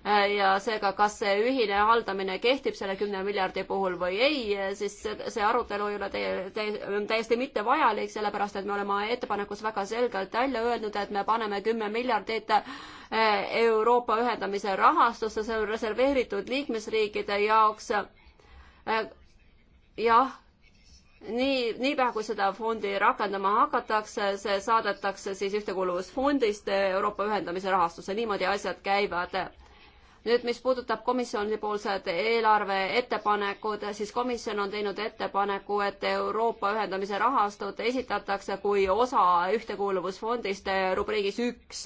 Äh, ja seega, kas see ühine haldamine kehtib selle kümne miljardi puhul või ei, siis see arutelu ei ole teie, teie, täiesti mittevajalik, sellepärast et me oleme ettepanekus väga selgelt välja öelnud, et me paneme kümme miljardit äh, Euroopa ühendamise rahastusse, see on reserveeritud liikmesriikide jaoks. Äh, jah nii, niipea kui seda fondi rakendama hakatakse, see saadetakse siis ühtekuuluvusfondist Euroopa ühendamise rahastusse, niimoodi asjad käivad nüüd, mis puudutab komisjonipoolsed eelarve ettepanekud, siis komisjon on teinud ettepaneku, et Euroopa ühendamise rahastut esitatakse kui osa ühtekuuluvusfondist eh, rubriigis üks.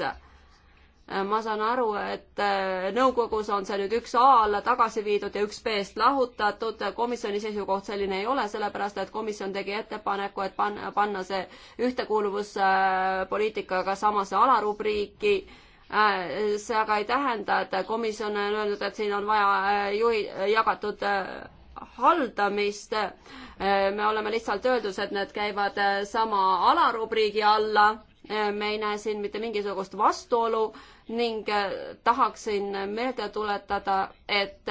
ma saan aru, et eh, nõukogus on see nüüd üks A alla tagasi viidud ja üks B-st lahutatud, komisjoni seisukoht selline ei ole, sellepärast et komisjon tegi ettepaneku, et panna, panna see ühtekuuluvuspoliitikaga samasse alarubriiki Äh, see aga ei tähenda, et komisjon on öelnud, et siin on vaja äh, juhi, äh, jagatud haldamist. me oleme lihtsalt öeldud, et need käivad sama alarubriigi alla. me ei näe siin mitte mingisugust vastuolu ning tahaksin meelde tuletada, et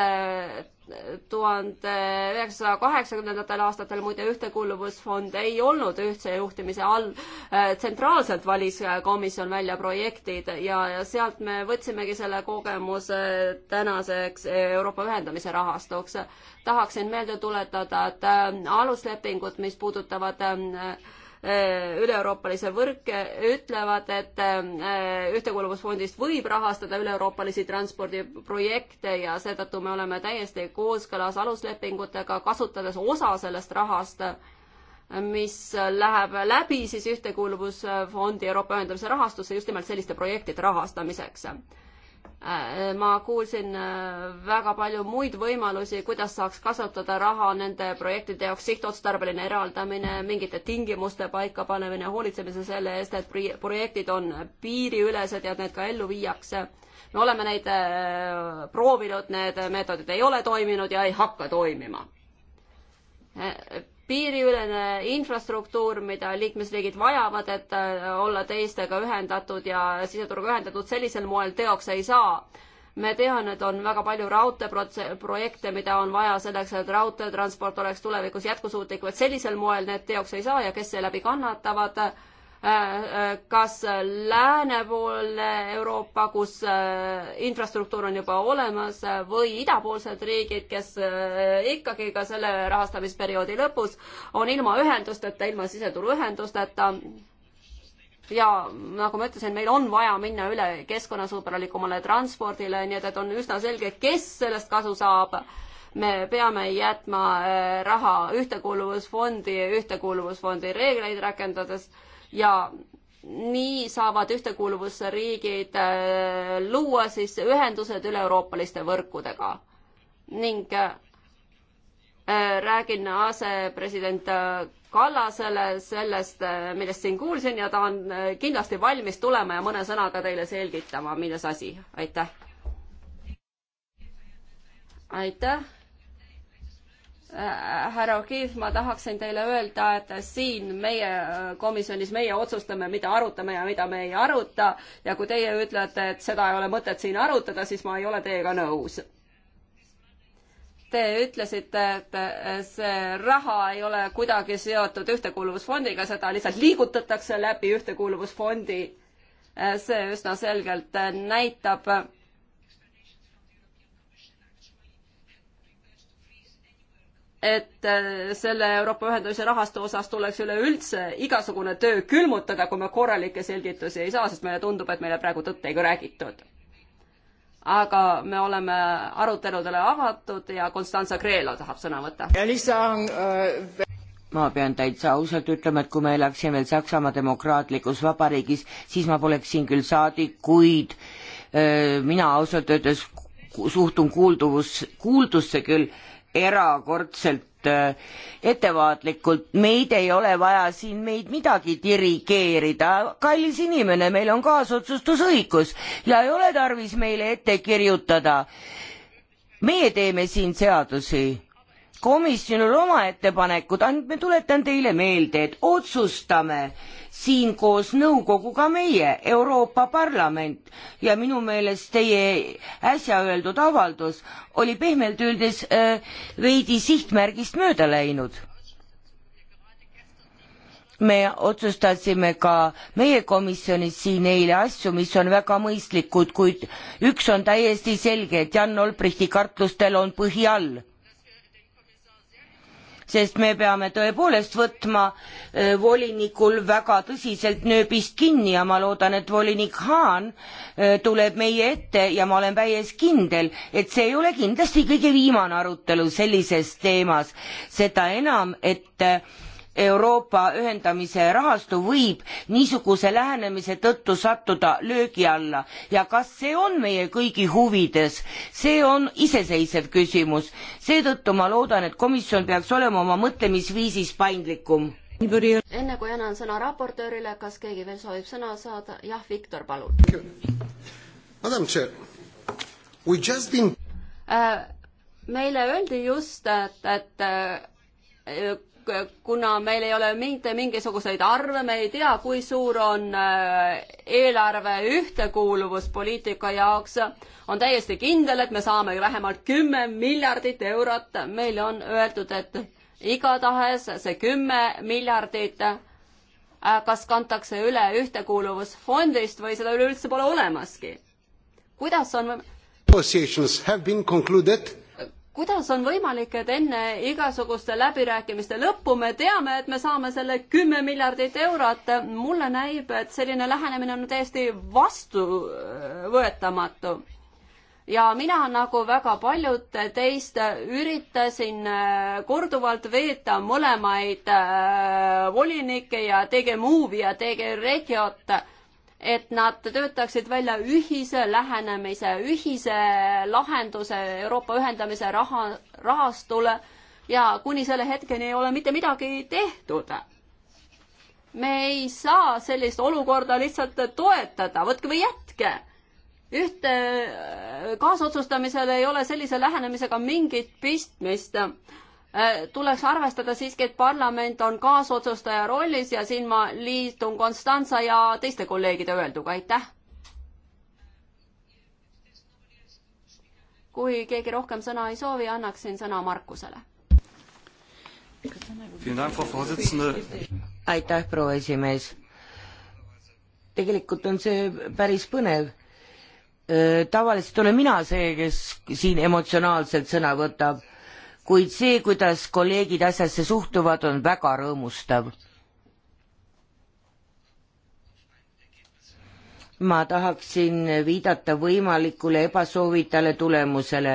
tuhande üheksasaja kaheksakümnendatel aastatel muide Ühtekuuluvusfond ei olnud ühtse juhtimise all, äh, tsentraalselt valis äh, komisjon välja projektid ja, ja sealt me võtsimegi selle kogemuse tänaseks Euroopa ühendamise rahastuks. tahaksin meelde tuletada, et äh, aluslepingud, mis puudutavad äh, Äh, üle-euroopalise võrke, äh, ütlevad, et äh, Ühtekuuluvusfondist võib rahastada üle-euroopalisi transpordiprojekte ja seetõttu me oleme täiesti kooskõlas aluslepingutega, kasutades osa sellest rahast, mis läheb läbi siis Ühtekuuluvusfondi Euroopa ühendamise rahastusse just nimelt selliste projektide rahastamiseks Äh, ma kuulsin äh, väga palju muid võimalusi, kuidas saaks kasutada raha nende projektide jaoks, sihtotstarbeline eraldamine, mingite tingimuste paikapanemine, hoolitsemise selle eest, et projektid on piiriülesed ja need ka ellu viiakse. me oleme neid äh, proovinud, need meetodid ei ole toiminud ja ei hakka toimima piiriülene infrastruktuur, mida liikmesriigid vajavad, et äh, olla teistega ühendatud ja siseturuga ühendatud, sellisel moel teoks ei saa. me tean, et on väga palju raudteeprojekte, mida on vaja selleks, et raudteetransport oleks tulevikus jätkusuutlik, vaid sellisel moel need teoks ei saa ja kes seeläbi kannatavad kas läänepoolne Euroopa, kus äh, infrastruktuur on juba olemas, või idapoolsed riigid, kes äh, ikkagi ka selle rahastamisperioodi lõpus on ilma ühendusteta, ilma siseturuühendusteta ja nagu ma ütlesin, meil on vaja minna üle keskkonnasõbralikumale transpordile, nii et, et on üsna selge, kes sellest kasu saab me peame jätma äh, raha ühtekuuluvusfondi, ühtekuuluvusfondi reegleid rakendades ja nii saavad ühtekuuluvusriigid äh, luua siis ühendused üle-euroopaliste võrkudega ning äh, räägin asepresident Kallasele sellest, äh, millest siin kuulsin ja ta on kindlasti valmis tulema ja mõne sõnaga teile selgitama, milles asi. aitäh! aitäh Äh, härra Ogiiv, ma tahaksin teile öelda, et siin meie äh, komisjonis, meie otsustame, mida arutame ja mida me ei aruta ja kui teie ütlete, et seda ei ole mõtet siin arutada, siis ma ei ole teiega nõus. Te ütlesite, et äh, see raha ei ole kuidagi seotud Ühtekuuluvusfondiga, seda lihtsalt liigutatakse läbi Ühtekuuluvusfondi. see üsna selgelt näitab et äh, selle Euroopa Ühenduse rahastu osas tuleks üleüldse igasugune töö külmutada, kui me korralikke selgitusi ei saa, sest meile tundub, et meile praegu tõtt ei räägitud. aga me oleme aruteludele avatud ja Konstanza Kreelo tahab sõna võtta. Äh, ma pean täitsa ausalt ütlema, et kui me elaksime veel Saksamaa demokraatlikus vabariigis, siis ma poleks siin küll saadik, kuid öö, äh, mina ausalt öeldes suhtun kuulduvus, kuuldusse küll erakordselt äh, ettevaatlikult, meid ei ole vaja siin meid midagi dirigeerida, kallis inimene, meil on kaasotsustusõigus ja ei ole tarvis meile ette kirjutada. meie teeme siin seadusi, komisjonil oma ettepanekud, ainult ma tuletan teile meelde, et otsustame siin koos nõukoguga meie, Euroopa Parlament ja minu meelest teie äsja öeldud avaldus oli pehmelt öeldes äh, veidi sihtmärgist mööda läinud me otsustasime ka meie komisjonis siin eile asju, mis on väga mõistlikud, kuid üks on täiesti selge, et Jan Olbrichti kartlustel on põhi all sest me peame tõepoolest võtma äh, volinikul väga tõsiselt nööbist kinni ja ma loodan, et volinik Haan äh, tuleb meie ette ja ma olen täies kindel, et see ei ole kindlasti kõige viimane arutelu sellises teemas, seda enam, et äh, Euroopa ühendamise rahastu võib niisuguse lähenemise tõttu sattuda löögi alla ja kas see on meie kõigi huvides, see on iseseisev küsimus. seetõttu ma loodan, et komisjon peaks olema oma mõtlemisviisis paindlikum. enne kui annan sõna raportöörile, kas keegi veel soovib sõna saada? jah, Viktor, palun. Madam Chair, we just been äh, meile öeldi just, et, et äh, kuna meil ei ole mitte mingisuguseid arve, me ei tea, kui suur on äh, eelarve ühtekuuluvuspoliitika jaoks, on täiesti kindel, et me saame vähemalt kümme miljardit eurot, meile on öeldud, et igatahes see kümme miljardit äh, kas kantakse üle ühtekuuluvusfondist või seda üleüldse pole olemaski. kuidas on? Negotiations have been concluded kuidas on võimalik, et enne igasuguste läbirääkimiste lõppu me teame, et me saame selle kümme miljardit eurot. mulle näib, et selline lähenemine on täiesti vastuvõetamatu. ja mina nagu väga paljud teist üritasin äh, korduvalt veeta mõlemaid äh, volinikke ja TG Move'i ja TG Regiot et nad töötaksid välja ühise lähenemise, ühise lahenduse Euroopa ühendamise raha, rahastule ja kuni selle hetkeni ei ole mitte midagi tehtud. me ei saa sellist olukorda lihtsalt toetada, võtke või jätke. ühte äh, kaasotsustamisel ei ole sellise lähenemisega mingit pistmist. Äh, tuleks arvestada siiski, et parlament on kaasotsustaja rollis ja siin ma liitun Konstantsa ja teiste kolleegide öelduga, aitäh. kui keegi rohkem sõna ei soovi, annaksin sõna Markusele. aitäh, proua esimees. tegelikult on see päris põnev äh, tavaliselt olen mina see, kes siin emotsionaalselt sõna võtab kuid see, kuidas kolleegid asjasse suhtuvad, on väga rõõmustav. ma tahaksin viidata võimalikule ebasoovitale tulemusele.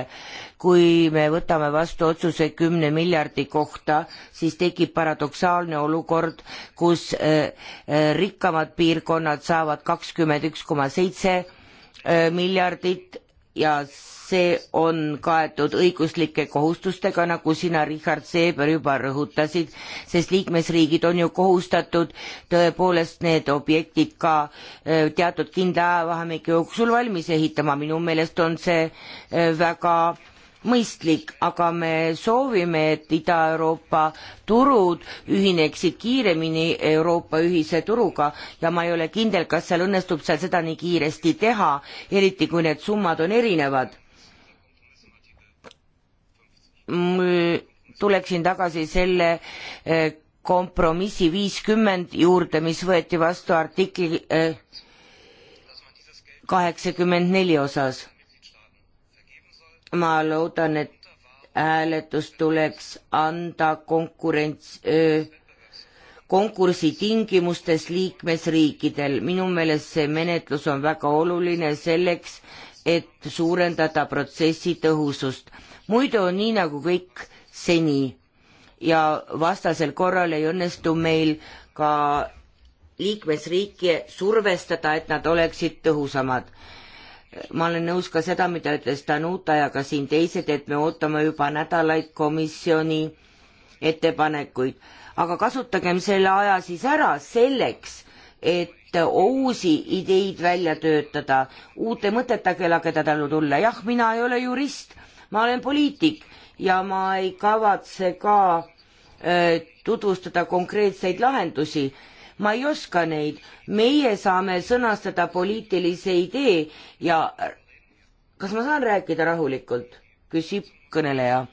kui me võtame vastu otsuse kümne miljardi kohta, siis tekib paradoksaalne olukord, kus äh, äh, rikkamad piirkonnad saavad kakskümmend üks koma seitse äh, miljardit ja see on kaetud õiguslike kohustustega, nagu sina, Richard Seeber, juba rõhutasid, sest liikmesriigid on ju kohustatud tõepoolest need objektid ka teatud kindla ajavahemiku jooksul valmis ehitama, minu meelest on see väga mõistlik, aga me soovime, et Ida-Euroopa turud ühineksid kiiremini Euroopa ühise turuga ja ma ei ole kindel, kas seal õnnestub seal seda nii kiiresti teha, eriti kui need summad on erinevad. tuleksin tagasi selle eh, kompromissi viiskümmend juurde, mis võeti vastu artikli eh, kaheksakümmend neli osas ma loodan, et hääletus tuleks anda konkurents, konkursi tingimustes liikmesriikidel. minu meelest see menetlus on väga oluline selleks, et suurendada protsessi tõhusust. muidu on nii, nagu kõik seni ja vastasel korral ei õnnestu meil ka liikmesriike survestada, et nad oleksid tõhusamad ma olen nõus ka seda, mida ütles Danuta ja ka siin teised, et me ootame juba nädalaid komisjoni ettepanekuid, aga kasutagem selle aja siis ära selleks, et uusi ideid välja töötada, uute mõtetega tänu tulla, jah, mina ei ole jurist, ma olen poliitik ja ma ei kavatse ka öö, äh, tutvustada konkreetseid lahendusi ma ei oska neid, meie saame sõnastada poliitilise idee ja kas ma saan rääkida rahulikult, küsib kõneleja.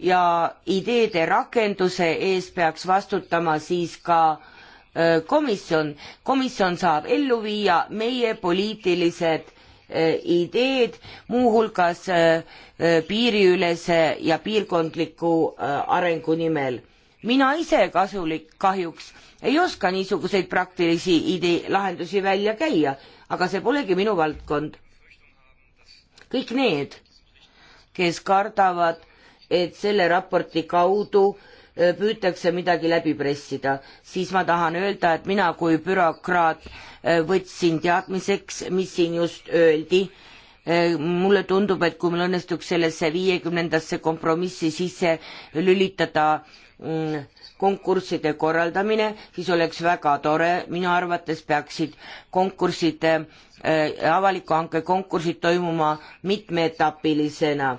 ja ideede rakenduse eest peaks vastutama siis ka äh, komisjon, komisjon saab ellu viia meie poliitilised äh, ideed, muuhulgas äh, piiriülese ja piirkondliku arengu nimel mina ise kasulik kahjuks ei oska niisuguseid praktilisi idee, lahendusi välja käia, aga see polegi minu valdkond. kõik need, kes kardavad, et selle raporti kaudu e, püütakse midagi läbi pressida, siis ma tahan öelda, et mina kui bürokraat e, võtsin teadmiseks, mis siin just öeldi e, mulle tundub, et kui meil õnnestuks sellesse viiekümnendasse kompromissi sisse lülitada Mm, konkursside korraldamine, siis oleks väga tore, minu arvates peaksid konkursid, äh, avaliku hanke konkursid toimuma mitmeetapilisena.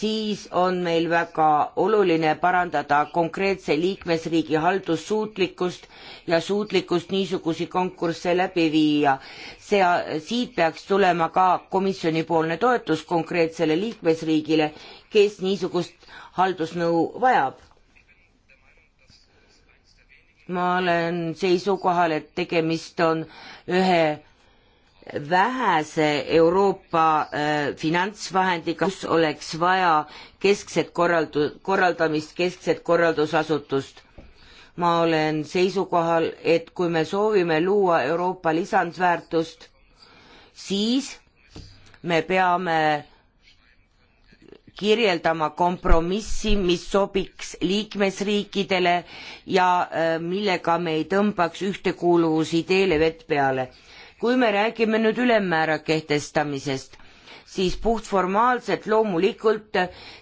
siis on meil väga oluline parandada konkreetse liikmesriigi haldussuutlikkust ja suutlikkust niisugusi konkursse läbi viia. see, siit peaks tulema ka komisjonipoolne toetus konkreetsele liikmesriigile, kes niisugust haldusnõu vajab ma olen seisukohal, et tegemist on ühe vähese Euroopa äh, finantsvahendiga, kus oleks vaja keskset korraldu-, korraldamist, keskset korraldusasutust. ma olen seisukohal, et kui me soovime luua Euroopa lisandväärtust, siis me peame kirjeldama kompromissi, mis sobiks liikmesriikidele ja äh, millega me ei tõmbaks ühtekuuluvusideele vett peale. kui me räägime nüüd ülemmäära kehtestamisest, siis puhtformaalselt loomulikult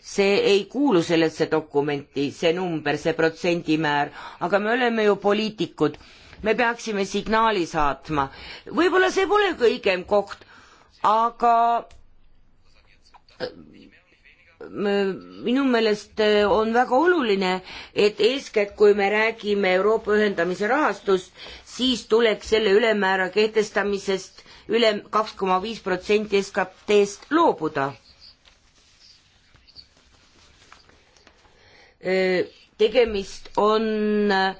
see ei kuulu sellesse dokumenti, see number, see protsendimäär, aga me oleme ju poliitikud, me peaksime signaali saatma. võib-olla see pole kõigem koht, aga minu meelest äh, on väga oluline, et eeskätt, kui me räägime Euroopa ühendamise rahastust, siis tuleks selle ülemäära kehtestamisest üle kaks koma viis protsenti SKT-st loobuda. Äh, tegemist on äh,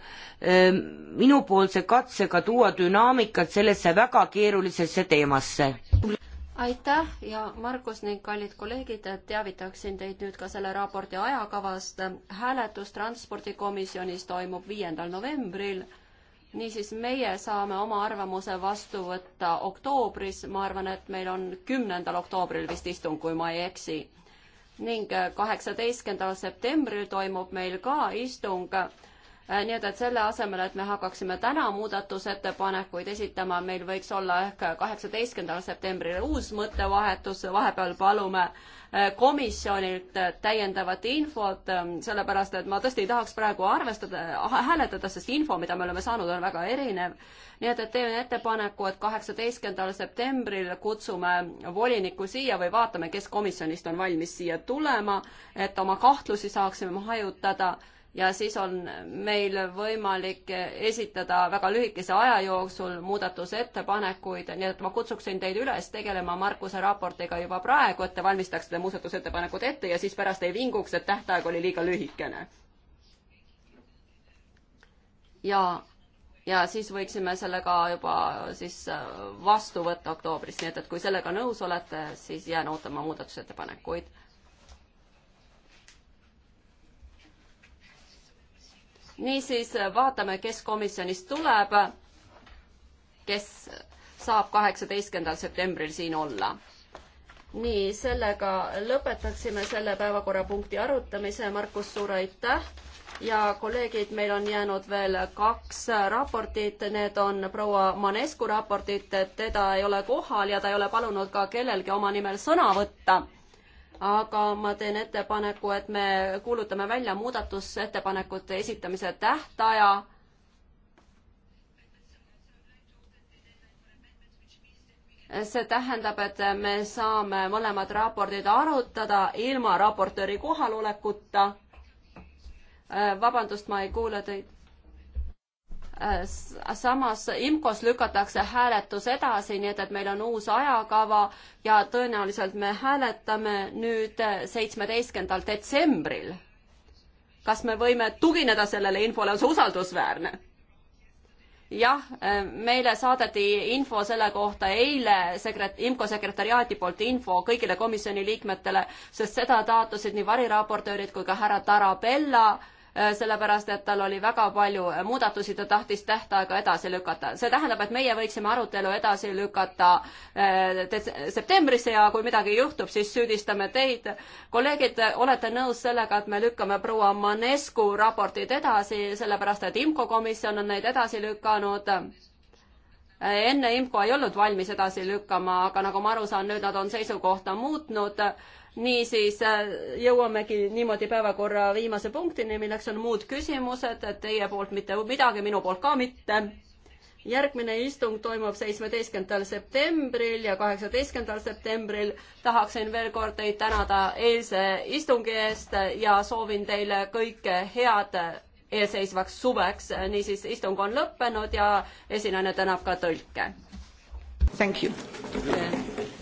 minupoolse katsega tuua dünaamikat sellesse väga keerulisse teemasse aitäh ja Markus ning kallid kolleegid, teavitaksin teid nüüd ka selle raporti ajakavast. hääletus transpordikomisjonis toimub viiendal novembril. niisiis, meie saame oma arvamuse vastu võtta oktoobris, ma arvan, et meil on kümnendal oktoobril vist istung, kui ma ei eksi. ning kaheksateistkümnendal septembril toimub meil ka istung Äh, nii et, et selle asemel, et me hakkaksime täna muudatusettepanekuid esitama, meil võiks olla ehk kaheksateistkümnendal septembril uus mõttevahetus, vahepeal palume äh, komisjonilt täiendavat infot, ähm, sellepärast et ma tõesti ei tahaks praegu arvestada, äh, hääletada, sest info, mida me oleme saanud, on väga erinev. nii et, et teen ettepaneku, et kaheksateistkümnendal septembril kutsume voliniku siia või vaatame, kes komisjonist on valmis siia tulema, et oma kahtlusi saaksime hajutada ja siis on meil võimalik esitada väga lühikese aja jooksul muudatusettepanekuid, nii et ma kutsuksin teid üles tegelema Markuse raportiga juba praegu, et te valmistaksite muudatusettepanekud ette ja siis pärast ei vinguks, et tähtaeg oli liiga lühikene. ja, ja siis võiksime selle ka juba siis vastu võtta oktoobris, nii et, et kui sellega nõus olete, siis jään ootama muudatusettepanekuid niisiis vaatame, kes komisjonist tuleb, kes saab kaheksateistkümnendal septembril siin olla. nii, sellega lõpetaksime selle päevakorrapunkti arutamise, Markus, suur aitäh! ja kolleegid, meil on jäänud veel kaks raportit, need on proua Manescu raportid, teda ei ole kohal ja ta ei ole palunud ka kellelgi oma nimel sõna võtta aga ma teen ettepaneku, et me kuulutame välja muudatusettepanekute esitamise tähtaja. see tähendab, et me saame mõlemad raportid arutada ilma raportööri kohalolekuta. vabandust, ma ei kuule teid Äh, samas IMCO-s lükatakse hääletus edasi, nii et, et meil on uus ajakava ja tõenäoliselt me hääletame nüüd äh, seitsmeteistkümnendal detsembril. kas me võime tugineda sellele infole, on see usaldusväärne? jah, äh, meile saadeti info selle kohta eile sekret-, IMCO sekretariaadi poolt info kõigile komisjoni liikmetele, sest seda taotlesid nii variraportöörid kui ka härra Tarabella Äh, sellepärast et tal oli väga palju äh, muudatusi, ta tahtis tähtaega edasi lükata. see tähendab, et meie võiksime arutelu edasi lükata äh, septembrisse ja kui midagi juhtub, siis süüdistame teid. kolleegid, olete nõus sellega, et me lükkame proua Manescu raportid edasi, sellepärast et IMCO komisjon on neid edasi lükanud enne IMCO ei olnud valmis edasi lükkama, aga nagu ma aru saan, nüüd nad on seisukohta muutnud niisiis äh, jõuamegi niimoodi päevakorra viimase punktini, milleks on muud küsimused, teie poolt mitte midagi, minu poolt ka mitte. järgmine istung toimub seitsmeteistkümnendal septembril ja kaheksateistkümnendal septembril. tahaksin veel kord teid tänada eilse istungi eest ja soovin teile kõike head eelseisvaks suveks. niisiis, istung on lõppenud ja esinejana tänab ka tõlke. Thank you yeah..